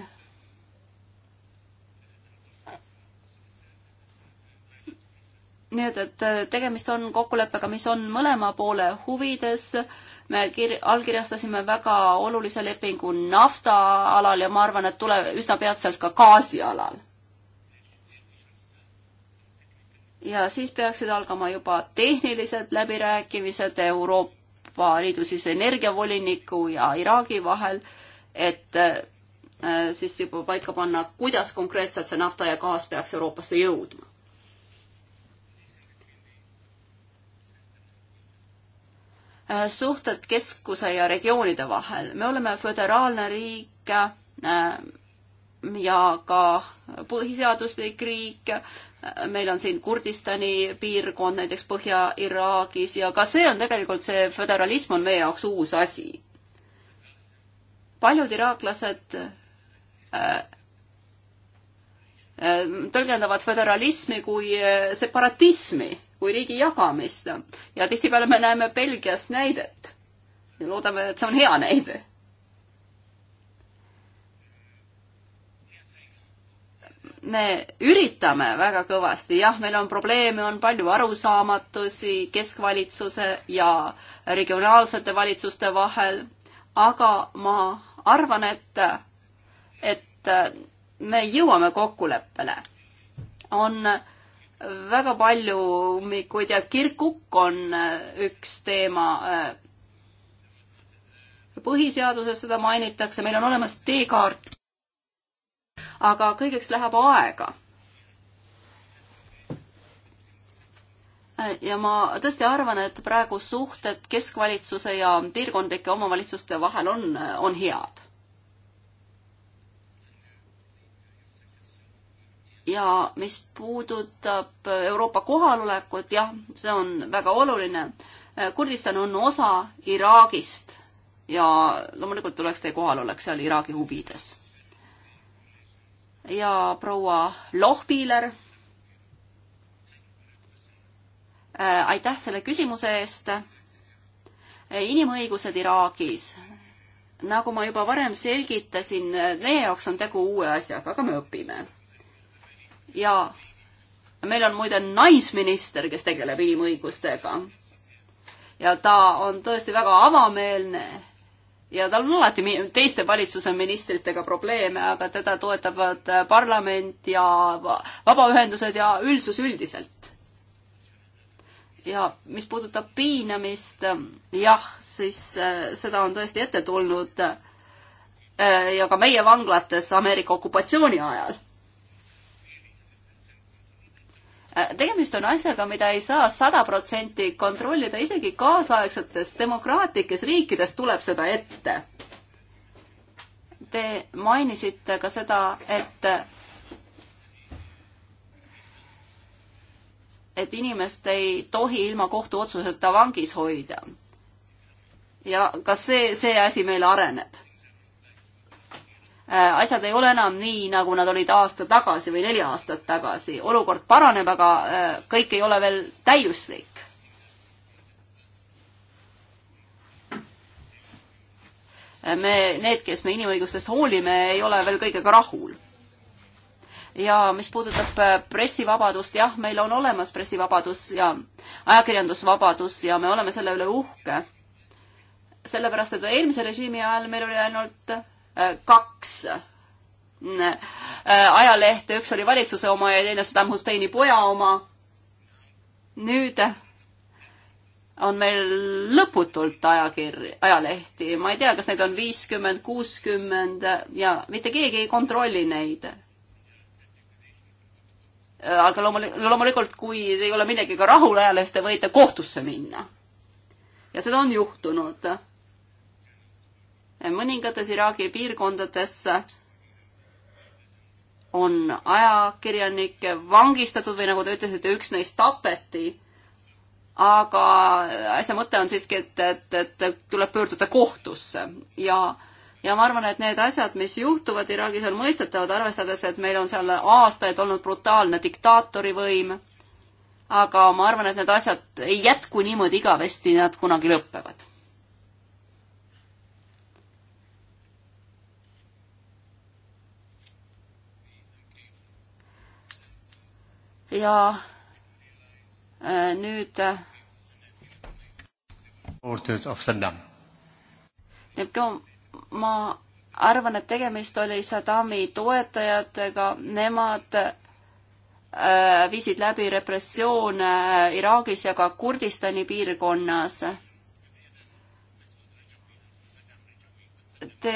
nii et, et äh, tegemist on kokkuleppega, mis on mõlema poole huvides. me kir-, allkirjastasime väga olulise lepingu nafta alal ja ma arvan, et tule-, üsna peatselt ka gaasi alal ja siis peaksid algama juba tehnilised läbirääkimised Euroopa Euroopa Liidu siis energiavoliniku ja Iraagi vahel, et äh, siis juba paika panna, kuidas konkreetselt see nafta ja gaas peaks Euroopasse jõudma. Äh, suhted keskuse ja regioonide vahel. me oleme föderaalne riik äh, ja ka põhiseaduslik riik, meil on siin Kurdistani piirkond näiteks Põhja-Iraagis ja ka see on tegelikult, see föderalism on meie jaoks uus asi. paljud iraaklased äh, äh, tõlgendavad föderalismi kui äh, separatismi, kui riigi jagamist ja tihtipeale me näeme Belgiast näidet ja loodame, et see on hea näide me üritame väga kõvasti, jah, meil on probleeme, on palju arusaamatusi keskvalitsuse ja regionaalsete valitsuste vahel, aga ma arvan, et, et me jõuame kokkuleppele. on väga palju ummikuid ja kirkukk on üks teema. põhiseaduses seda mainitakse, meil on olemas teekaart aga kõigeks läheb aega. ja ma tõesti arvan, et praegu suhted keskvalitsuse ja piirkondlike omavalitsuste vahel on, on head. ja mis puudutab Euroopa kohalolekut, jah, see on väga oluline. Kurdistan on osa Iraagist ja loomulikult tuleks teie kohalolek seal Iraagi huvides ja proua Lohpiiler. Äh, aitäh selle küsimuse eest. Äh, inimõigused Iraagis. nagu ma juba varem selgitasin, meie jaoks on tegu uue asjaga, aga me õpime. ja meil on muide naisminister, kes tegeleb inimõigustega. ja ta on tõesti väga avameelne ja tal on alati teiste valitsuse ministritega probleeme, aga teda toetavad äh, parlament ja vabaühendused ja üldsus üldiselt. ja mis puudutab piinamist, jah, siis äh, seda on tõesti ette tulnud äh, ja ka meie vanglates Ameerika okupatsiooni ajal Äh, tegemist on asjaga, mida ei saa sada protsenti kontrollida, isegi kaasaegsetes demokraatlikes riikides tuleb seda ette. Te mainisite ka seda, et et inimest ei tohi ilma kohtuotsuseta vangis hoida. ja kas see, see asi meil areneb? Äh, asjad ei ole enam nii, nagu nad olid aasta tagasi või neli aastat tagasi. olukord paraneb, aga äh, kõik ei ole veel täiuslik. Äh, me, need, kes me inimõigustest hoolime, ei ole veel kõigega rahul. ja mis puudutab pressivabadust, jah, meil on olemas pressivabadus ja ajakirjandusvabadus ja me oleme selle üle uhke. sellepärast, et eelmise režiimi ajal meil oli ainult kaks äh, ajalehte, üks oli valitsuse oma ja teine Saddam Husseini poja oma. nüüd on meil lõputult ajakirju, ajalehti, ma ei tea, kas neid on viiskümmend, kuuskümmend ja mitte keegi ei kontrolli neid aga loomulikult, loomulikult, kui ei ole millegagi rahul ajalehes, te võite kohtusse minna. ja seda on juhtunud mõningates Iraagi piirkondades on ajakirjanikke vangistatud või nagu te ütlesite, üks neist tapeti. aga asja mõte on siiski, et, et, et tuleb pöörduda kohtusse ja, ja ma arvan, et need asjad, mis juhtuvad Iraagis, on mõistetavad, arvestades, et meil on seal aastaid olnud brutaalne diktaatori võim. aga ma arvan, et need asjad ei jätku niimoodi igavesti, nad kunagi lõpevad ja äh, nüüd äh, ma arvan, et tegemist oli Saddami toetajatega, nemad äh, viisid läbi repressioone Iraagis ja ka Kurdistani piirkonnas. Te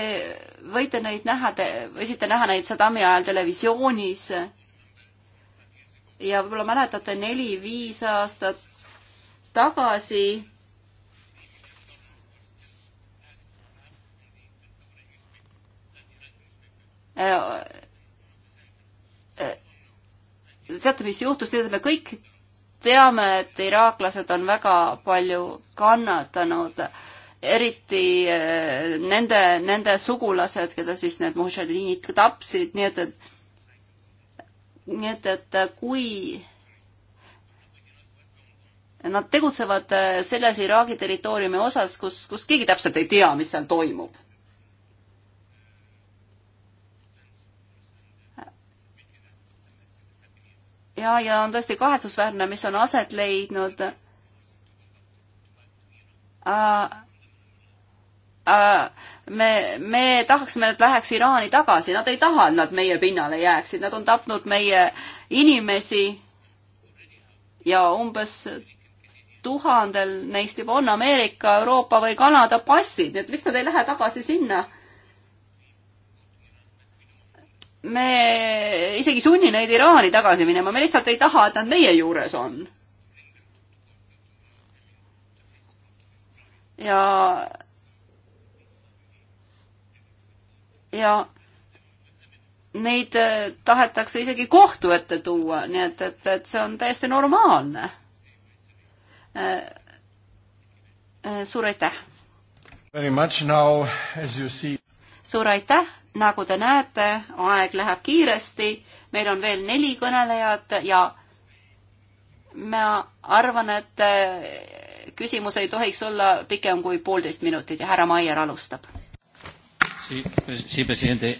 võite neid näha, te võisite näha neid Saddami ajal televisioonis ja võib-olla mäletate, neli-viis aastat tagasi äh, äh, teate, mis juhtus, teate, me kõik teame, et iraaklased on väga palju kannatanud, eriti äh, nende, nende sugulased, keda siis need mušeliinid tapsid, nii et, et nii et, et äh, kui nad tegutsevad äh, selles Iraagi territooriumi osas, kus, kus keegi täpselt ei tea, mis seal toimub. ja, ja on tõesti kahetsusväärne, mis on aset leidnud äh, Äh, me, me tahaksime, et läheks Iraani tagasi, nad ei taha, et nad meie pinnale jääksid, nad on tapnud meie inimesi. ja umbes tuhandel neist juba on Ameerika, Euroopa või Kanada passid, nii et miks nad ei lähe tagasi sinna? me isegi sunni neid Iraani tagasi minema, me lihtsalt ei taha, et nad meie juures on. ja ja neid äh, tahetakse isegi kohtu ette tuua, nii et, et, et see on täiesti normaalne. Äh, äh, suur aitäh! suur aitäh, nagu te näete, aeg läheb kiiresti, meil on veel neli kõnelejat ja ma arvan, et küsimus ei tohiks olla pikem kui poolteist minutit ja härra Maier alustab Sí, sí, presidente.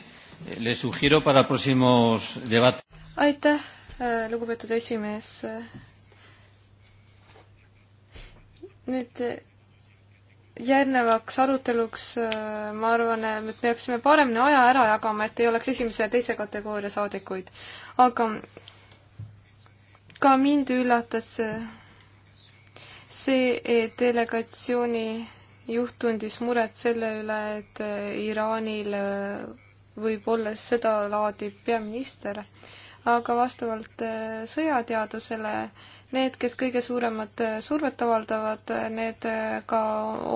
Le sugiero para próximos debates. aitäh, eh, lugupeetud esimees. nüüd eh, järgnevaks aruteluks eh, ma arvan, me peaksime paremini aja ära jagama, et ei oleks esimese ja teise kategooria saadikuid. aga ka mind üllatas see, et delegatsiooni juht tundis muret selle üle, et äh, Iraanil äh, võib olla sedalaadi peaminister, aga vastavalt äh, sõjateadusele need, kes kõige suuremat survet avaldavad, need ka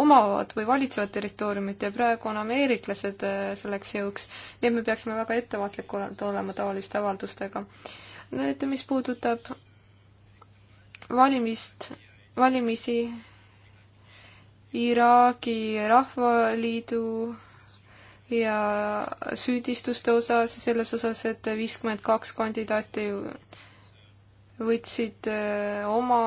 omavad või valitsevad territooriumit ja praegu on ameeriklased selleks jõuks. nii et me peaksime väga ettevaatlikud olema taoliste avaldustega. nüüd, mis puudutab valimist, valimisi Iraagi Rahvaliidu ja süüdistuste osas ja selles osas, et viiskümmend kaks kandidaati võtsid eh, oma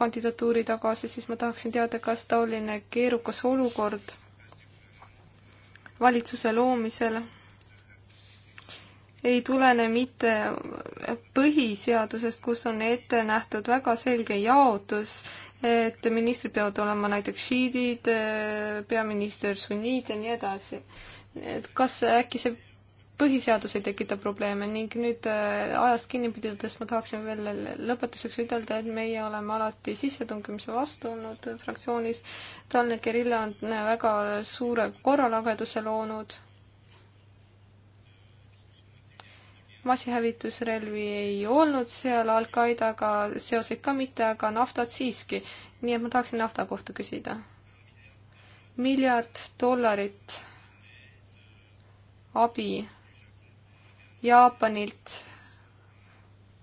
kandidatuuri tagasi, siis ma tahaksin teada, kas taoline keerukas olukord valitsuse loomisel ei tulene mitte põhiseadusest, kus on ette nähtud väga selge jaotus, et ministrid peavad olema näiteks šiidid, peaminister sunniid ja nii edasi. et kas äkki see põhiseadus ei tekita probleeme ning nüüd äh, ajast kinni pidades ma tahaksin veel lõpetuseks ütelda, et meie oleme alati sissetungimise vastu olnud fraktsioonis. Tanel Kirilla on väga suure korralageduse loonud massihävitusrelvi ei olnud seal Al-Qaedaga seoseid ka mitte, aga naftat siiski. nii et ma tahaksin nafta kohta küsida. miljard dollarit abi Jaapanilt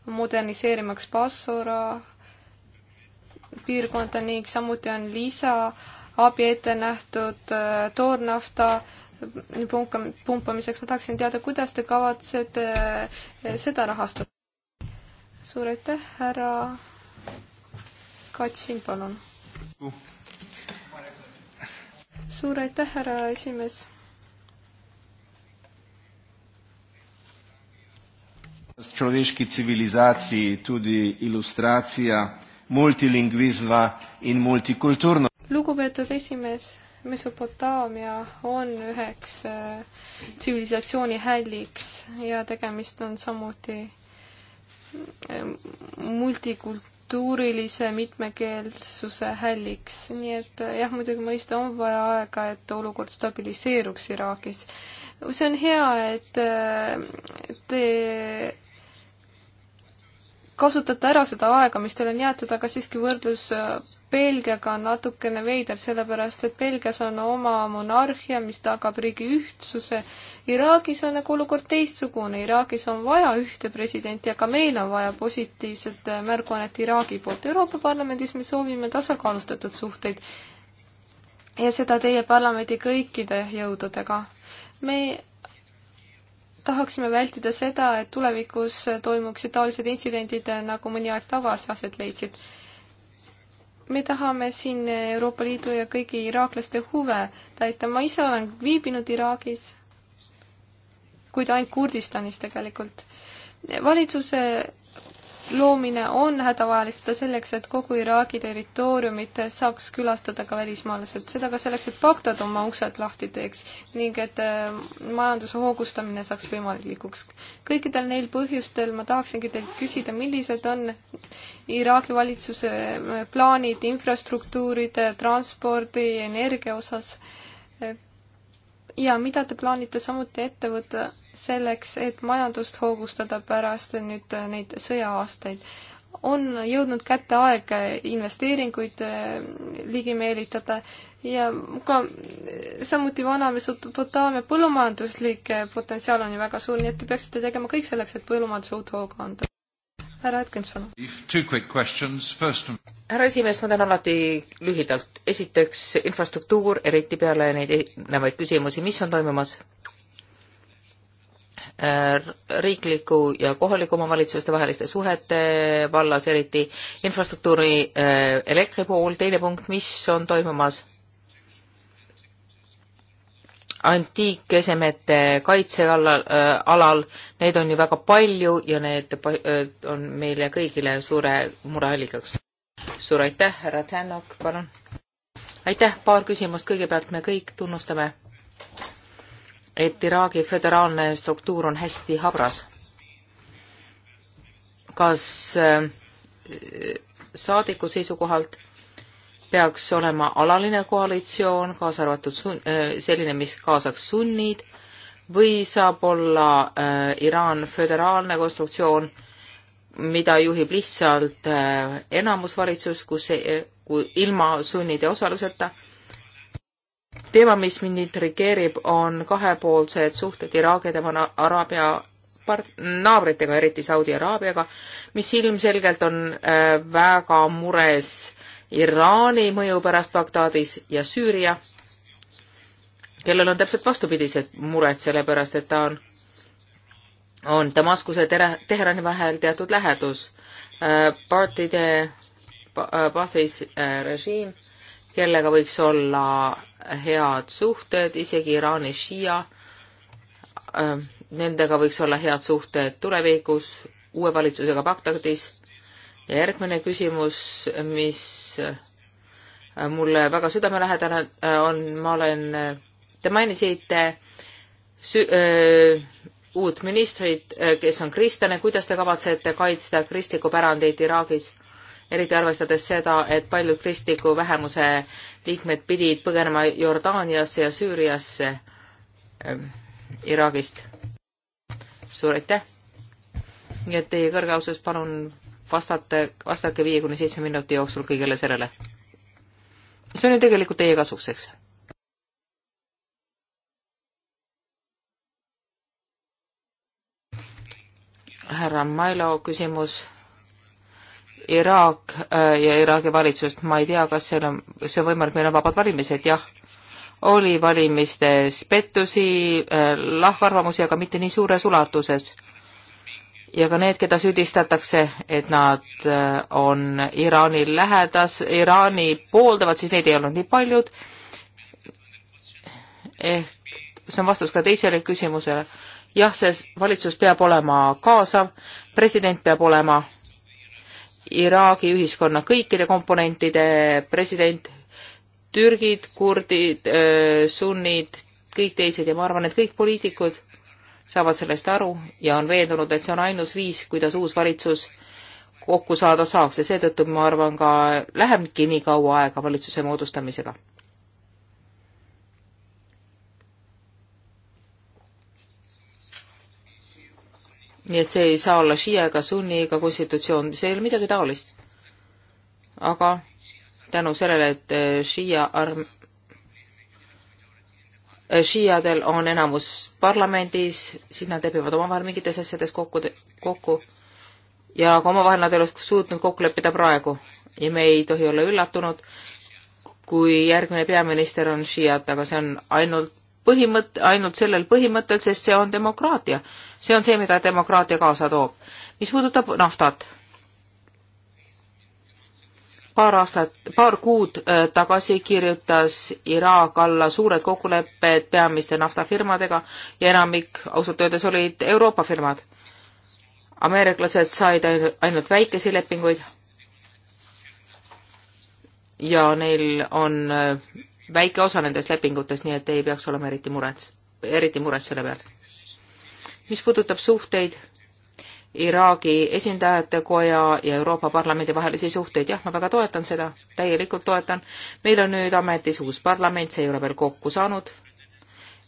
moderniseerimaks Bassora piirkonda ning samuti on lisa abi ette nähtud äh, toornafta punka, pumpamiseks, ma tahaksin teada, kuidas te kavatsete eh, seda rahastada? suur aitäh, härra Katsin, palun. suur aitäh, härra esimees človeški civilizaciji tudi ilustracija multilingvizma in multikulturno. lugupeetud esimees, Mesopotaamia on üheks äh, tsivilisatsiooni hälliks ja tegemist on samuti äh, multikultuurilise mitmekeelsuse hälliks. nii et äh, jah, muidugi mõista on vaja aega, et olukord stabiliseeruks Iraagis. see on hea, et te kasutate ära seda aega, mis teil on jäetud, aga siiski võrdlus äh, Belgiaga on natukene veider, sellepärast et Belgias on oma monarhia, mis tagab riigi ühtsuse. Iraagis on nagu olukord teistsugune, Iraagis on vaja ühte presidenti, aga meil on vaja positiivset äh, märguannet Iraagi poolt. Euroopa Parlamendis me soovime tasakaalustatud suhteid ja seda teie parlamendi kõikide jõududega. me tahaksime vältida seda, et tulevikus toimuksid taolised intsidendid, nagu mõni aeg tagasi aset leidsid. me tahame siin Euroopa Liidu ja kõigi iraaklaste huve täita, ma ise olen viibinud Iraagis, kuid ainult Kurdistanis tegelikult. valitsuse loomine on hädavajalik, seda selleks, et kogu Iraagi territooriumit saaks külastada ka välismaalased, seda ka selleks, et Bagdad oma uksed lahti teeks ning et äh, majanduse hoogustamine saaks võimalikuks. kõikidel neil põhjustel ma tahaksingi teilt küsida, millised on Iraagi valitsuse äh, plaanid infrastruktuuride, transpordi, energia osas, äh, ja mida te plaanite samuti ette võtta selleks, et majandust hoogustada pärast nüüd neid sõja-aastaid? on jõudnud kätte aeg investeeringuid äh, ligi meelitada ja ka samuti vana Mesopotaamia põllumajanduslik äh, potentsiaal on ju väga suur, nii et te peaksite tegema kõik selleks, et põllumajanduse uut hoogu anda härra Atkinson. härra esimees, ma teen alati lühidalt. esiteks infrastruktuur, eriti peale neid erinevaid küsimusi, mis on toimumas äh, riikliku ja kohaliku omavalitsuste vaheliste suhete vallas, eriti infrastruktuuri äh, elektri puhul, teine punkt, mis on toimumas antiikesemete kaitsealal äh,, alal, neid on ju väga palju ja need äh, on meile kõigile suure mureallikaks. suur aitäh, härra Tänak, palun. aitäh, paar küsimust, kõigepealt me kõik tunnustame, et Iraagi föderaalne struktuur on hästi habras. kas äh, saadiku seisukohalt peaks olema alaline koalitsioon, kaasa arvatud sun-, äh, selline, mis kaasaks sunnid, või saab olla äh, Iraan föderaalne konstruktsioon, mida juhib lihtsalt äh, enamusvalitsus, kus äh,, ilma sunnide osaluseta. teema, mis mind intrigeerib, on kahepoolsed suhted Iraagi ja tema Araabia part-, naabritega, eriti Saudi Araabiaga, mis ilmselt on äh, väga mures Iraani mõju pärast Bagdadis ja Süüria, kellel on täpselt vastupidised mured, sellepärast et ta on, on Damaskuse tere, Teherani vahel teatud lähedus. Äh, partide, äh, Baathis äh, režiim, kellega võiks olla head suhted, isegi Iraani šiia, nendega võiks olla head suhted tulevikus, uue valitsusega Bagdadis ja järgmine küsimus, mis äh, mulle väga südamelähedane äh, on, ma olen, äh, te mainisite sü-, öö, uut ministrit, kes on kristlane, kuidas te kavatsete kaitsta kristlikku pärandit Iraagis? eriti arvestades seda, et paljud kristliku vähemuse liikmed pidid põgenema Jordaaniasse ja Süüriasse ähm, Iraagist. suur aitäh! nii et teie kõrgeausus, palun vastate, vastake viie kuni seitsme minuti jooksul kõigele sellele. see on ju tegelikult teie kasuks, eks? härra Mailo küsimus. Iraak äh, ja Iraagi valitsust, ma ei tea, kas seal on, see on võimalik, meil on vabad valimised, jah. oli valimistes pettusi, äh, lahkarvamusi, aga mitte nii suures ulatuses ja ka need, keda süüdistatakse, et nad äh, on Iraani lähedas, Iraani pooldavad, siis neid ei olnud nii paljud. ehk see on vastus ka teisele küsimusele. jah, see valitsus peab olema kaasav, president peab olema Iraagi ühiskonna kõikide komponentide president, türgid, kurdid, äh, sunnid, kõik teised ja ma arvan, et kõik poliitikud saavad sellest aru ja on veendunud, et see on ainus viis, kuidas uus valitsus kokku saada saaks ja seetõttu ma arvan ka lähebki nii kaua aega valitsuse moodustamisega. nii et see ei saa olla Shia ega Sunni ega konstitutsioon, see ei ole midagi taolist. aga tänu sellele, et eh, Shia arm-, šiiadel on enamus parlamendis, siis nad lepivad omavahel mingites asjades kokku, kokku ja aga omavahel nad ei oleks suutnud kokku leppida praegu ja me ei tohi olla üllatunud, kui järgmine peaminister on šiiat, aga see on ainult põhimõte, ainult sellel põhimõttel, sest see on demokraatia. see on see, mida demokraatia kaasa toob. mis puudutab naftat paar aastat, paar kuud äh, tagasi kirjutas Iraak alla suured kokkulepped peamiste naftafirmadega ja enamik ausalt öeldes olid Euroopa firmad. ameeriklased said ainult väikesi lepinguid ja neil on äh, väike osa nendest lepingutest, nii et ei peaks olema eriti mures, eriti mures selle peal. mis puudutab suhteid Iraagi esindajate koja ja Euroopa Parlamendi vahelisi suhteid, jah, ma väga toetan seda, täielikult toetan. meil on nüüd ametis uus parlament, see ei ole veel kokku saanud,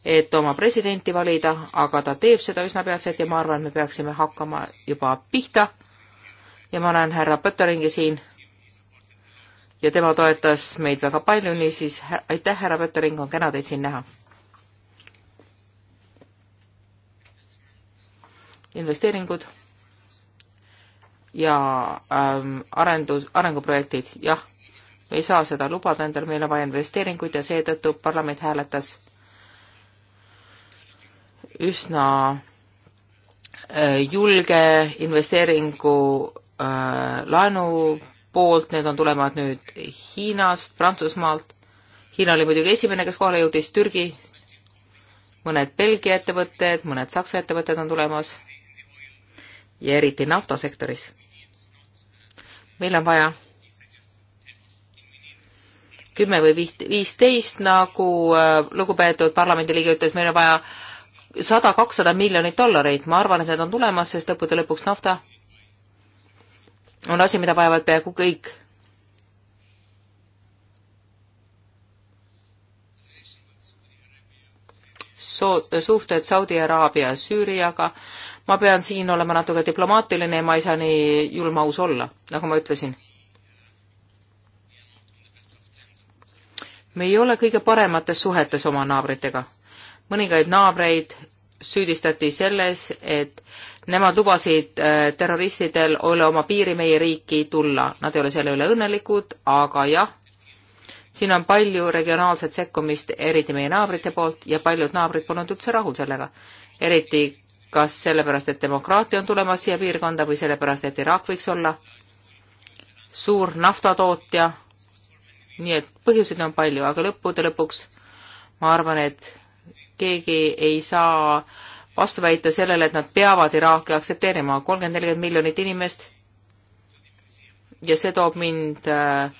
et oma presidenti valida, aga ta teeb seda üsna peatselt ja ma arvan, me peaksime hakkama juba pihta. ja ma näen härra Pötteringi siin ja tema toetas meid väga palju, niisiis aitäh, härra Pöttering, on kena teid siin näha investeeringud ja ähm, arendus, arenguprojektid, jah, me ei saa seda lubada endale, meil on vaja investeeringuid ja seetõttu parlament hääletas üsna äh, julge investeeringu äh, laenu poolt, need on tulevad nüüd Hiinast, Prantsusmaalt, Hiina oli muidugi esimene, kes kohale jõudis, Türgi, mõned Belgia ettevõtted, mõned Saksa ettevõtted on tulemas ja eriti naftasektoris meil on vaja kümme või viisteist, nagu äh, lugupeetud parlamendiliige ütles, meil on vaja sada, kakssada miljonit dollareid, ma arvan, et need on tulemas, sest lõppude lõpuks nafta on asi, mida vajavad peaaegu kõik. So-, suhted Saudi Araabia ja Süüriaga ma pean siin olema natuke diplomaatiline ja ma ei saa nii julm aus olla, nagu ma ütlesin. me ei ole kõige paremates suhetes oma naabritega. mõningaid naabreid süüdistati selles, et nemad lubasid äh, terroristidel üle oma piiri meie riiki tulla. Nad ei ole selle üle õnnelikud, aga jah, siin on palju regionaalset sekkumist, eriti meie naabrite poolt ja paljud naabrid polnud üldse rahul sellega. eriti kas sellepärast, et demokraatia on tulemas siia piirkonda või sellepärast, et Iraak võiks olla suur naftatootja. nii et põhjuseid on palju, aga lõppude lõpuks ma arvan, et keegi ei saa vastu väita sellele, et nad peavad Iraaki aktsepteerima, kolmkümmend, nelikümmend miljonit inimest. ja see toob mind äh,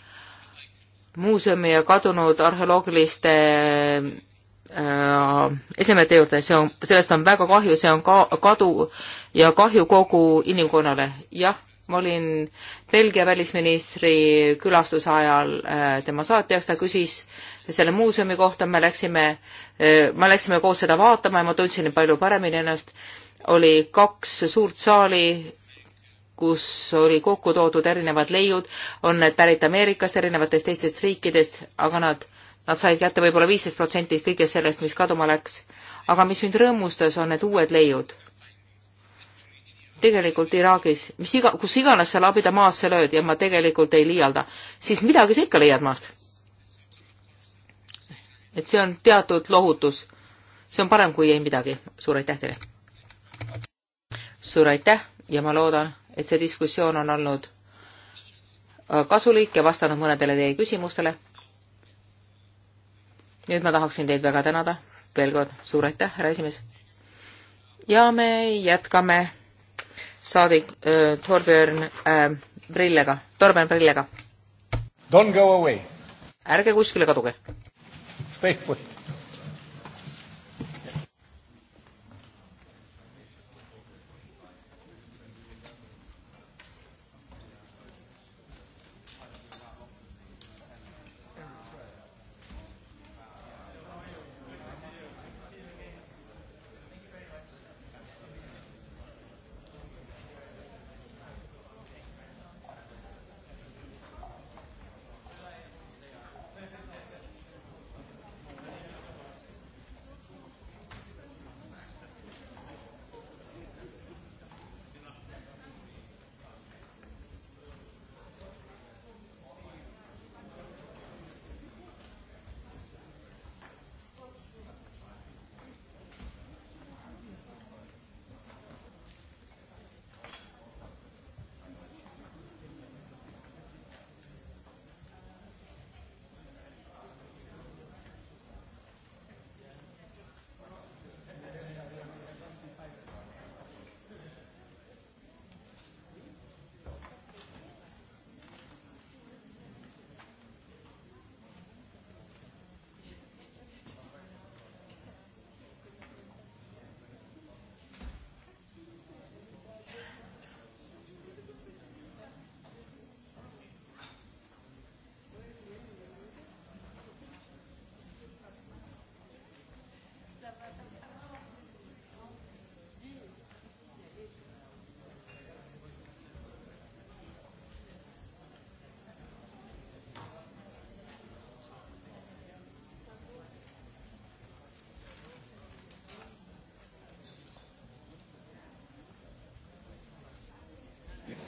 muuseumi ja kadunud arheoloogiliste Äh, esemete juurde, see on, sellest on väga kahju, see on ka kadu ja kahju kogu inimkonnale. jah, ma olin Belgia välisministri külastuse ajal äh, tema saatjaks, ta küsis selle muuseumi kohta, me läksime, äh, me läksime koos seda vaatama ja ma tundsin palju paremini ennast. oli kaks suurt saali, kus oli kokku toodud erinevad leiud, on need pärit Ameerikast, erinevatest teistest riikidest, aga nad äh, Nad said kätte võib-olla viisteist protsenti kõigest sellest, mis kaduma läks. aga mis mind rõõmustas, on need uued leiud. tegelikult Iraagis, mis iga, kus iganes sa labida maasse lööd ja ma tegelikult ei liialda, siis midagi sa ikka leiad maast. et see on teatud lohutus. see on parem, kui ei midagi. suur aitäh teile! suur aitäh ja ma loodan, et see diskussioon on olnud äh, kasulik ja vastanud mõnedele teie küsimustele nüüd ma tahaksin teid väga tänada, veel kord suur aitäh, härra esimees. ja me jätkame saadik äh, Torbjörn äh, Prillega, Torbjörn Prillega. Don't go away. ärge kuskile kaduge. Stay put.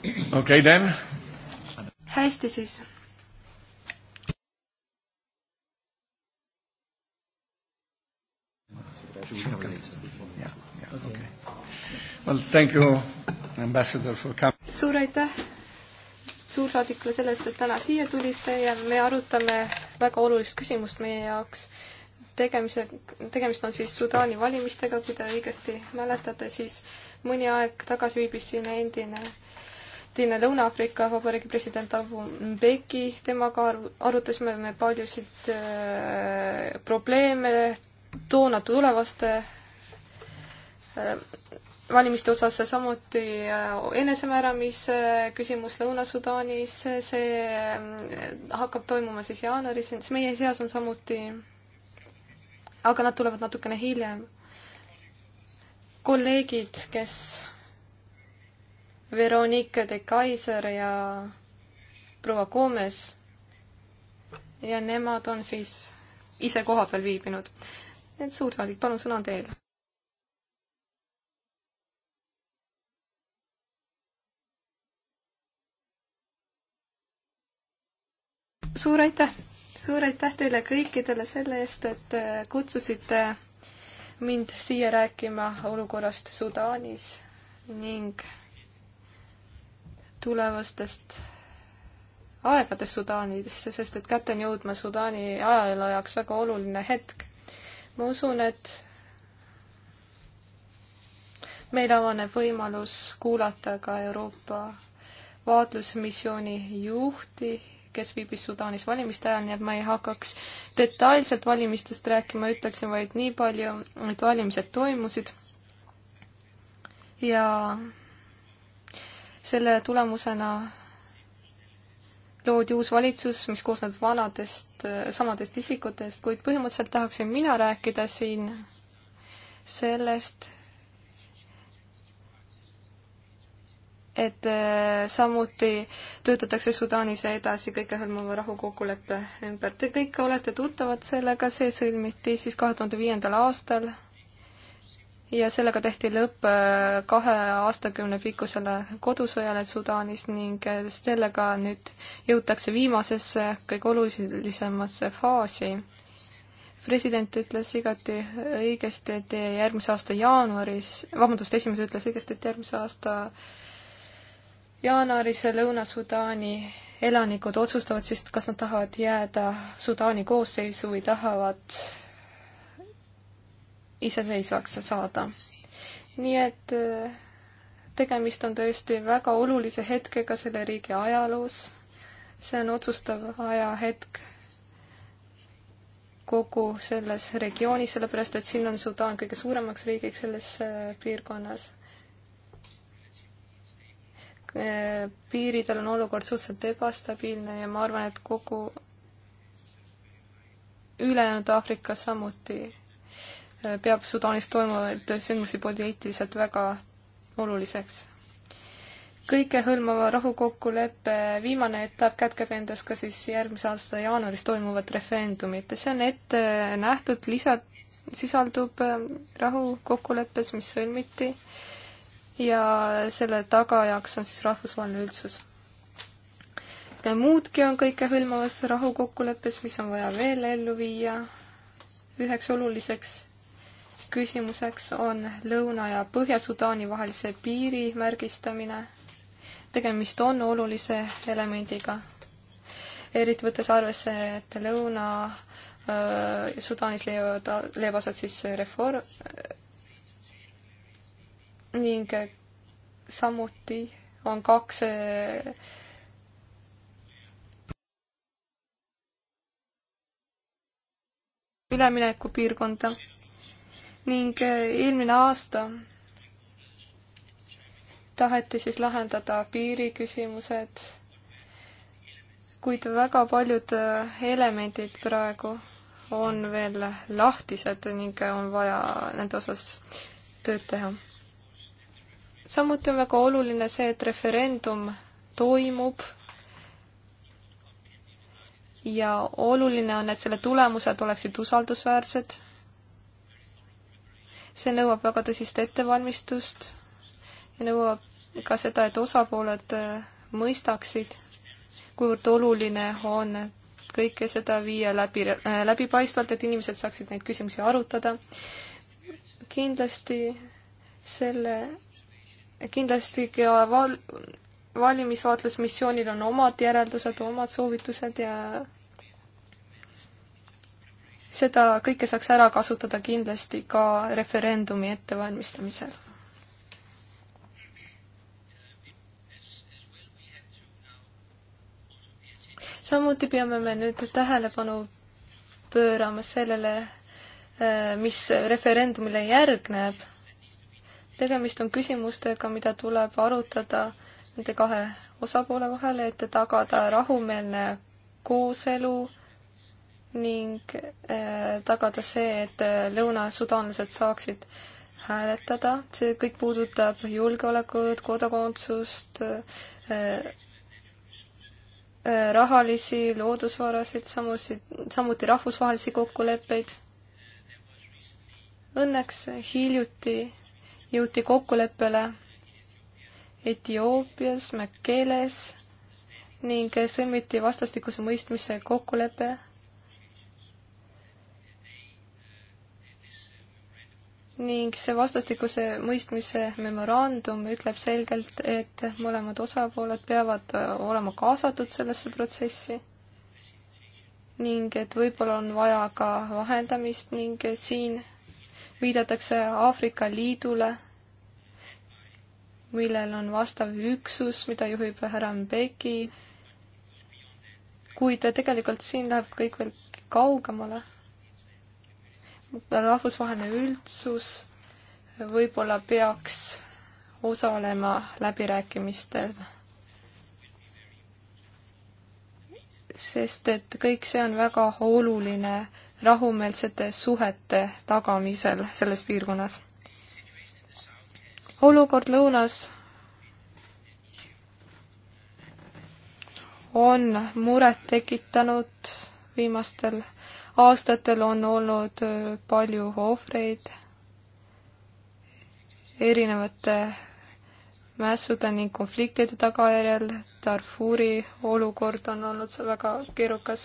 okei okay,, Dan. hästi siis. Well, thank you, ambassador, for coming. suur aitäh suursaadikule selle eest, et täna siia tulite ja me arutame väga olulist küsimust meie jaoks tegemise, tegemist on siis Sudaani valimistega, kui te õigesti mäletate, siis mõni aeg tagasi viibis siin endine endine Lõuna-Aafrika Vabariigi president Abu Mbeki, temaga aru, arutasime me paljusid äh, probleeme toona tulevaste äh, valimiste osas, samuti äh, enesemääramise küsimus Lõuna-Sudaanis, see äh, hakkab toimuma siis jaanuaris, siis meie seas on samuti, aga nad tulevad natukene hiljem. kolleegid, kes Veronika de Kaiser ja proua Gomes. ja nemad on siis ise kohapeal viibinud. Need suursaadik, palun, sõna on teil. suur aitäh, suur aitäh teile kõikidele selle eest, et äh, kutsusite mind siia rääkima olukorrast Sudaanis ning tulevastest aegadest Sudaanist, sest et kätte on jõudma Sudaani ajaloo jaoks väga oluline hetk. ma usun, et meil avaneb võimalus kuulata ka Euroopa vaatlusmissiooni juhti, kes viibis Sudaanis valimiste ajal, nii et ma ei hakkaks detailselt valimistest rääkima, ütleksin vaid nii palju, et valimised toimusid ja selle tulemusena loodi uus valitsus, mis koosneb vanadest, samadest isikutest, kuid põhimõtteliselt tahaksin mina rääkida siin sellest, et äh, samuti töötatakse Sudaanis edasi kõikehõlmava rahukokkuleppe ümber. Te kõik olete tuttavad sellega, see sõlmiti siis kahe tuhande viiendal aastal ja sellega tehti lõpp äh, kahe aastakümne pikkusele kodusõjale Sudaanis ning äh, sellega nüüd jõutakse viimasesse kõige olulisemasse faasi. president ütles igati õigesti, et järgmise aasta jaanuaris, vabandust, esimees ütles õigesti, et järgmise aasta jaanuaris Lõuna-Sudaani elanikud otsustavad siis, kas nad tahavad jääda Sudaani koosseisu või tahavad iseseisvaks saada. nii et äh, tegemist on tõesti väga olulise hetkega selle riigi ajaloos. see on otsustav ajahetk kogu selles regioonis, sellepärast et siin on Sudaan kõige suuremaks riigiks selles äh, piirkonnas äh, piiridel on olukord suhteliselt ebastabiilne ja ma arvan, et kogu ülejäänud Aafrikas samuti peab Sudaanis toimuvaid sündmusi poliitiliselt väga oluliseks. kõikehõlmava rahukokkuleppe viimane etapp kätkeb endas ka siis järgmise aasta jaanuaris toimuvat referendumit ja see on ette nähtud, lisa, sisaldub äh, rahukokkuleppes, mis sõlmiti ja selle tagajaks on siis rahvusvaheline üldsus. muudki on kõikehõlmavas rahukokkuleppes, mis on vaja veel ellu viia üheks oluliseks küsimuseks on Lõuna- ja Põhja-Sudaani vahelise piiri märgistamine. tegemist on olulise elemendiga, eriti võttes arvesse, et Lõuna-Sudaanis leiavad, leiab aset siis reform ning samuti on kaks üleminekupiirkonda ning eh, eelmine aasta taheti siis lahendada piiriküsimused, kuid väga paljud eh, elemendid praegu on veel lahtised ning on vaja nende osas tööd teha. samuti on väga oluline see, et referendum toimub ja oluline on, et selle tulemused oleksid usaldusväärsed see nõuab väga tõsist ettevalmistust ja nõuab ka seda, et osapooled äh, mõistaksid, kuivõrd oluline on kõike seda viia läbi, äh, läbipaistvalt, et inimesed saaksid neid küsimusi arutada. kindlasti selle, kindlasti ka val-, valimisvaatlusmissioonil on omad järeldused, omad soovitused ja seda kõike saaks ära kasutada kindlasti ka referendumi ettevalmistamisel. samuti peame me nüüd tähelepanu pöörama sellele, äh, mis referendumile järgneb. tegemist on küsimustega, mida tuleb arutada nende kahe osapoole vahel, et tagada rahumeelne kooselu äh, ning äh, tagada see, et äh, lõunasudaanlased saaksid hääletada, see kõik puudutab julgeolekut, kodakondsust, äh, rahalisi, loodusvarasid, samuti, samuti rahvusvahelisi kokkuleppeid. Õnneks hiljuti jõuti kokkuleppele Etioopias, Mäkkeles ning sõlmiti vastastikuse mõistmise kokkulepe ning see vastastikuse mõistmise memorandum ütleb selgelt, et mõlemad osapooled peavad äh, olema kaasatud sellesse protsessi ning et võib-olla on vaja ka vahendamist ning siin viidatakse Aafrika Liidule, millel on vastav üksus, mida juhib härra Mbeki, kuid tegelikult siin läheb kõik veel kaugemale rahvusvaheline üldsus võib-olla peaks osalema läbirääkimistel. sest et kõik see on väga oluline rahumeelsete suhete tagamisel selles piirkonnas. olukord lõunas on muret tekitanud viimastel aastatel on olnud äh, palju ohvreid erinevate mässude ning konfliktide tagajärjel. Darfuri olukord on olnud väga keerukas.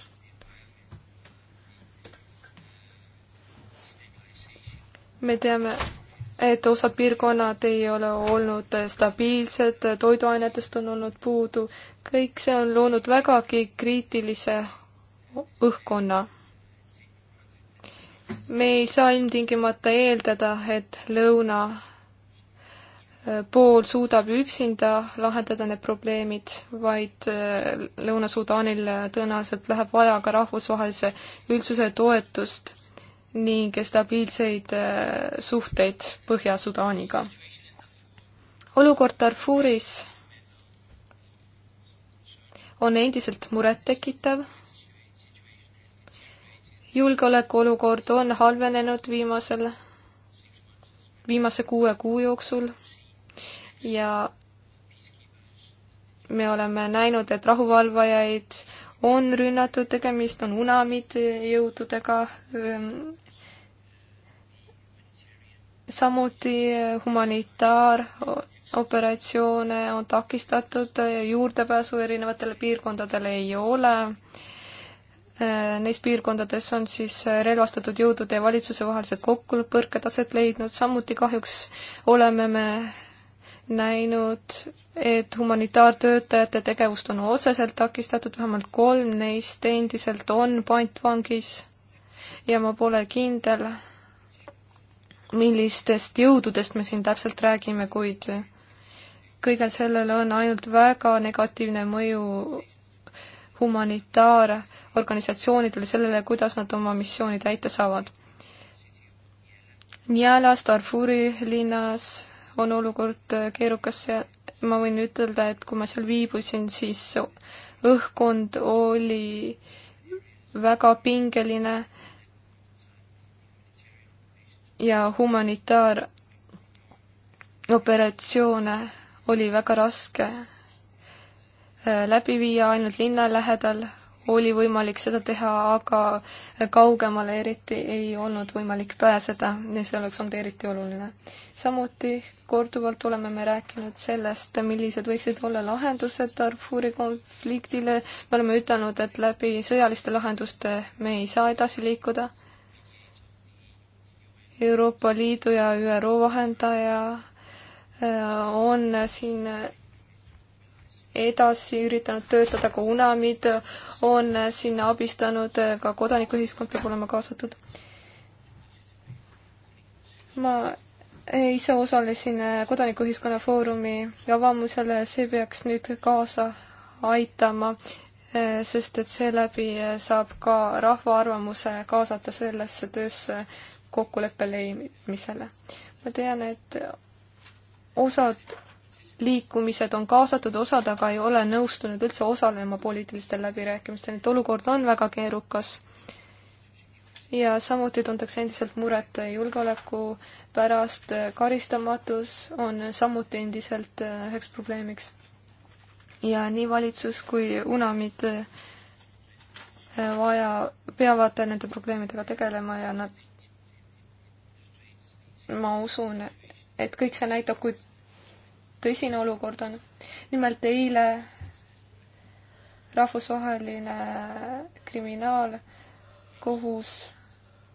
me teame, et osad piirkonnad ei ole olnud stabiilsed, toiduainetest on olnud puudu, kõik see on loonud vägagi kriitilise õhkkonna me ei saa ilmtingimata eeldada, et lõuna äh, pool suudab üksinda lahendada need probleemid, vaid äh, Lõuna-Sudaanil äh, tõenäoliselt läheb vaja ka rahvusvahelise üldsuse toetust ning stabiilseid suhteid Põhja-Sudaaniga. olukord Darfuris on endiselt murettekitav julgeolekuolukord on halvenenud viimasel, viimase kuue kuu jooksul ja me oleme näinud, et rahuvalvajaid on rünnatud, tegemist on UNAMID jõududega, ehm, samuti humanitaaroperatsioone on takistatud, juurdepääsu erinevatele piirkondadele ei ole Äh, neis piirkondades on siis äh, relvastatud jõudude ja valitsuse vahelised kokkupõrked aset leidnud, samuti kahjuks oleme me näinud, et humanitaartöötajate tegevust on otseselt takistatud, vähemalt kolm neist endiselt on pantvangis ja ma pole kindel, millistest jõududest me siin täpselt räägime, kuid kõigel sellel on ainult väga negatiivne mõju humanitaarorganisatsioonidele sellele, kuidas nad oma missiooni täita saavad. Njalas, Darfuri linnas on olukord keerukas ja ma võin ütelda, et kui ma seal viibusin, siis õhkkond oli väga pingeline ja humanitaaroperatsioone oli väga raske Äh, läbi viia ainult linna lähedal, oli võimalik seda teha, aga kaugemale eriti ei olnud võimalik pääseda ja see oleks olnud eriti oluline. samuti korduvalt oleme me rääkinud sellest, millised võiksid olla lahendused Darfuri konfliktile, me oleme ütelnud, et läbi sõjaliste lahenduste me ei saa edasi liikuda Euroopa Liidu ja ÜRO vahendaja äh, on siin edasi üritanud töötada, ka UNAMID on sinna abistanud, ka kodanikuühiskond peab olema kaasatud. ma ise osalesin Kodanikuühiskonna Foorumi avamusel, see peaks nüüd kaasa aitama, sest et seeläbi saab ka rahva arvamuse kaasata sellesse töösse kokkuleppe leidmisele. ma tean, et osad liikumised on kaasatud, osad aga ei ole nõustunud üldse osalema poliitilistel läbirääkimistel, et olukord on väga keerukas. ja samuti tuntakse endiselt muret julgeoleku pärast, karistamatus on samuti endiselt äh, üheks probleemiks. ja nii valitsus kui UNAMID äh, vaja, peavad nende probleemidega tegelema ja nad, ma usun, et kõik see näitab, kui tõsine olukord on. nimelt eile rahvusvaheline kriminaalkohus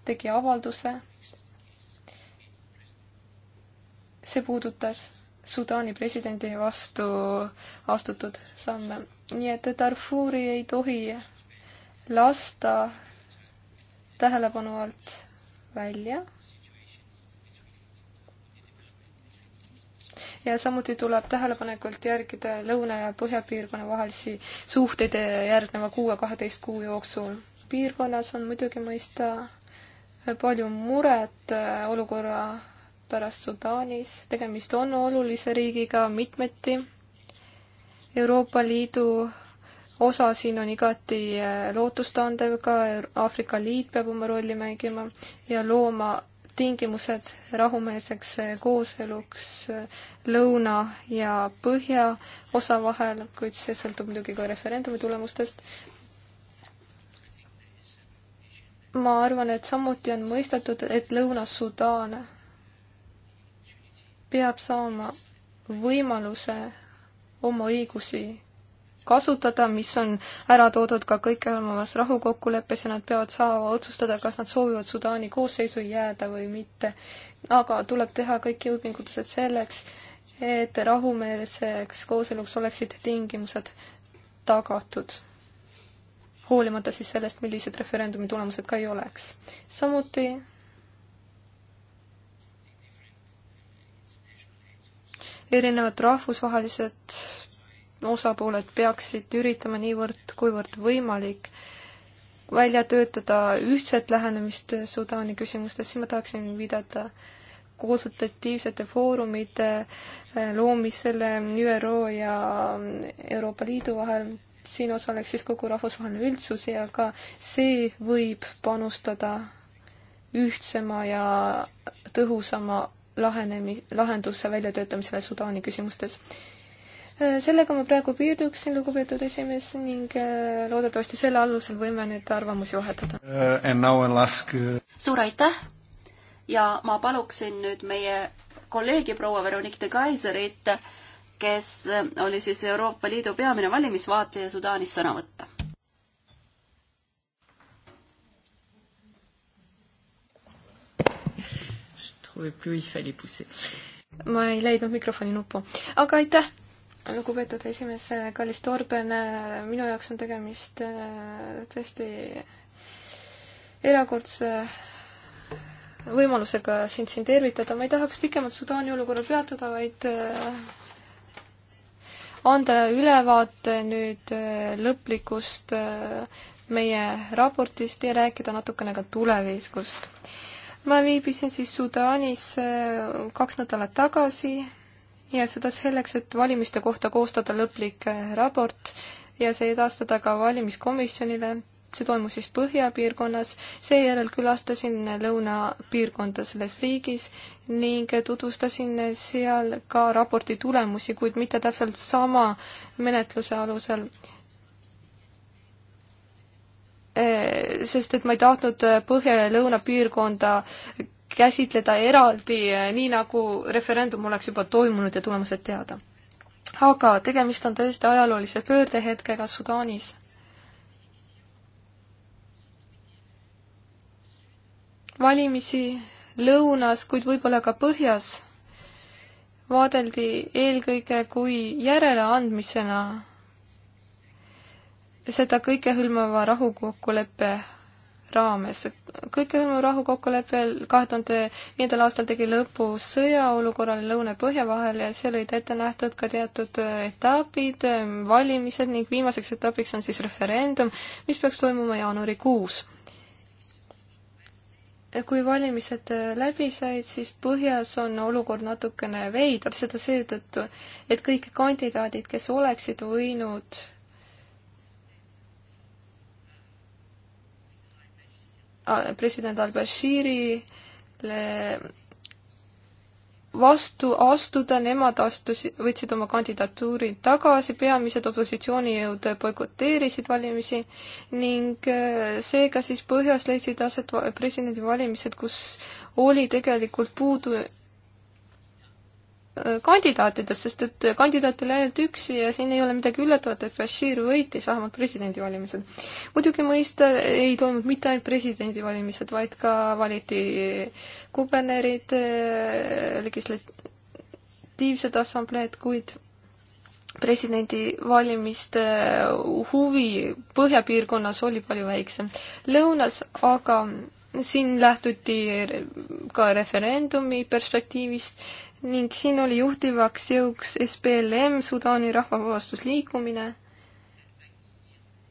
tegi avalduse. see puudutas Sudaani presidendi vastu astutud samme. nii et Darfuri ei tohi lasta tähelepanu alt välja ja samuti tuleb tähelepanelikult järgida lõuna- ja põhjapiirkonna vahelisi suhteid järgneva kuue-kaheteist kuu jooksul. piirkonnas on muidugi mõista palju muret äh, olukorra pärast Sudaanis, tegemist on olulise riigiga mitmeti. Euroopa Liidu osa siin on igati äh, lootustandev, ka Aafrika Liit peab oma rolli mängima ja looma tingimused rahumeelseks kooseluks lõuna ja põhja osa vahel, kuid see sõltub muidugi ka referendumi tulemustest. ma arvan, et samuti on mõistetud, et Lõuna-Sudaan peab saama võimaluse oma õigusi kasutada, mis on ära toodud ka kõikehõlmavas rahukokkuleppes ja nad peavad saama otsustada, kas nad soovivad Sudaani koosseisu jääda või mitte. aga tuleb teha kõik jõupingutused selleks, et rahumeelseks kooseluks oleksid tingimused tagatud. hoolimata siis sellest, millised referendumi tulemused ka ei oleks. samuti erinevad rahvusvahelised osapooled peaksid üritama niivõrd, kuivõrd võimalik välja töötada ühtset lähenemist Sudaani küsimustes, siis ma tahaksin viidata konsultatiivsete foorumite eh, loomisele ÜRO ja mm, Euroopa Liidu vahel. siin osaleks siis kogu rahvusvaheline üldsus ja ka see võib panustada ühtsema ja tõhusama lahenemi-, lahenduse väljatöötamisele Sudaani küsimustes Äh, sellega ma praegu piirduksin, lugupeetud esimees, ning äh, loodetavasti selle alusel võime nüüd arvamusi vahetada uh,. Ask... suur aitäh ja ma paluksin nüüd meie kolleegi proua Veronique de Kaiserit, kes oli siis Euroopa Liidu peamine valimisvaatleja Sudaanis sõna võtta. ma ei leidnud mikrofoni nuppu, aga aitäh lugupeetud esimees, äh, kallis Torben, äh, minu jaoks on tegemist äh, tõesti erakordse võimalusega sind siin tervitada. ma ei tahaks pikemalt Sudaani olukorra peatuda, vaid anda ülevaate nüüd lõplikust meie raportist ja rääkida natukene ka tuleviskust. ma viibisin siis Sudaanis kaks nädalat tagasi ja seda selleks, et valimiste kohta koostada lõplik äh, raport ja see edastada ka valimiskomisjonile. see toimus siis põhjapiirkonnas, seejärel külastasin lõunapiirkonda selles riigis ning tutvustasin seal ka raporti tulemusi, kuid mitte täpselt sama menetluse alusel äh, sest et ma ei tahtnud põhja- ja lõunapiirkonda käsitleda eraldi, eh, nii nagu referendum oleks juba toimunud ja tulemused teada. aga tegemist on tõesti ajaloolise pöördehetkega Sudaanis valimisi lõunas, kuid võib-olla ka põhjas vaadeldi eelkõige kui järeleandmisena seda kõikehõlmava rahukokkuleppe raames. kõikehõlmav rahukokkulepe kahe tuhande viiendal aastal tegi lõpu sõjaolukorrale Lõuna-Põhja vahel ja seal olid ette nähtud ka teatud äh, etapid, äh, valimised ning viimaseks etapiks on siis referendum, mis peaks toimuma jaanuarikuus. kui valimised äh, läbi said, siis põhjas on olukord natukene veider, seda seetõttu, et kõik kandidaadid, kes oleksid võinud president al-Bashirile vastu astuda, nemad astusid, võtsid oma kandidatuuri tagasi, peamised opositsioonijõud boikoteerisid valimisi ning äh, seega siis põhjas leidsid aset presidendivalimised, kus oli tegelikult puudu kandidaatidest, sest et kandidaat oli ainult üks ja siin ei ole midagi üllatavat, et Bashir võitis vähemalt presidendivalimised. muidugi mõista ei toimunud mitte ainult presidendivalimised, vaid ka valiti kubernerid, legislatiivsed assambleed, kuid presidendivalimiste huvi põhjapiirkonnas oli palju väiksem. lõunas aga siin lähtuti ka referendumi perspektiivist ning siin oli juhtivaks jõuks SPLM, Sudaani rahvavabastusliikumine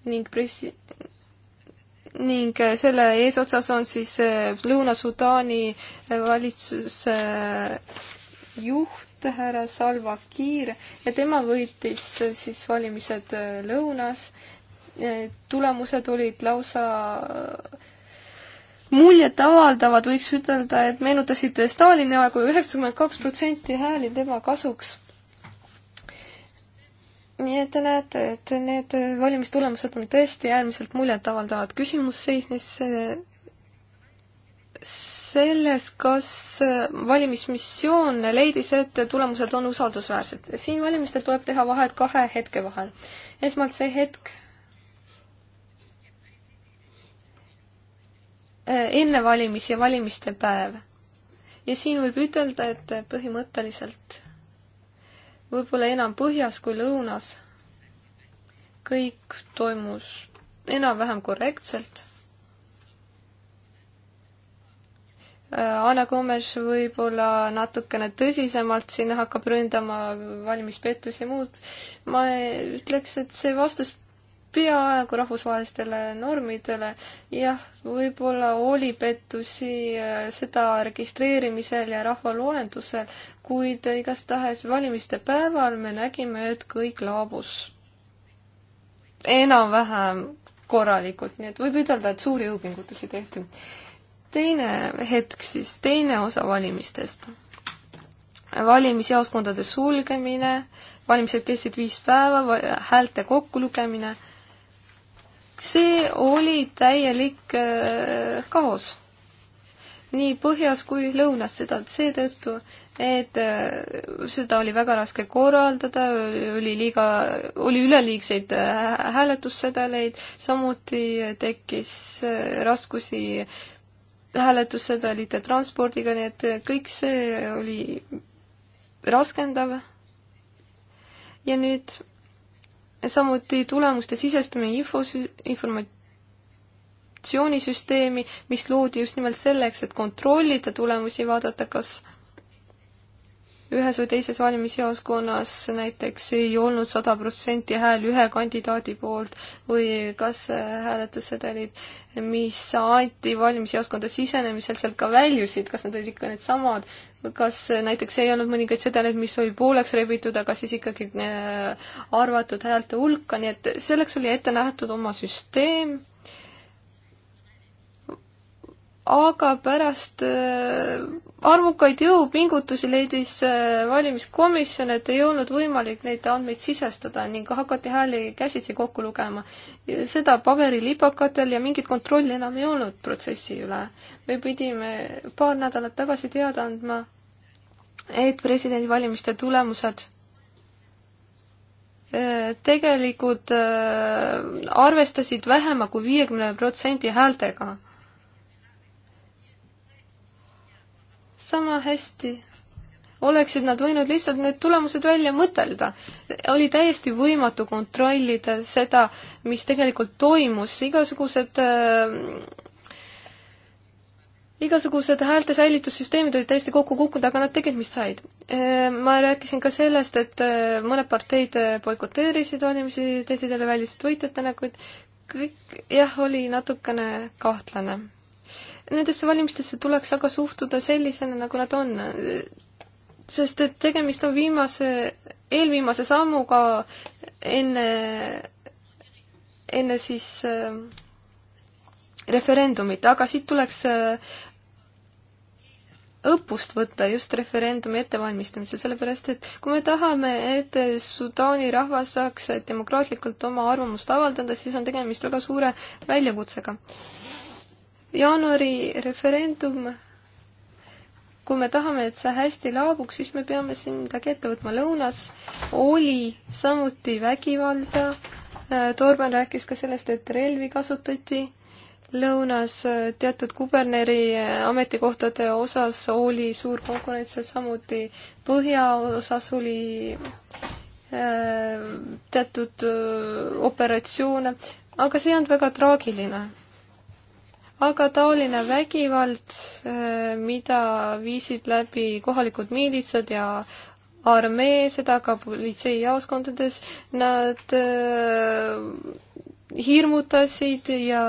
ning pressi-, ning äh, selle eesotsas on siis äh, Lõuna-Sudaani äh, valitsuse juht härra Salva Kiir ja tema võitis siis valimised lõunas. tulemused olid lausa muljetavaldavad, võiks ütelda, et meenutasid Stalini aegu üheksakümmend kaks protsenti hääli tema kasuks. nii et te näete, et need valimistulemused on tõesti äärmiselt muljetavaldavad. küsimus seisnes eh, selles, kas eh, valimismissioon leidis, et tulemused on usaldusväärsed. siin valimistel tuleb teha vahet kahe hetke vahel. esmalt see hetk, Äh, enne valimisi ja valimiste päev. ja siin võib ütelda, et põhimõtteliselt võib-olla enam põhjas kui lõunas kõik toimus enam-vähem korrektselt. Äh, Anna Gomes võib-olla natukene tõsisemalt siin hakkab ründama valimispettusi ja muud. ma ütleks, et see vastas peaaegu rahvusvahelistele normidele. jah, võib-olla oli pettusi äh, seda registreerimisel ja rahvaloendusel, kuid igastahes valimiste päeval me nägime, et kõik laabus enam-vähem korralikult, nii et võib ütelda, et suuri jõupingutusi tehti. teine hetk siis, teine osa valimistest. valimisjaoskondade sulgemine, valimised kestsid viis päeva, häälte kokkulugemine see oli täielik äh, kaos. nii põhjas kui lõunas, seda seetõttu, et äh, seda oli väga raske korraldada, oli liiga, oli üleliigseid äh, hääletussedeleid, samuti tekkis raskusi hääletussedelite transpordiga, nii et kõik see oli raskendav. ja nüüd samuti tulemuste sisestamine infos, informatsioonisüsteemi, mis loodi just nimelt selleks, et kontrollida tulemusi, vaadata, kas ühes või teises valimisjaoskonnas näiteks ei olnud sada protsenti hääl ühe kandidaadi poolt või kas hääletussedelid, mis anti valimisjaoskonda sisenemisel, sealt ka väljusid, kas nad olid ikka needsamad kas näiteks ei olnud mõningaid sedeleid, mis oli pooleks rebitud, aga siis ikkagi äh, arvatud häälte hulka, nii et selleks oli ette nähtud oma süsteem. aga pärast äh, arvukaid jõupingutusi leidis äh, valimiskomisjon, et ei olnud võimalik neid andmeid sisestada ning hakati hääli käsitsi kokku lugema. seda paberilipakatel ja mingit kontrolli enam ei olnud protsessi üle. me pidime paar nädalat tagasi teada andma, et presidendivalimiste tulemused äh, tegelikult äh, arvestasid vähema kui viiekümne protsendi häältega sama hästi oleksid nad võinud lihtsalt need tulemused välja mõtelda. oli täiesti võimatu kontrollida seda, mis tegelikult toimus, igasugused äh, igasugused häälte säilitussüsteemid olid täiesti kokku kukkunud, aga nad tegid, mis said. Äh, ma rääkisin ka sellest, et äh, mõned parteid äh, boikoteerisid valimisi, teised jälle väljasid võitjatena, kuid kõik jah, oli natukene kahtlane nendesse valimistesse tuleks aga suhtuda sellisena, nagu nad on. sest et tegemist on viimase, eelviimase sammuga enne, enne siis äh, referendumit, aga siit tuleks äh, õppust võtta just referendumi ettevalmistamisel, sellepärast et kui me tahame, et Sudaani rahvas saaks demokraatlikult oma arvamust avaldada, siis on tegemist väga suure väljakutsega jaanuari referendum, kui me tahame, et see hästi laabuks, siis me peame siin midagi ette võtma. lõunas oli samuti vägivalda. Äh, Torben rääkis ka sellest, et relvi kasutati lõunas äh, teatud kuberneri äh, ametikohtade osas oli suur konkurents ja samuti põhjaosas oli teatud operatsioone, aga see ei olnud väga traagiline aga taoline vägivald, eh, mida viisid läbi kohalikud miilitsad ja armee, seda ka politseijaoskondades, nad eh, hirmutasid ja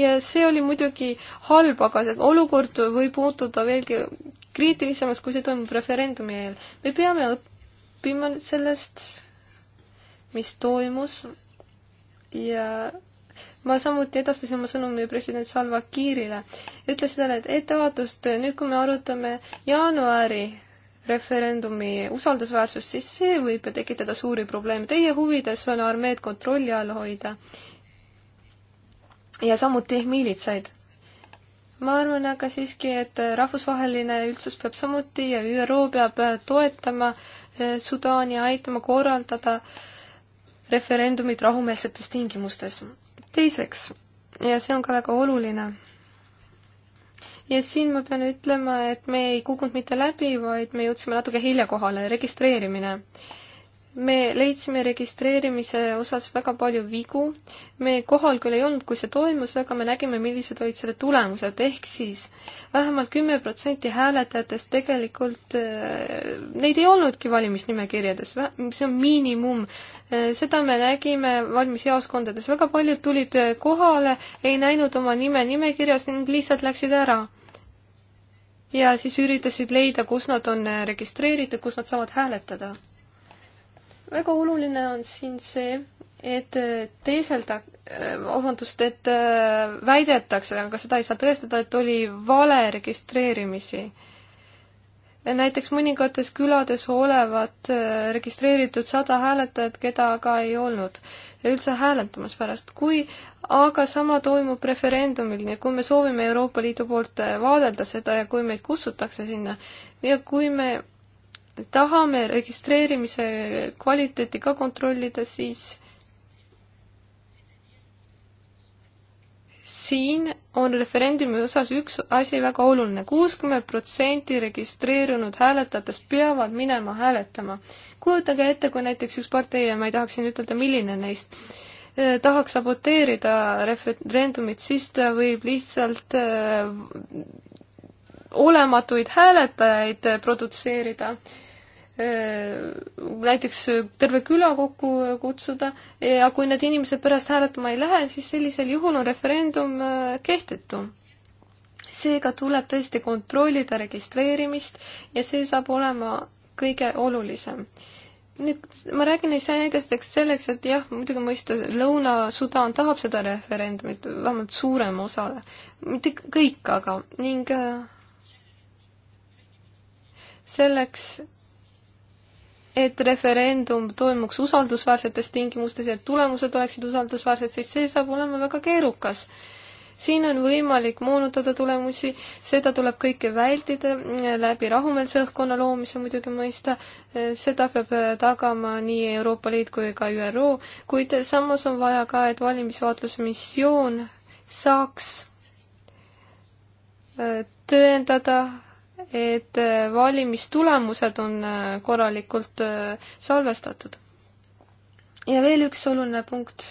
ja see oli muidugi halb, aga olukord võib muutuda veelgi kriitilisemaks, kui see toimub referendumi eel. me peame õppima sellest, mis toimus ja ma samuti edastasin oma sõnumi president Salva Kiirile. ütlesin talle, et ettevaatust, nüüd kui me arutame jaanuari referendumi usaldusväärsust, siis see võib tekitada suuri probleeme. Teie huvides on armeed kontrolli all hoida. ja samuti miilitsaid. ma arvan aga siiski, et rahvusvaheline üldsus peab samuti ja ÜRO peab toetama eh, Sudaani ja aitama korraldada äh, referendumit rahumeelsetes tingimustes. teiseks, ja see on ka väga oluline, ja siin ma pean ütlema, et me ei kukkunud mitte läbi, vaid me jõudsime natuke hilja kohale, registreerimine äh, me leidsime registreerimise osas väga palju vigu. me kohal küll ei olnud, kui see toimus, aga me nägime, millised olid selle tulemused, ehk siis vähemalt kümme protsenti hääletajatest tegelikult, äh, neid ei olnudki valimisnimekirjades, see on miinimum. Äh, seda me nägime valimisjaoskondades, väga paljud tulid äh, kohale, ei näinud oma nime nimekirjas ning lihtsalt läksid ära ja siis üritasid leida, kus nad on registreeritud, kus nad saavad hääletada väga oluline on siin see, et teeselda, äh, vabandust, et äh, väidetakse, aga seda ei saa tõestada, et oli vale registreerimisi. näiteks mõningates külades olevat äh, registreeritud sada hääletajat, keda aga ei olnud üldse hääletamas pärast, kui aga sama toimub referendumil ja kui me soovime Euroopa Liidu poolt vaadelda seda ja kui meid kutsutakse sinna ja kui me tahame registreerimise kvaliteeti ka kontrollida, siis siin on referendumi osas üks asi väga oluline. kuuskümmend protsenti registreerunud hääletajatest peavad minema hääletama. kujutage ette, kui näiteks üks partei ja ma ei tahaks siin ütelda, milline neist, eh, tahaks saboteerida referendumit, siis ta võib lihtsalt eh, olematuid hääletajaid eh, produtseerida Äh, näiteks terve küla kokku äh, kutsuda ja kui need inimesed pärast hääletama ei lähe, siis sellisel juhul on referendum äh, kehtetu. seega tuleb tõesti kontrollida registreerimist ja see saab olema kõige olulisem. nüüd ma räägin neist näidesteks selleks, et jah, muidugi mõista, Lõuna-Sudaan tahab seda referendumit, vähemalt suurem osa, mitte kõik aga, ning selleks et referendum toimuks usaldusväärsetes tingimustes ja et tulemused oleksid usaldusväärsed, siis see saab olema väga keerukas. siin on võimalik moonutada tulemusi, seda tuleb kõike vältida läbi rahumeelse õhkkonna loomise muidugi mõista, seda peab tagama nii Euroopa Liit kui ka ÜRO, kuid samas on vaja ka, et valimisvaatlusmissioon saaks tõendada et äh, valimistulemused on äh, korralikult äh, salvestatud. ja veel üks oluline punkt.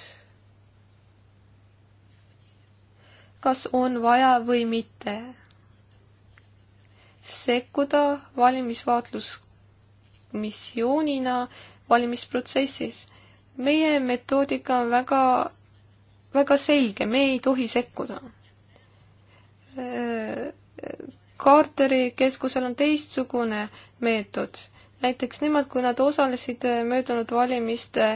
kas on vaja või mitte sekkuda valimisvaatlusmissioonina valimisprotsessis. meie metoodika on väga, väga selge, me ei tohi sekkuda Carteri keskusel on teistsugune meetod. näiteks nemad, kui nad osalesid möödunud valimiste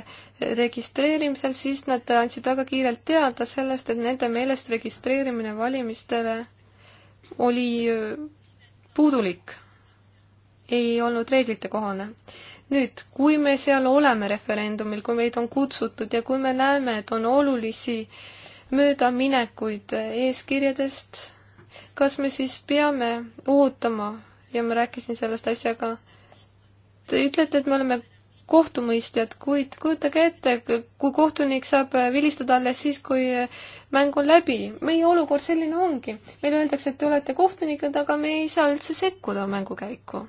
registreerimisel, siis nad andsid väga kiirelt teada sellest, et nende meelest registreerimine valimistele oli äh, puudulik, ei olnud reeglitekohane. nüüd, kui me seal oleme referendumil, kui meid on kutsutud ja kui me näeme, et on olulisi möödaminekuid eeskirjadest, kas me siis peame ootama ja ma rääkisin sellest äsja ka. Te ütlete, et me oleme kohtumõistjad, kuid kujutage ette, kui kohtunik saab vilistada alles siis, kui mäng on läbi. meie olukord selline ongi. meile öeldakse, et te olete kohtunikud, aga me ei saa üldse sekkuda mängu käiku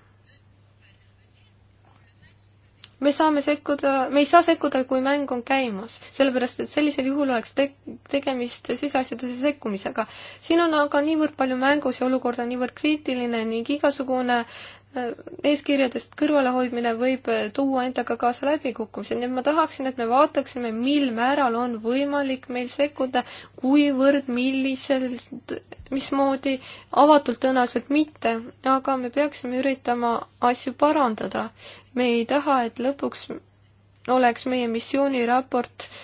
me saame sekkuda, me ei saa sekkuda, kui mäng on käimas, sellepärast et sellisel juhul oleks te-, tegemist siseasjadesse sekkumisega. siin on aga niivõrd palju mängus ja olukord on niivõrd kriitiline ning igasugune eeskirjadest kõrvalehoidmine võib tuua endaga kaasa läbikukkumise, nii et ma tahaksin, et me vaataksime, mil määral on võimalik meil sekkuda, kuivõrd, millisel, mismoodi, avatult tõenäoliselt mitte, aga me peaksime üritama asju parandada. me ei taha, et lõpuks oleks meie missiooniraport äh,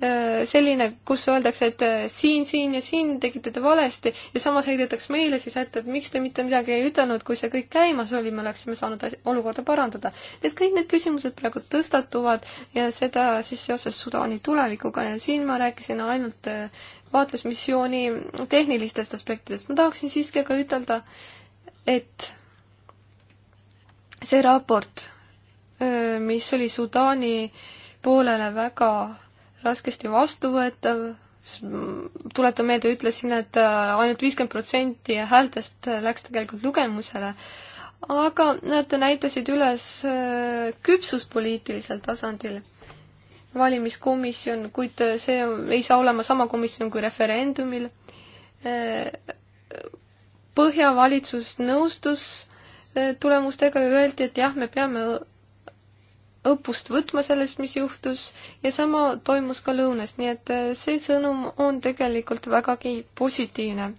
Äh, selline, kus öeldakse, et äh, siin, siin ja siin tegite te valesti ja samas heidetakse meile siis ette, et miks te mitte midagi ei ütelnud, kui see kõik käimas oli, me oleksime saanud olukorda parandada. et kõik need küsimused praegu tõstatuvad ja seda siis seoses Sudaani tulevikuga ja siin ma rääkisin ainult äh, vaatlusmissiooni tehnilistest aspektidest. ma tahaksin siiski aga ütelda, et see raport, mis oli Sudaani poolele väga raskesti vastuvõetav, tuletan meelde, ütlesin, et äh, ainult viiskümmend protsenti häältest läks tegelikult lugemusele, aga nad näitasid üles äh, küpsust poliitilisel tasandil, valimiskomisjon, kuid äh, see ei saa olema sama komisjon kui referendumil. Põhja valitsus nõustus tulemustega ja öeldi, et jah, me peame õppust võtma sellest, mis juhtus ja sama toimus ka lõunas, nii et äh, see sõnum on tegelikult vägagi positiivne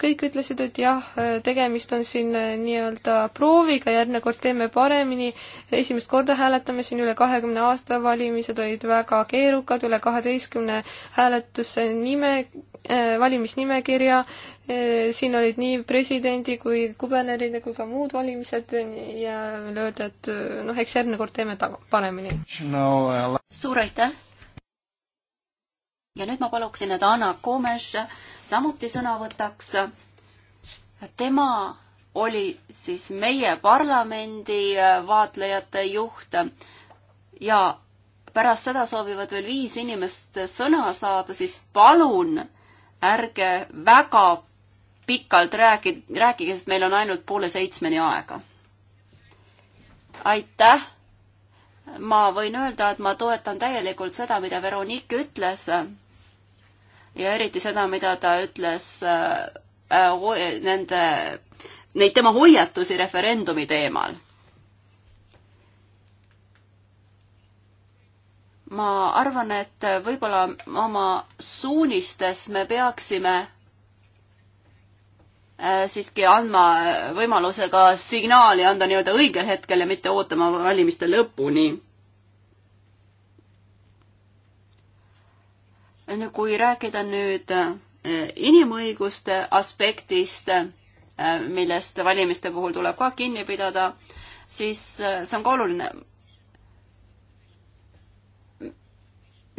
kõik ütlesid, et jah, tegemist on siin äh, nii-öelda prooviga, järgmine kord teeme paremini. esimest korda hääletame siin üle kahekümne aasta, valimised olid väga keerukad, üle kaheteistkümne hääletuse nime, äh, valimisnimekirja. Äh, siin olid nii presidendi kui kuberneride kui ka muud valimised ja meile öeldi, et noh, eks järgmine kord teeme ta-, paremini no,. Uh, suur aitäh! ja nüüd ma paluksin, et Anna Komes samuti sõna võtaks. tema oli siis meie parlamendi äh, vaatlejate juht ja pärast seda soovivad veel viis inimest sõna saada, siis palun ärge väga pikalt räägi, rääkige, sest meil on ainult poole seitsmeni aega. aitäh! ma võin öelda, et ma toetan täielikult seda, mida Veronique ütles ja eriti seda, mida ta ütles äh, äh nende, neid tema hoiatusi referendumi teemal. ma arvan, et võib-olla oma suunistes me peaksime äh, siiski andma võimaluse ka signaali anda nii-öelda õigel hetkel ja mitte ootama valimiste lõpuni kui rääkida nüüd eh, inimõiguste aspektist, eh, millest valimiste puhul tuleb ka kinni pidada, siis eh, see on ka oluline.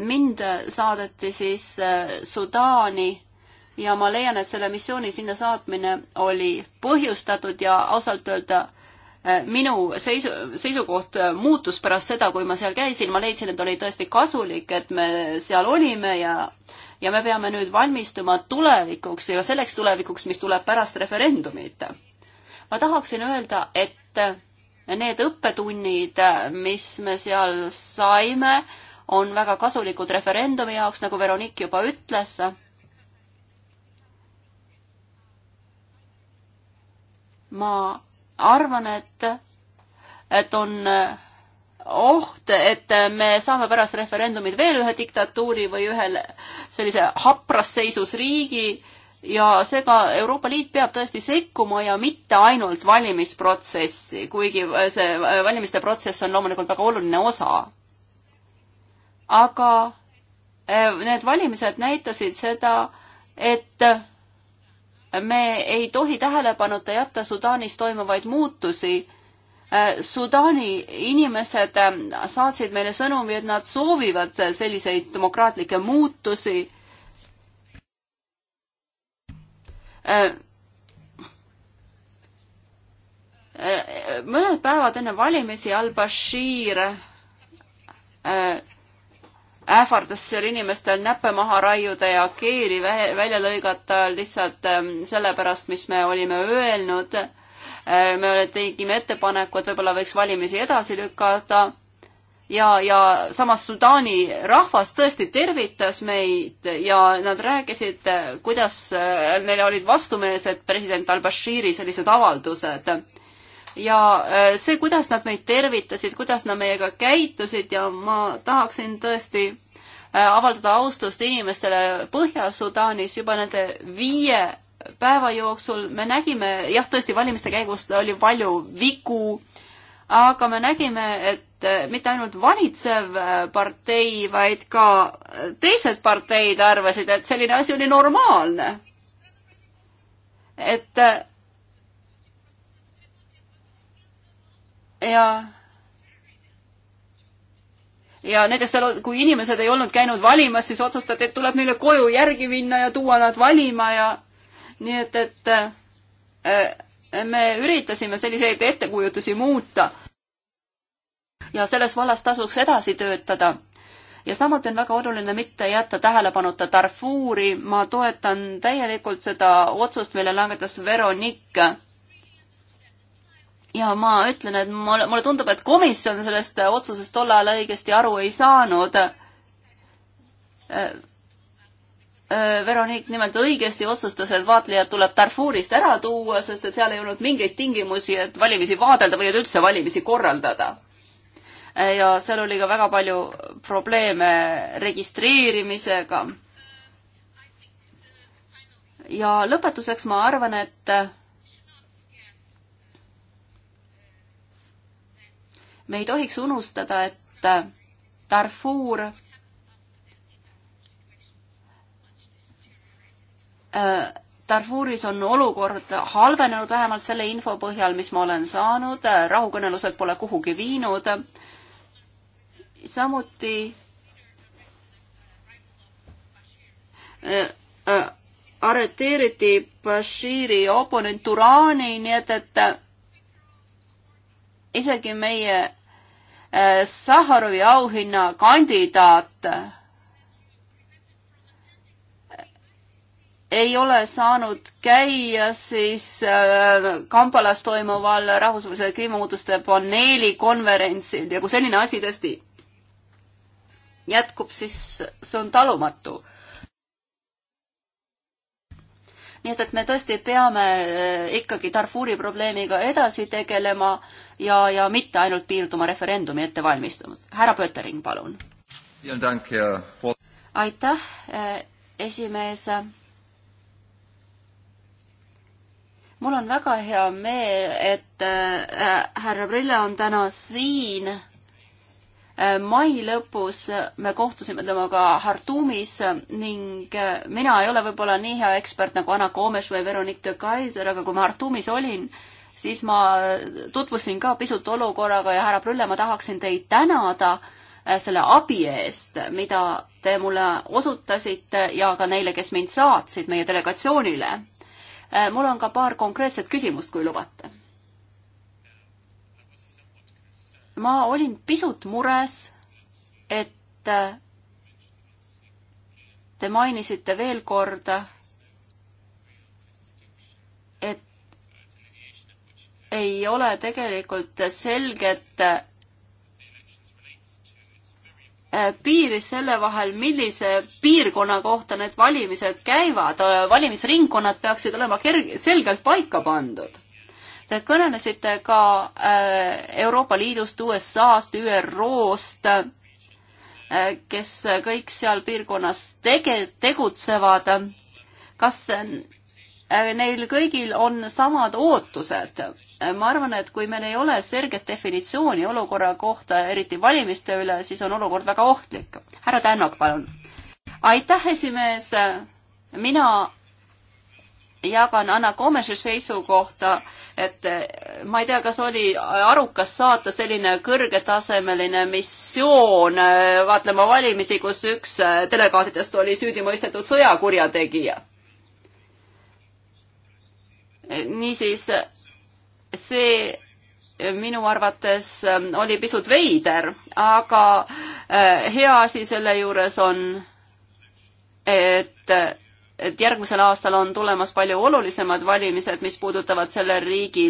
mind saadeti siis Sudaani ja ma leian, et selle missiooni sinna saatmine oli põhjustatud ja ausalt öelda Äh, minu seisu, seisukoht äh, muutus pärast seda, kui ma seal käisin, ma leidsin, et oli tõesti kasulik, et me seal olime ja ja me peame nüüd valmistuma tulevikuks ja selleks tulevikuks, mis tuleb pärast referendumit. ma tahaksin öelda, et äh, need õppetunnid, mis me seal saime, on väga kasulikud referendumi jaoks, nagu Veronik juba ütles ma arvan, et, et on äh, oht, et me saame pärast referendumit veel ühe diktatuuri või ühel sellise hapras seisus riigi ja seega Euroopa Liit peab tõesti sekkuma ja mitte ainult valimisprotsessi, kuigi see valimiste protsess on loomulikult väga oluline osa. aga äh, need valimised näitasid seda, et me ei tohi tähelepanuta jätta Sudaanis toimuvaid muutusi. Äh, Sudaani inimesed äh, saatsid meile sõnumi, et nad soovivad äh, selliseid demokraatlikke muutusi. mõned päevad enne valimisi al-Bashir ähvardas seal inimestel näppe maha raiuda ja keeli välja lõigata lihtsalt ähm, sellepärast, mis me olime öelnud. Äh, me tegime ettepaneku, et võib-olla võiks valimisi edasi lükata. ja, ja samas Sudaani rahvas tõesti tervitas meid ja nad rääkisid, äh, kuidas äh, neile olid vastumeelsed president al-Bashiri sellised avaldused ja äh, see, kuidas nad meid tervitasid, kuidas nad meiega käitusid ja ma tahaksin tõesti äh, avaldada austust inimestele Põhja-Sudaanis juba nende viie päeva jooksul me nägime, jah, tõesti, valimiste käigus oli palju vigu, aga me nägime, et äh, mitte ainult valitsev partei, vaid ka teised parteid arvasid, et selline asi oli normaalne. et ja ja näiteks seal, kui inimesed ei olnud käinud valimas, siis otsustati, et tuleb neile koju järgi minna ja tuua nad valima ja nii et, et äh, me üritasime selliseid ettekujutusi muuta. ja selles vallas tasuks edasi töötada. ja samuti on väga oluline mitte jätta tähelepanuta Darfuri, ma toetan täielikult seda otsust, mille langetas Veronika ja ma ütlen, et mulle, mulle tundub, et komisjon sellest otsusest tol ajal õigesti aru ei saanud. Äh, äh, Veronique nimelt õigesti otsustas, et vaatlejad tuleb Darfurist ära tuua, sest et seal ei olnud mingeid tingimusi, et valimisi vaadelda või et üldse valimisi korraldada. Äh, ja seal oli ka väga palju probleeme registreerimisega. ja lõpetuseks ma arvan, et me ei tohiks unustada, et Darfur äh, Darfuris on olukord halvenenud vähemalt selle info põhjal, mis ma olen saanud, rahukõnelused pole kuhugi viinud. samuti äh, äh, arreteeriti Bashiri oponent Turani, nii et, et isegi meie Äh, Saharovi auhinna kandidaat ei ole saanud käia siis äh, Kampalas toimuval rahvusvahelisel kliimamuutuste paneeli konverentsil ja kui selline asi tõesti jätkub, siis see on talumatu. nii et, et me tõesti peame äh, ikkagi Darfuri probleemiga edasi tegelema ja, ja mitte ainult piirduma referendumi ettevalmistumus. härra Pöttering, palun. aitäh, äh, esimees. mul on väga hea meel, et äh, härra Prille on täna siin Äh, mai lõpus me kohtusime temaga Hartumis ning äh, mina ei ole võib-olla nii hea ekspert nagu Anna Koomes või Veronique de Kaiser, aga kui ma Hartumis olin, siis ma äh, tutvusin ka pisut olukorraga ja härra Prülle, ma tahaksin teid tänada selle abi eest, mida te mulle osutasite ja ka neile, kes mind saatsid meie delegatsioonile. mul on ka paar konkreetset küsimust, kui lubate ma olin pisut mures, et äh, te mainisite veel kord, et ei ole tegelikult selget äh, piiri selle vahel, millise piirkonna kohta need valimised käivad. Äh, valimisringkonnad peaksid olema kerge, selgelt paika pandud Te kõnelesite ka äh, Euroopa Liidust, USA-st, ÜRO-st, äh, kes kõik seal piirkonnas tege-, tegutsevad. kas äh, neil kõigil on samad ootused? ma arvan, et kui meil ei ole selget definitsiooni olukorra kohta, eriti valimiste üle, siis on olukord väga ohtlik. härra Tänak, palun. aitäh, esimees. mina jagan Anna Komese seisukohta, et eh, ma ei tea, kas oli arukas saata selline kõrgetasemeline missioon eh, vaatlema valimisi, kus üks eh, delegaatidest oli süüdi mõistetud sõjakurjategija. niisiis, see minu arvates oli pisut veider, aga hea asi selle juures on, et et järgmisel aastal on tulemas palju olulisemad valimised, mis puudutavad selle riigi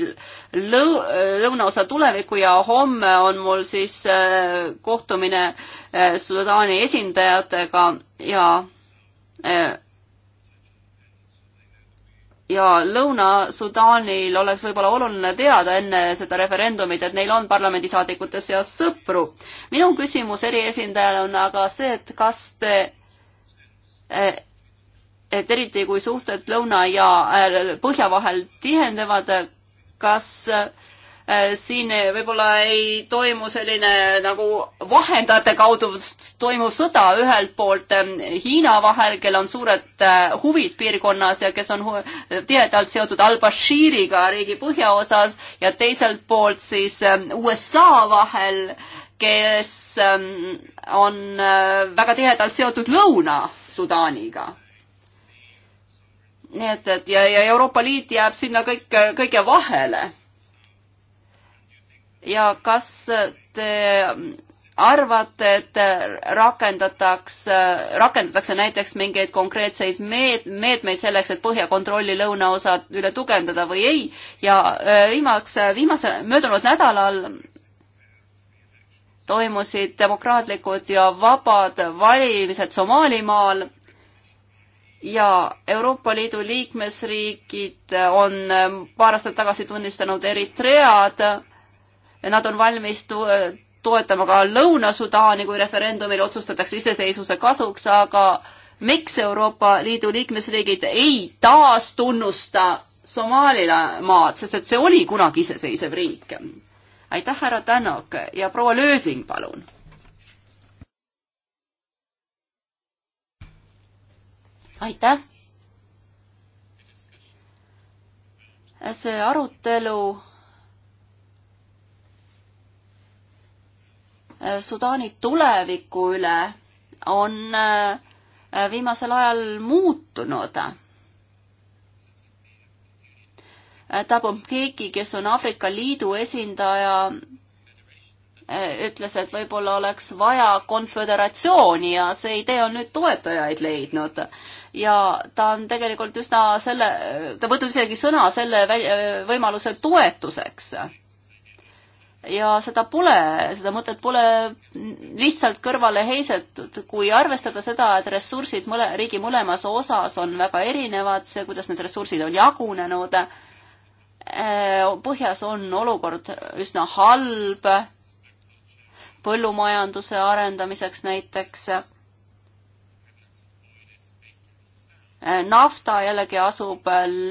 lõu-, lõunaosa tulevikku ja homme on mul siis äh, kohtumine äh, Sudaani esindajatega ja äh, ja Lõuna-Sudaanil oleks võib-olla oluline teada enne seda referendumit, et neil on parlamendisaadikute seas sõpru. minu küsimus eriesindajale on aga see, et kas te et eriti kui suhted lõuna ja äh, põhja vahel tihendevad, kas äh, siin võib-olla ei toimu selline nagu vahendajate kaudu toimuv sõda ühelt poolt ähm, Hiina vahel, kel on suured äh, huvid piirkonnas ja kes on tihedalt seotud al-Bashiriga riigi põhjaosas ja teiselt poolt siis ähm, USA vahel, kes ähm, on väga tihedalt seotud Lõuna-Sudaaniga nii et, et ja, ja Euroopa Liit jääb sinna kõik, kõige vahele. ja kas te arvate, et rakendatakse, rakendatakse näiteks mingeid konkreetseid meet-, meetmeid selleks, et põhjakontrolli lõunaosa üle tugevdada või ei ja äh, viimaks, äh, viimase, möödunud nädalal toimusid demokraatlikud ja vabad valimised Somaalimaal ja Euroopa Liidu liikmesriigid on äh, paar aastat tagasi tunnistanud Eritread. Nad on valmis toetama ka Lõuna-Sudaani, kui referendumil otsustatakse iseseisvuse kasuks, aga miks Euroopa Liidu liikmesriigid ei taastunnusta Somaalimaad, sest et see oli kunagi iseseisev riik? aitäh, härra Tänok ja proua Lösing, palun aitäh! see arutelu Sudaani tuleviku üle on äh, viimasel ajal muutunud. Äh, Thabo Mbeki, kes on Aafrika Liidu esindaja, ütles, et võib-olla oleks vaja konföderatsiooni ja see idee on nüüd toetajaid leidnud. ja ta on tegelikult üsna selle, ta võtnud isegi sõna selle äh, võimaluse toetuseks ja seda pole, seda mõtet pole lihtsalt kõrvale heisetud, kui arvestada seda, et ressursid mõle, riigi mõlemas osas on väga erinevad, see, kuidas need ressursid on jagunenud, äh, põhjas on olukord üsna halb põllumajanduse arendamiseks näiteks. nafta jällegi asub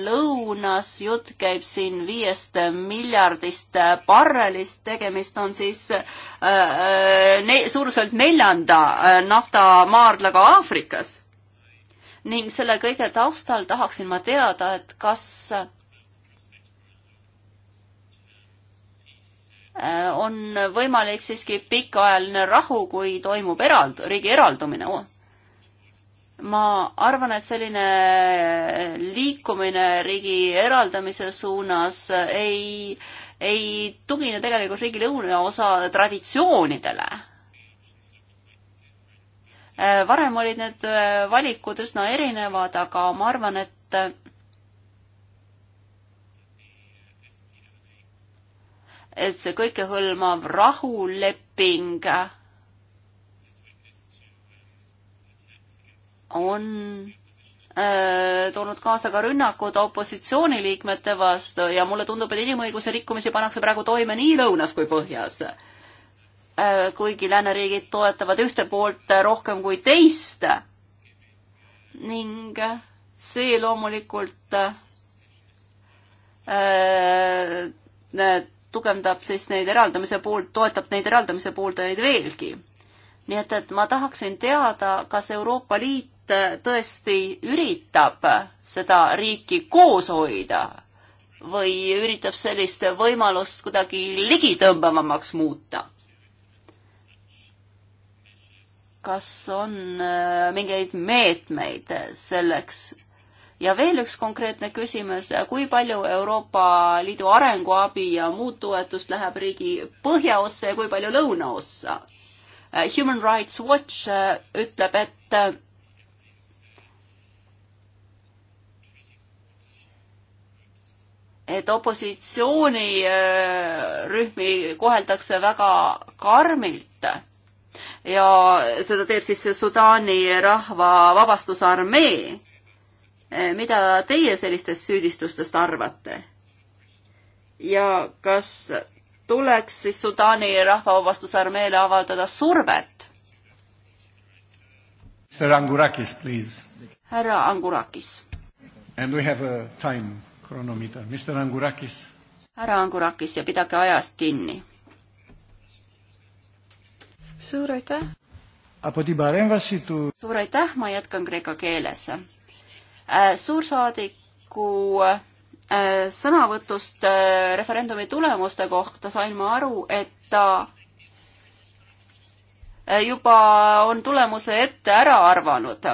lõunas, jutt käib siin viiest miljardist barrelist, tegemist on siis äh, äh ne-, suuruselt neljanda äh, naftamaardlaga Aafrikas. ning selle kõige taustal tahaksin ma teada, et kas Äh, on võimalik siiski pikaajaline rahu, kui toimub erald-, riigi eraldumine. ma arvan, et selline liikumine riigi eraldamise suunas ei, ei tugine tegelikult riigi lõunaosa traditsioonidele. Äh, varem olid need äh, valikud üsna erinevad, aga ma arvan, et et see kõikehõlmav rahuleping on äh, toonud kaasa ka rünnakud opositsiooniliikmete vastu ja mulle tundub, et inimõiguse rikkumisi pannakse praegu toime nii lõunas kui põhjas. Äh, kuigi lääneriigid toetavad ühte poolt rohkem kui teist. ning see loomulikult need äh, tugevdab siis neid eraldamise poolt, toetab neid eraldamise pooldajaid veelgi. nii et, et ma tahaksin teada, kas Euroopa Liit äh, tõesti üritab seda riiki koos hoida või üritab sellist võimalust kuidagi ligitõmbavamaks muuta? kas on äh, mingeid meetmeid selleks, ja veel üks konkreetne küsimus, kui palju Euroopa Liidu arenguabi ja muud toetust läheb riigi põhjaossa ja kui palju lõunaossa? Human Rights Watch äh, ütleb, et äh, et opositsioonirühmi äh, koheldakse väga karmilt ja seda teeb siis Sudaani rahva vabastusarmee Eh, mida teie sellistest süüdistustest arvate? ja kas tuleks siis Sudaani rahvavabastusarmeele avaldada survet? härra Angurakis, please. härra Angurakis. And we have a time chronometer, Mr Angurakis. härra Angurakis ja pidage ajast kinni. suur aitäh. suur aitäh, ma jätkan kreeka keeles Äh, suursaadiku äh, sõnavõtust äh, referendumi tulemuste kohta sain ma aru, et ta juba on tulemuse ette ära arvanud.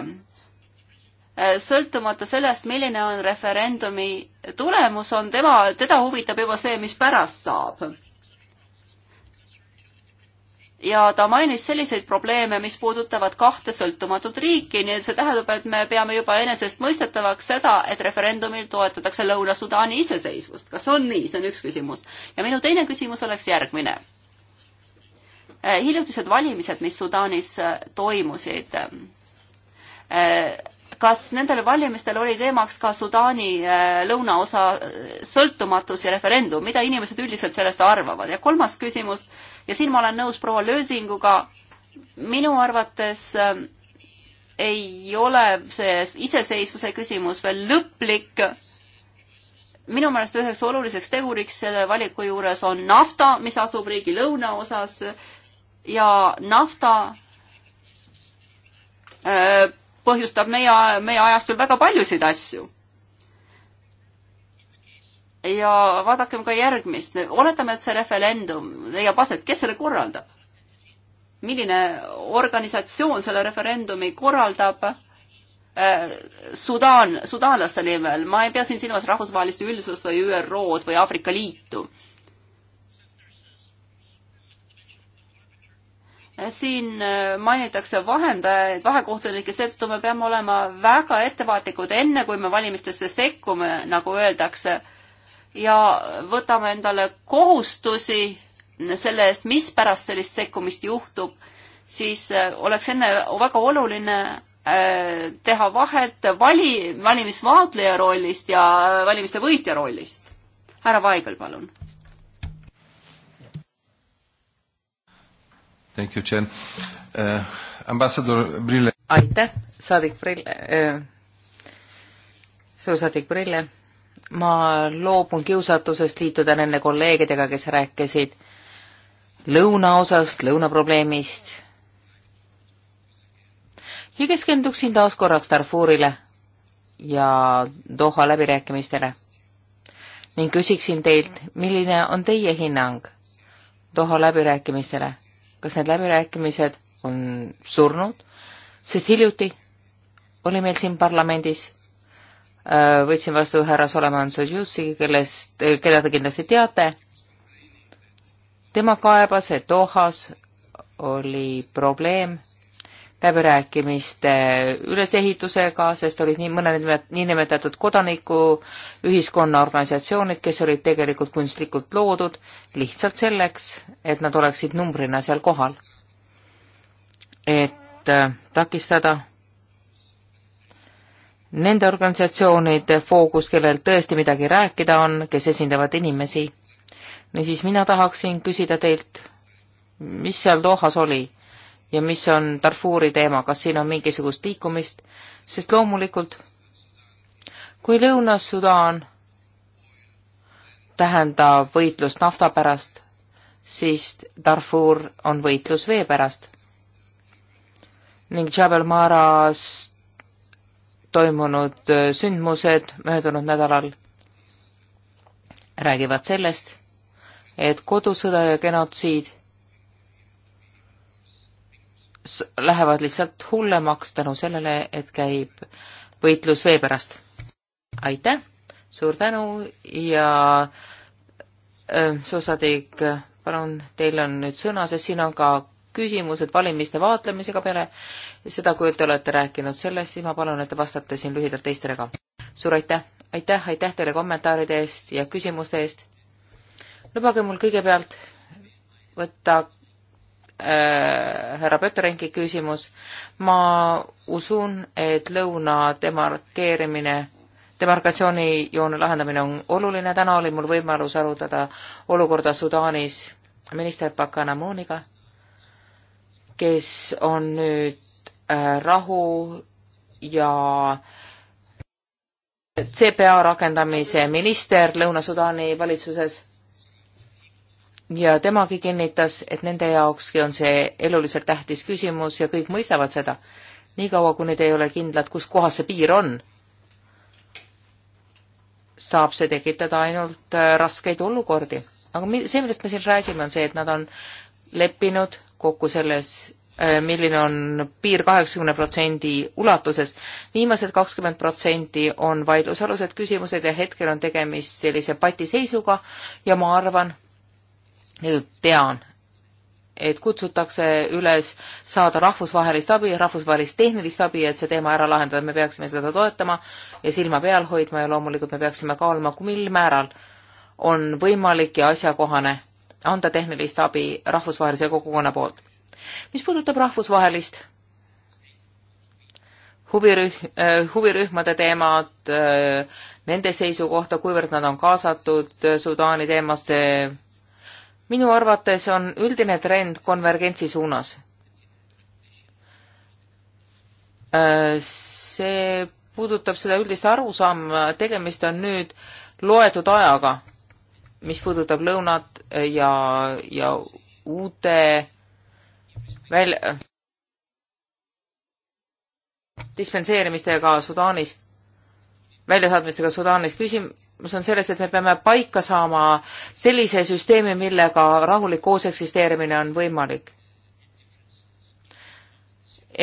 sõltumata sellest, milline on referendumi tulemus, on tema, teda huvitab juba see, mis pärast saab ja ta mainis selliseid probleeme, mis puudutavad kahte sõltumatut riiki, nii et see tähendab, et me peame juba enesestmõistetavaks seda, et referendumil toetatakse Lõuna-Sudaani iseseisvust. kas on nii, see on üks küsimus. ja minu teine küsimus oleks järgmine. Eh, hiljutised valimised, mis Sudaanis eh, toimusid, eh, kas nendel valimistel oli teemaks ka Sudaani äh, lõunaosa äh, sõltumatus ja referendum, mida inimesed üldiselt sellest arvavad? ja kolmas küsimus, ja siin ma olen nõus proua Lösinguga, minu arvates äh, ei ole see iseseisvuse küsimus veel lõplik. minu meelest üheks oluliseks teguriks selle valiku juures on nafta, mis asub riigi lõunaosas ja nafta äh, põhjustab meie, meie ajastul väga paljusid asju. ja vaadakem ka järgmist, oletame, et see referendum leiab aset, kes selle korraldab? milline organisatsioon selle referendumi korraldab? Äh, Sudaan, sudaanlaste nimel, ma ei pea siin silmas rahvusvahelist üldsust või ÜRO-d või Aafrika Liitu siin äh, mainitakse vahendajaid, vahekohtunikke, seetõttu me peame olema väga ettevaatlikud, enne kui me valimistesse sekkume, nagu öeldakse, ja võtame endale kohustusi selle eest, mispärast sellist sekkumist juhtub, siis äh, oleks enne väga oluline äh, teha vahet vali, valimisvaatlejate rollist ja valimiste võitja rollist. härra Vaigel, palun Thank you, Chair uh,. ambassador Brille. aitäh, saadik Brille uh,, suursaadik Brille. ma loobun kiusatusest liituda nende kolleegidega, kes rääkisid lõunaosast, lõunaprobleemist ja keskenduksin taas korraks Darfurile ja Doha läbirääkimistele ning küsiksin teilt, milline on teie hinnang Doha läbirääkimistele kas need läbirääkimised on surnud, sest hiljuti oli meil siin parlamendis, äh, võtsin vastu härra Solomon Sojussi, kellest, äh, keda te kindlasti teate, tema kaebas, et Dohas oli probleem läbirääkimiste ülesehitusega, sest olid nii mõned niinimetatud kodanikuühiskonna organisatsioonid, kes olid tegelikult kunstlikult loodud lihtsalt selleks, et nad oleksid numbrina seal kohal. et äh, takistada nende organisatsioonide fookust, kellel tõesti midagi rääkida on, kes esindavad inimesi. niisiis, mina tahaksin küsida teilt, mis seal Dohas oli? ja mis on Darfuri teema, kas siin on mingisugust liikumist, sest loomulikult kui Lõuna-Sudaan tähendab võitlust nafta pärast, siis Darfur on võitlus vee pärast. ning Jabal Maras toimunud äh, sündmused möödunud nädalal räägivad sellest, et kodusõda ja genotsiid lähevad lihtsalt hullemaks tänu sellele, et käib võitlus vee pärast. aitäh, suur tänu ja äh, suusatik, palun, teil on nüüd sõna, sest siin on ka küsimused valimiste vaatlemisega peale. seda, kui te olete rääkinud sellest, siis ma palun, et te vastate siin lühidalt teistele ka. suur aitäh, aitäh, aitäh teile kommentaaride eest ja küsimuste eest. lubage mul kõigepealt võtta äh, härra Pöteringi küsimus. ma usun, et lõuna demarkeerimine, demarkatsioonijoone lahendamine on oluline, täna oli mul võimalus arutada olukorda Sudaanis minister Bakanamoniga, kes on nüüd äh, rahu ja CPA rakendamise minister Lõuna-Sudaani valitsuses ja temagi kinnitas, et nende jaokski on see eluliselt tähtis küsimus ja kõik mõistavad seda. niikaua, kuni te ei ole kindlad, kus kohas see piir on, saab see tekitada ainult äh, raskeid olukordi. aga see, millest me siin räägime, on see, et nad on leppinud kokku selles, äh, milline on piir kaheksakümne protsendi ulatuses. viimased kakskümmend protsenti on vaidlusalused küsimused ja hetkel on tegemist sellise patiseisuga ja ma arvan, tean, et kutsutakse üles saada rahvusvahelist abi, rahvusvahelist tehnilist abi, et see teema ära lahendada, me peaksime seda toetama ja silma peal hoidma ja loomulikult me peaksime kaaluma, mil määral on võimalik ja asjakohane anda tehnilist abi rahvusvahelise kogukonna poolt. mis puudutab rahvusvahelist huvirühm, äh, huvirühmade teemad, äh, nende seisukohta, kuivõrd nad on kaasatud äh, Sudaani teemasse, minu arvates on üldine trend konvergentsi suunas. Äh, see puudutab seda üldist arusaama, tegemist on nüüd loetud ajaga, mis puudutab lõunat ja, ja uute välja, dispenseerimistega Sudaanis, väljasaatmistega Sudaanis, küsim-, küsimus on selles, et me peame paika saama sellise süsteemi, millega rahulik kooseksisteerimine on võimalik.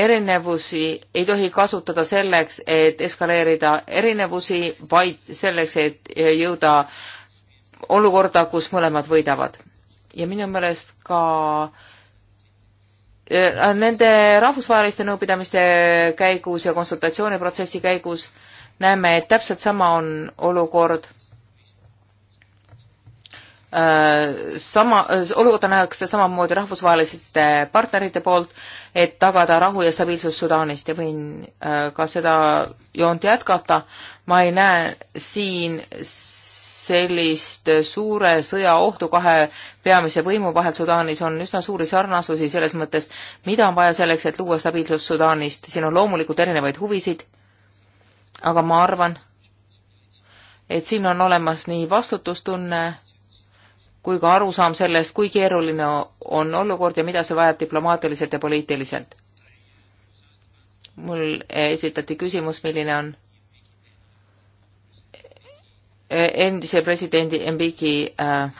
erinevusi ei tohi kasutada selleks, et eskaleerida erinevusi, vaid selleks, et jõuda olukorda, kus mõlemad võidavad. ja minu meelest ka äh, nende rahvusvaheliste nõupidamiste käigus ja konsultatsiooniprotsessi käigus äh, näeme, et täpselt sama on olukord äh, sama, äh, olukorda nähakse samamoodi rahvusvaheliste partnerite poolt, et tagada rahu ja stabiilsus Sudaanist ja võin äh, ka seda joont jätkata. ma ei näe siin sellist suure sõja ohtu kahe peamise võimu vahel Sudaanis on üsna suuri sarnasusi selles mõttes, mida on vaja selleks, et luua stabiilsus Sudaanist. siin on loomulikult erinevaid huvisid aga ma arvan, et siin on olemas nii vastutustunne kui ka arusaam sellest, kui keeruline on olukord ja mida see vajab diplomaatiliselt ja poliitiliselt. mul esitati küsimus, milline on endise presidendi Mbiki äh,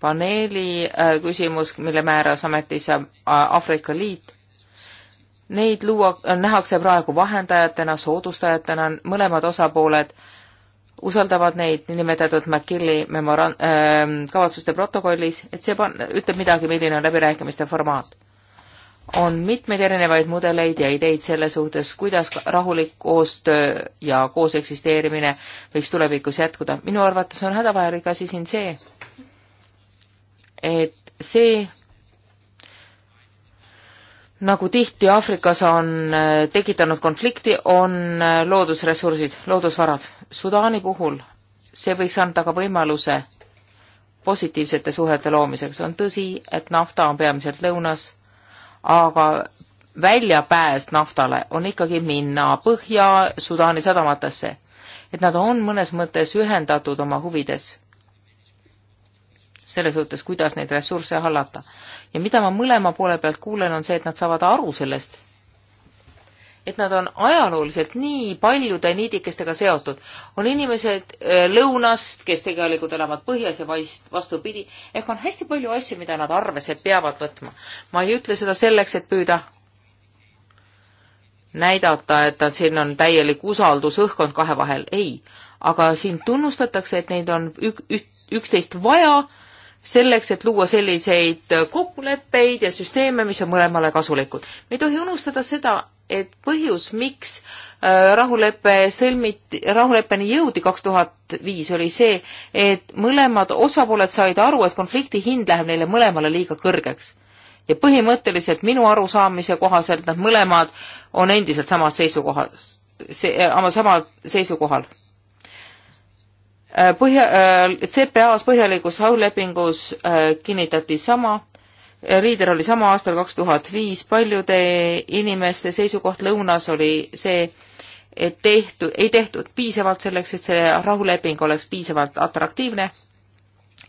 paneeli äh, küsimus, mille määras ametisse äh, Aafrika Liit Neid luua, äh, nähakse praegu vahendajatena, soodustajatena, mõlemad osapooled usaldavad neid niinimetatud McKilli memoran-, äh, kavatsuste protokollis, et see pan-, ütleb midagi, milline on läbirääkimiste formaat. on mitmeid erinevaid mudeleid ja ideid selle suhtes, kuidas rahulik koostöö ja koos eksisteerimine võiks tulevikus jätkuda. minu arvates on hädavajalik asi siin see, et see nagu tihti Aafrikas on äh, tekitanud konflikti, on äh, loodusressursid, loodusvarad. Sudaani puhul see võiks anda ka võimaluse positiivsete suhete loomiseks. on tõsi, et nafta on peamiselt lõunas, aga väljapääs naftale on ikkagi minna Põhja-Sudaani sadamatesse. et nad on mõnes mõttes ühendatud oma huvides selle suhtes, kuidas neid ressursse hallata. ja mida ma mõlema poole pealt kuulen, on see, et nad saavad aru sellest, et nad on ajalooliselt nii paljude niidikestega seotud. on inimesed äh, lõunast, kes tegelikult elavad põhjas ja vaist vastupidi, ehk on hästi palju asju, mida nad arvesse peavad võtma. ma ei ütle seda selleks, et püüda näidata, et siin on täielik usaldusõhkkond kahe vahel, ei. aga siin tunnustatakse, et neid on ük-, ük-, üksteist vaja selleks, et luua selliseid kokkuleppeid ja süsteeme, mis on mõlemale kasulikud. me ei tohi unustada seda, et põhjus, miks äh, rahulepe sõlmiti, rahuleppeni jõudi kaks tuhat viis, oli see, et mõlemad osapooled said aru, et konflikti hind läheb neile mõlemale liiga kõrgeks. ja põhimõtteliselt minu arusaamise kohaselt nad mõlemad on endiselt samas seisukohas, see, äh, sama seisukohal Äh, põhja, äh, CPA-s põhjalikus aulepingus äh, kinnitati sama, liider oli sama aastal kaks tuhat viis, paljude inimeste seisukoht lõunas oli see, et tehtu, ei tehtud piisavalt selleks, et see rahuleping oleks piisavalt atraktiivne,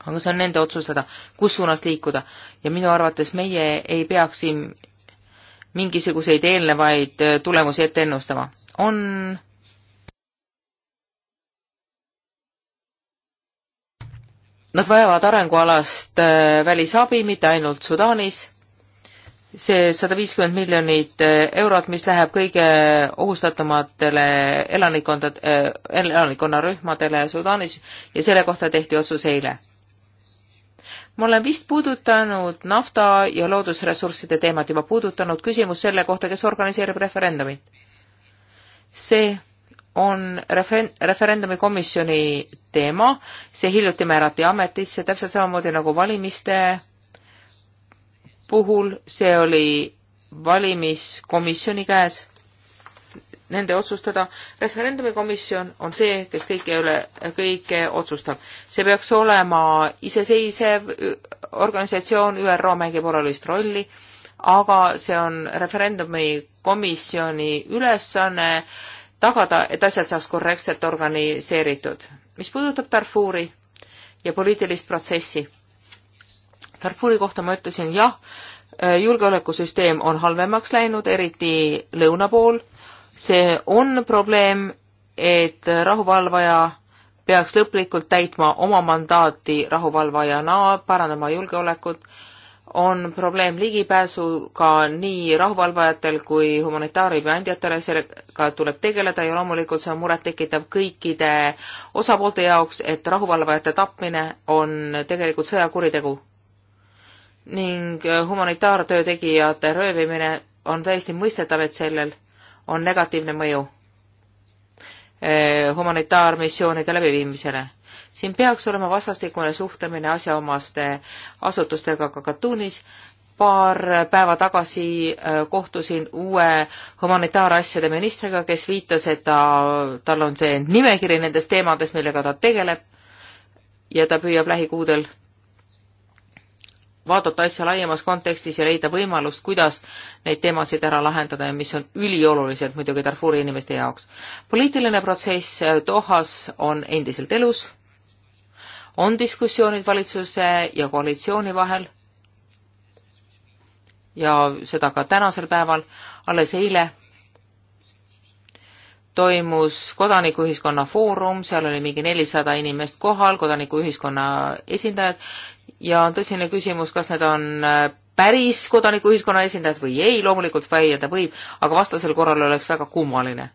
aga see on nende otsustada, kus suunas liikuda. ja minu arvates meie ei peaks siin mingisuguseid eelnevaid tulemusi ette ennustama. on Nad vajavad arengualast äh, välisabi, mitte ainult Sudaanis. see sada viiskümmend miljonit äh, eurot, mis läheb kõige ohustatumatele elanikkondad, äh, elanikkonnarühmadele Sudaanis ja selle kohta tehti otsus eile. ma olen vist puudutanud nafta ja loodusressursside teemat juba puudutanud, küsimus selle kohta, kes organiseerib referendumit. see on referen-, referendumikomisjoni teema, see hiljuti määrati ametisse, täpselt samamoodi nagu valimiste puhul, see oli valimiskomisjoni käes, nende otsustada. referendumikomisjon on see, kes kõike üle, kõike otsustab. see peaks olema iseseisev organisatsioon, ÜRO mängib olulist rolli, aga see on referendumikomisjoni ülesanne äh, tagada, et asjad saaks korrektselt organiseeritud. mis puudutab Darfuri ja poliitilist protsessi. Darfuri kohta ma ütlesin jah, äh, julgeolekusüsteem on halvemaks läinud, eriti lõuna pool. see on probleem, et rahuvalvaja peaks lõplikult täitma oma mandaati rahuvalvajana, parandama julgeolekut on probleem ligipääsuga nii rahuvalvajatel kui humanitaarabi andjatele, sellega tuleb tegeleda ja loomulikult see on murettekitav kõikide osapoolte jaoks, et rahuvalvajate tapmine on tegelikult sõjakuritegu. ning äh, humanitaartöö tegijate röövimine on täiesti mõistetav, et sellel on negatiivne mõju äh, humanitaarmissioonide läbiviimisele siin peaks olema vastastikune suhtlemine asjaomaste asutustega ka Katunis. paar päeva tagasi äh, kohtusin uue humanitaarasjade ministriga, kes viitas, et ta, tal on see nimekiri nendes teemades, millega ta tegeleb ja ta püüab lähikuudel vaadata asja laiemas kontekstis ja leida võimalust, kuidas neid teemasid ära lahendada ja mis on üliolulised muidugi Darfuri inimeste jaoks. poliitiline protsess Dohas on endiselt elus, on diskussioonid valitsuse ja koalitsiooni vahel ja seda ka tänasel päeval, alles eile toimus kodanikuühiskonna foorum, seal oli mingi nelisada inimest kohal, kodanikuühiskonna esindajad, ja on tõsine küsimus, kas need on äh, päris kodanikuühiskonna esindajad või ei, loomulikult vaielda võib, aga vastasel korral oleks väga kummaline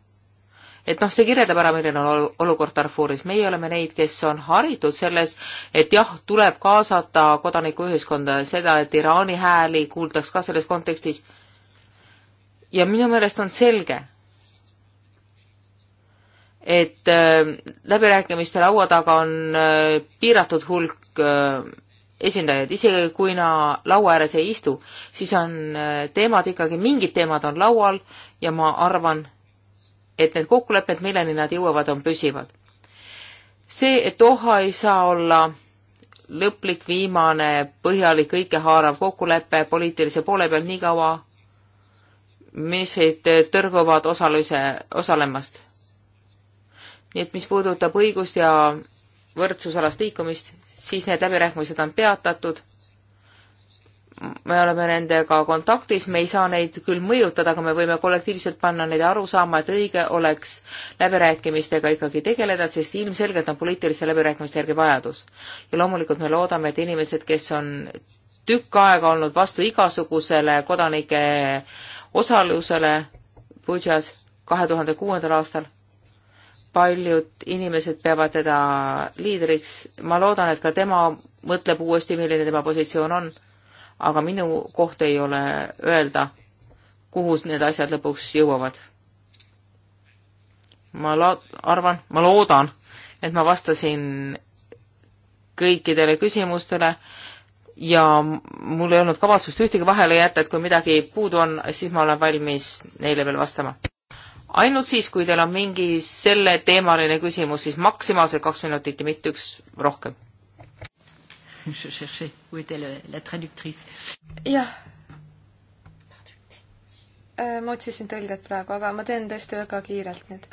et noh, see kirjeldab ära, milline on olukord Darfuris. meie oleme neid, kes on haritud selles, et jah, tuleb kaasata kodanikuühiskonda ja seda, et Iraani hääli kuuldaks ka selles kontekstis. ja minu meelest on selge, et äh, läbirääkimiste laua taga on äh, piiratud hulk äh, esindajaid, isegi kui na laua ääres ei istu, siis on äh, teemad ikkagi, mingid teemad on laual ja ma arvan, et need kokkulepped, milleni nad jõuavad, on püsivad. see, et Doha ei saa olla lõplik, viimane, põhjalik, kõikehaarav kokkulepe poliitilise poole peal nii kaua, mis tõrguvad osaluse, osalemast. nii et mis puudutab õigust ja võrdsusalast liikumist, siis need läbirääkimised on peatatud me oleme nendega kontaktis, me ei saa neid küll mõjutada, aga me võime kollektiivselt panna neid aru saama, et õige oleks läbirääkimistega ikkagi tegeleda, sest ilmselgelt on poliitiliste läbirääkimiste järgi vajadus. ja loomulikult me loodame, et inimesed, kes on tükk aega olnud vastu igasugusele kodanike osalusele Budžas kahe tuhande kuuendal aastal, paljud inimesed peavad teda liidriks, ma loodan, et ka tema mõtleb uuesti, milline tema positsioon on aga minu koht ei ole öelda, kuhu need asjad lõpuks jõuavad. ma la-, arvan, ma loodan, et ma vastasin kõikidele küsimustele ja mul ei olnud kavatsust ühtegi vahele jätta, et kui midagi puudu on, siis ma olen valmis neile veel vastama. ainult siis, kui teil on mingi selleteemaline küsimus, siis maksimaalselt kaks minutit ja mitte üks rohkem [laughs] Je cherchais où était le, la traductrice. jah. Äh, ma otsisin tõlget praegu, aga ma teen tõesti väga kiirelt nüüd.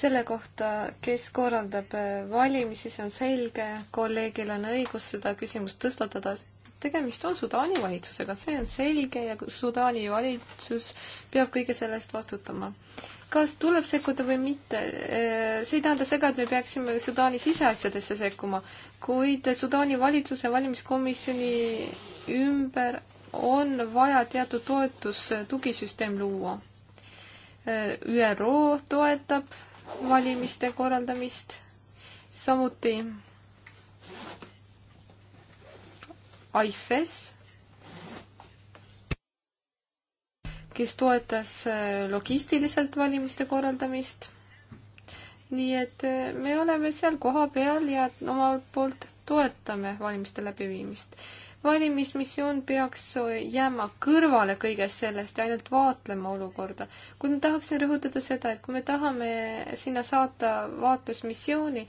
selle kohta, kes korraldab äh, valimisi, see on selge, kolleegil on õigus seda küsimust tõstatada tegemist on Sudaani valitsusega, see on selge ja Sudaani valitsus peab kõige selle eest vastutama. kas tuleb sekkuda või mitte, äh, see ei tähenda seda, et me peaksime Sudaani siseasjadesse sekkuma, kuid Sudaani valitsuse valimiskomisjoni ümber on vaja teatud toetus, tugisüsteem luua. Äh, ÜRO toetab valimiste korraldamist, samuti IFES, kes toetas äh, logistiliselt valimiste korraldamist. nii et äh, me oleme seal kohapeal ja omalt poolt toetame valimiste läbiviimist. valimismissioon peaks äh, jääma kõrvale kõigest sellest ja ainult vaatlema olukorda. kuid ma tahaksin rõhutada seda, et kui me tahame sinna saata vaatlusmissiooni,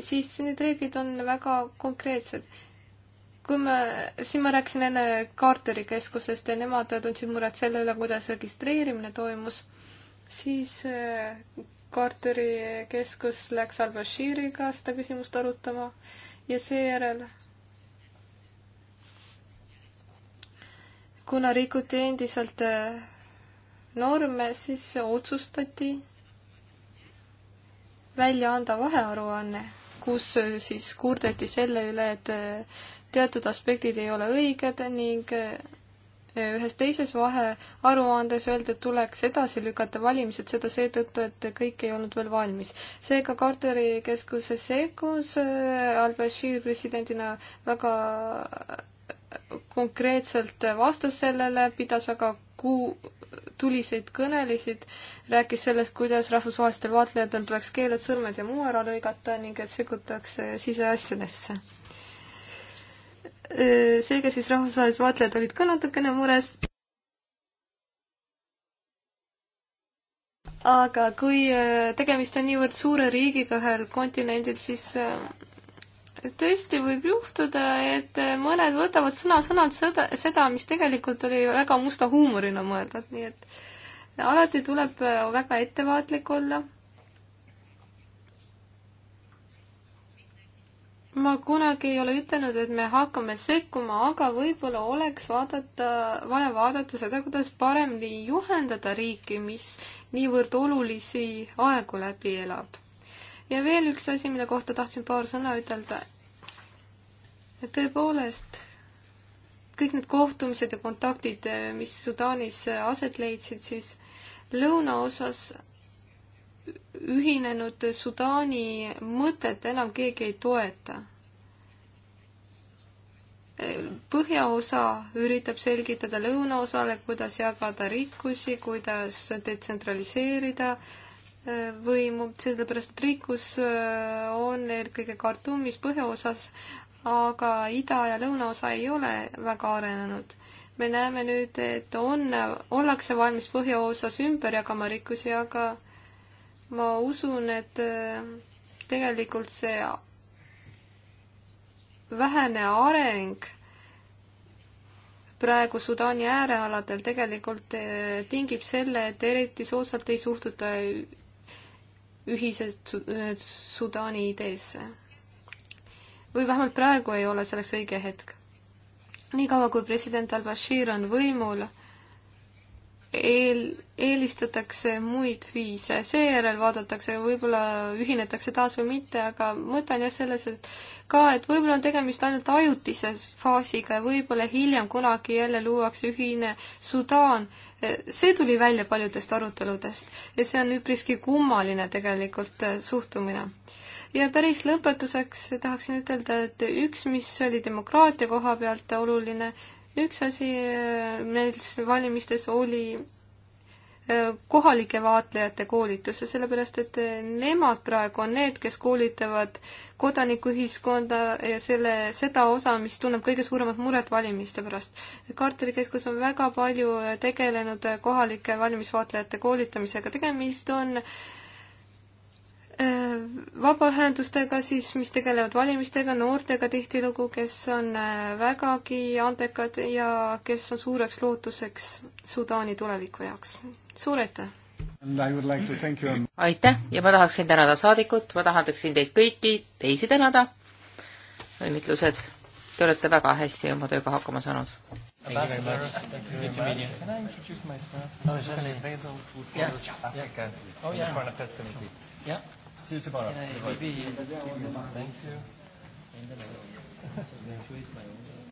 siis need reeglid on väga konkreetsed kui me, siin ma rääkisin enne Carteri keskusest ja nemad tundsid muret selle üle, kuidas registreerimine toimus, siis äh, Carteri keskus läks al-Bashiriga seda küsimust arutama ja seejärel kuna rikuti endiselt äh, norme, siis otsustati välja anda vahearuanne, kus äh, siis kurdeti selle üle, et teatud aspektid ei ole õiged ning eh, ühes teises vahearuandes öeldi, et tuleks edasi lükata valimised, seda seetõttu, et kõik ei olnud veel valmis. seega Carteri keskuse sekkus eh, al-Bashir presidendina väga eh, konkreetselt vastas sellele, pidas väga kuu-, tuliseid kõnelisid, rääkis sellest, kuidas rahvusvahelistel vaatlejatel tuleks keeled, sõrmed ja muu ära lõigata ning et sekkutakse siseasjadesse Äh, seega siis rahvusvahelised vaatlejad olid ka natukene mures. aga kui äh, tegemist on niivõrd suure riigiga ühel kontinendil, siis äh, tõesti võib juhtuda, et mõned võtavad sõna-sõnalt seda, seda, mis tegelikult oli väga musta huumorina mõeldud, nii et alati tuleb väga ettevaatlik olla ma kunagi ei ole ütelnud, et me hakkame sekkuma, aga võib-olla oleks vaadata, vaja vaadata seda, kuidas paremini juhendada riiki, mis niivõrd olulisi aegu läbi elab. ja veel üks asi, mille kohta tahtsin paar sõna ütelda. et tõepoolest, kõik need kohtumised ja kontaktid, mis Sudaanis aset leidsid, siis lõuna osas ühinenud Sudaani mõtet enam keegi ei toeta. põhjaosa üritab selgitada lõunaosale, kuidas jagada rikkusi, kuidas detsentraliseerida äh, võimu, sellepärast et rikkus äh, on eelkõige Khartoumis põhjaosas, aga ida ja lõunaosa ei ole väga arenenud me näeme nüüd, et on, ollakse valmis põhjaosas ümber jagama rikkusi, aga ma usun, et äh, tegelikult see vähene areng praegu Sudaani äärealadel tegelikult äh, tingib selle, et eriti soodsalt ei suhtuta ühiselt äh, Sudaani ideesse. või vähemalt praegu ei ole selleks õige hetk. niikaua, kui president al-Bashir on võimul, eel, eelistatakse muid viise, seejärel vaadatakse, võib-olla ühinetakse taas või mitte, aga mõte on jah selles, et ka, et võib-olla on tegemist ainult ajutise faasiga ja võib-olla hiljem kunagi jälle luuakse ühine Sudaan. see tuli välja paljudest aruteludest ja see on üpriski kummaline tegelikult äh, suhtumine. ja päris lõpetuseks tahaksin ütelda, et üks, mis oli demokraatia koha pealt oluline, üks asi meil äh, valimistes oli äh, kohalike vaatlejate koolitus ja sellepärast, et äh, nemad praegu on need, kes koolitavad kodanikuühiskonda ja selle, seda osa, mis tunneb kõige suuremat muret valimiste pärast. Carteri keskus on väga palju tegelenud kohalike valimisvaatlejate koolitamisega, tegemist on äh, Äh, vabaühendustega siis, mis tegelevad valimistega, noortega tihtilugu, kes on äh, vägagi andekad ja kes on suureks lootuseks Sudaani tuleviku jaoks. suur aitäh! Like aitäh ja ma tahaksin tänada saadikut, ma tahaksin teid kõiki, teisi tänada. õnnitlused, te olete väga hästi oma tööga hakkama saanud. Oh, yeah. See you tomorrow. Can I maybe give you thanks? And then I will choose my own.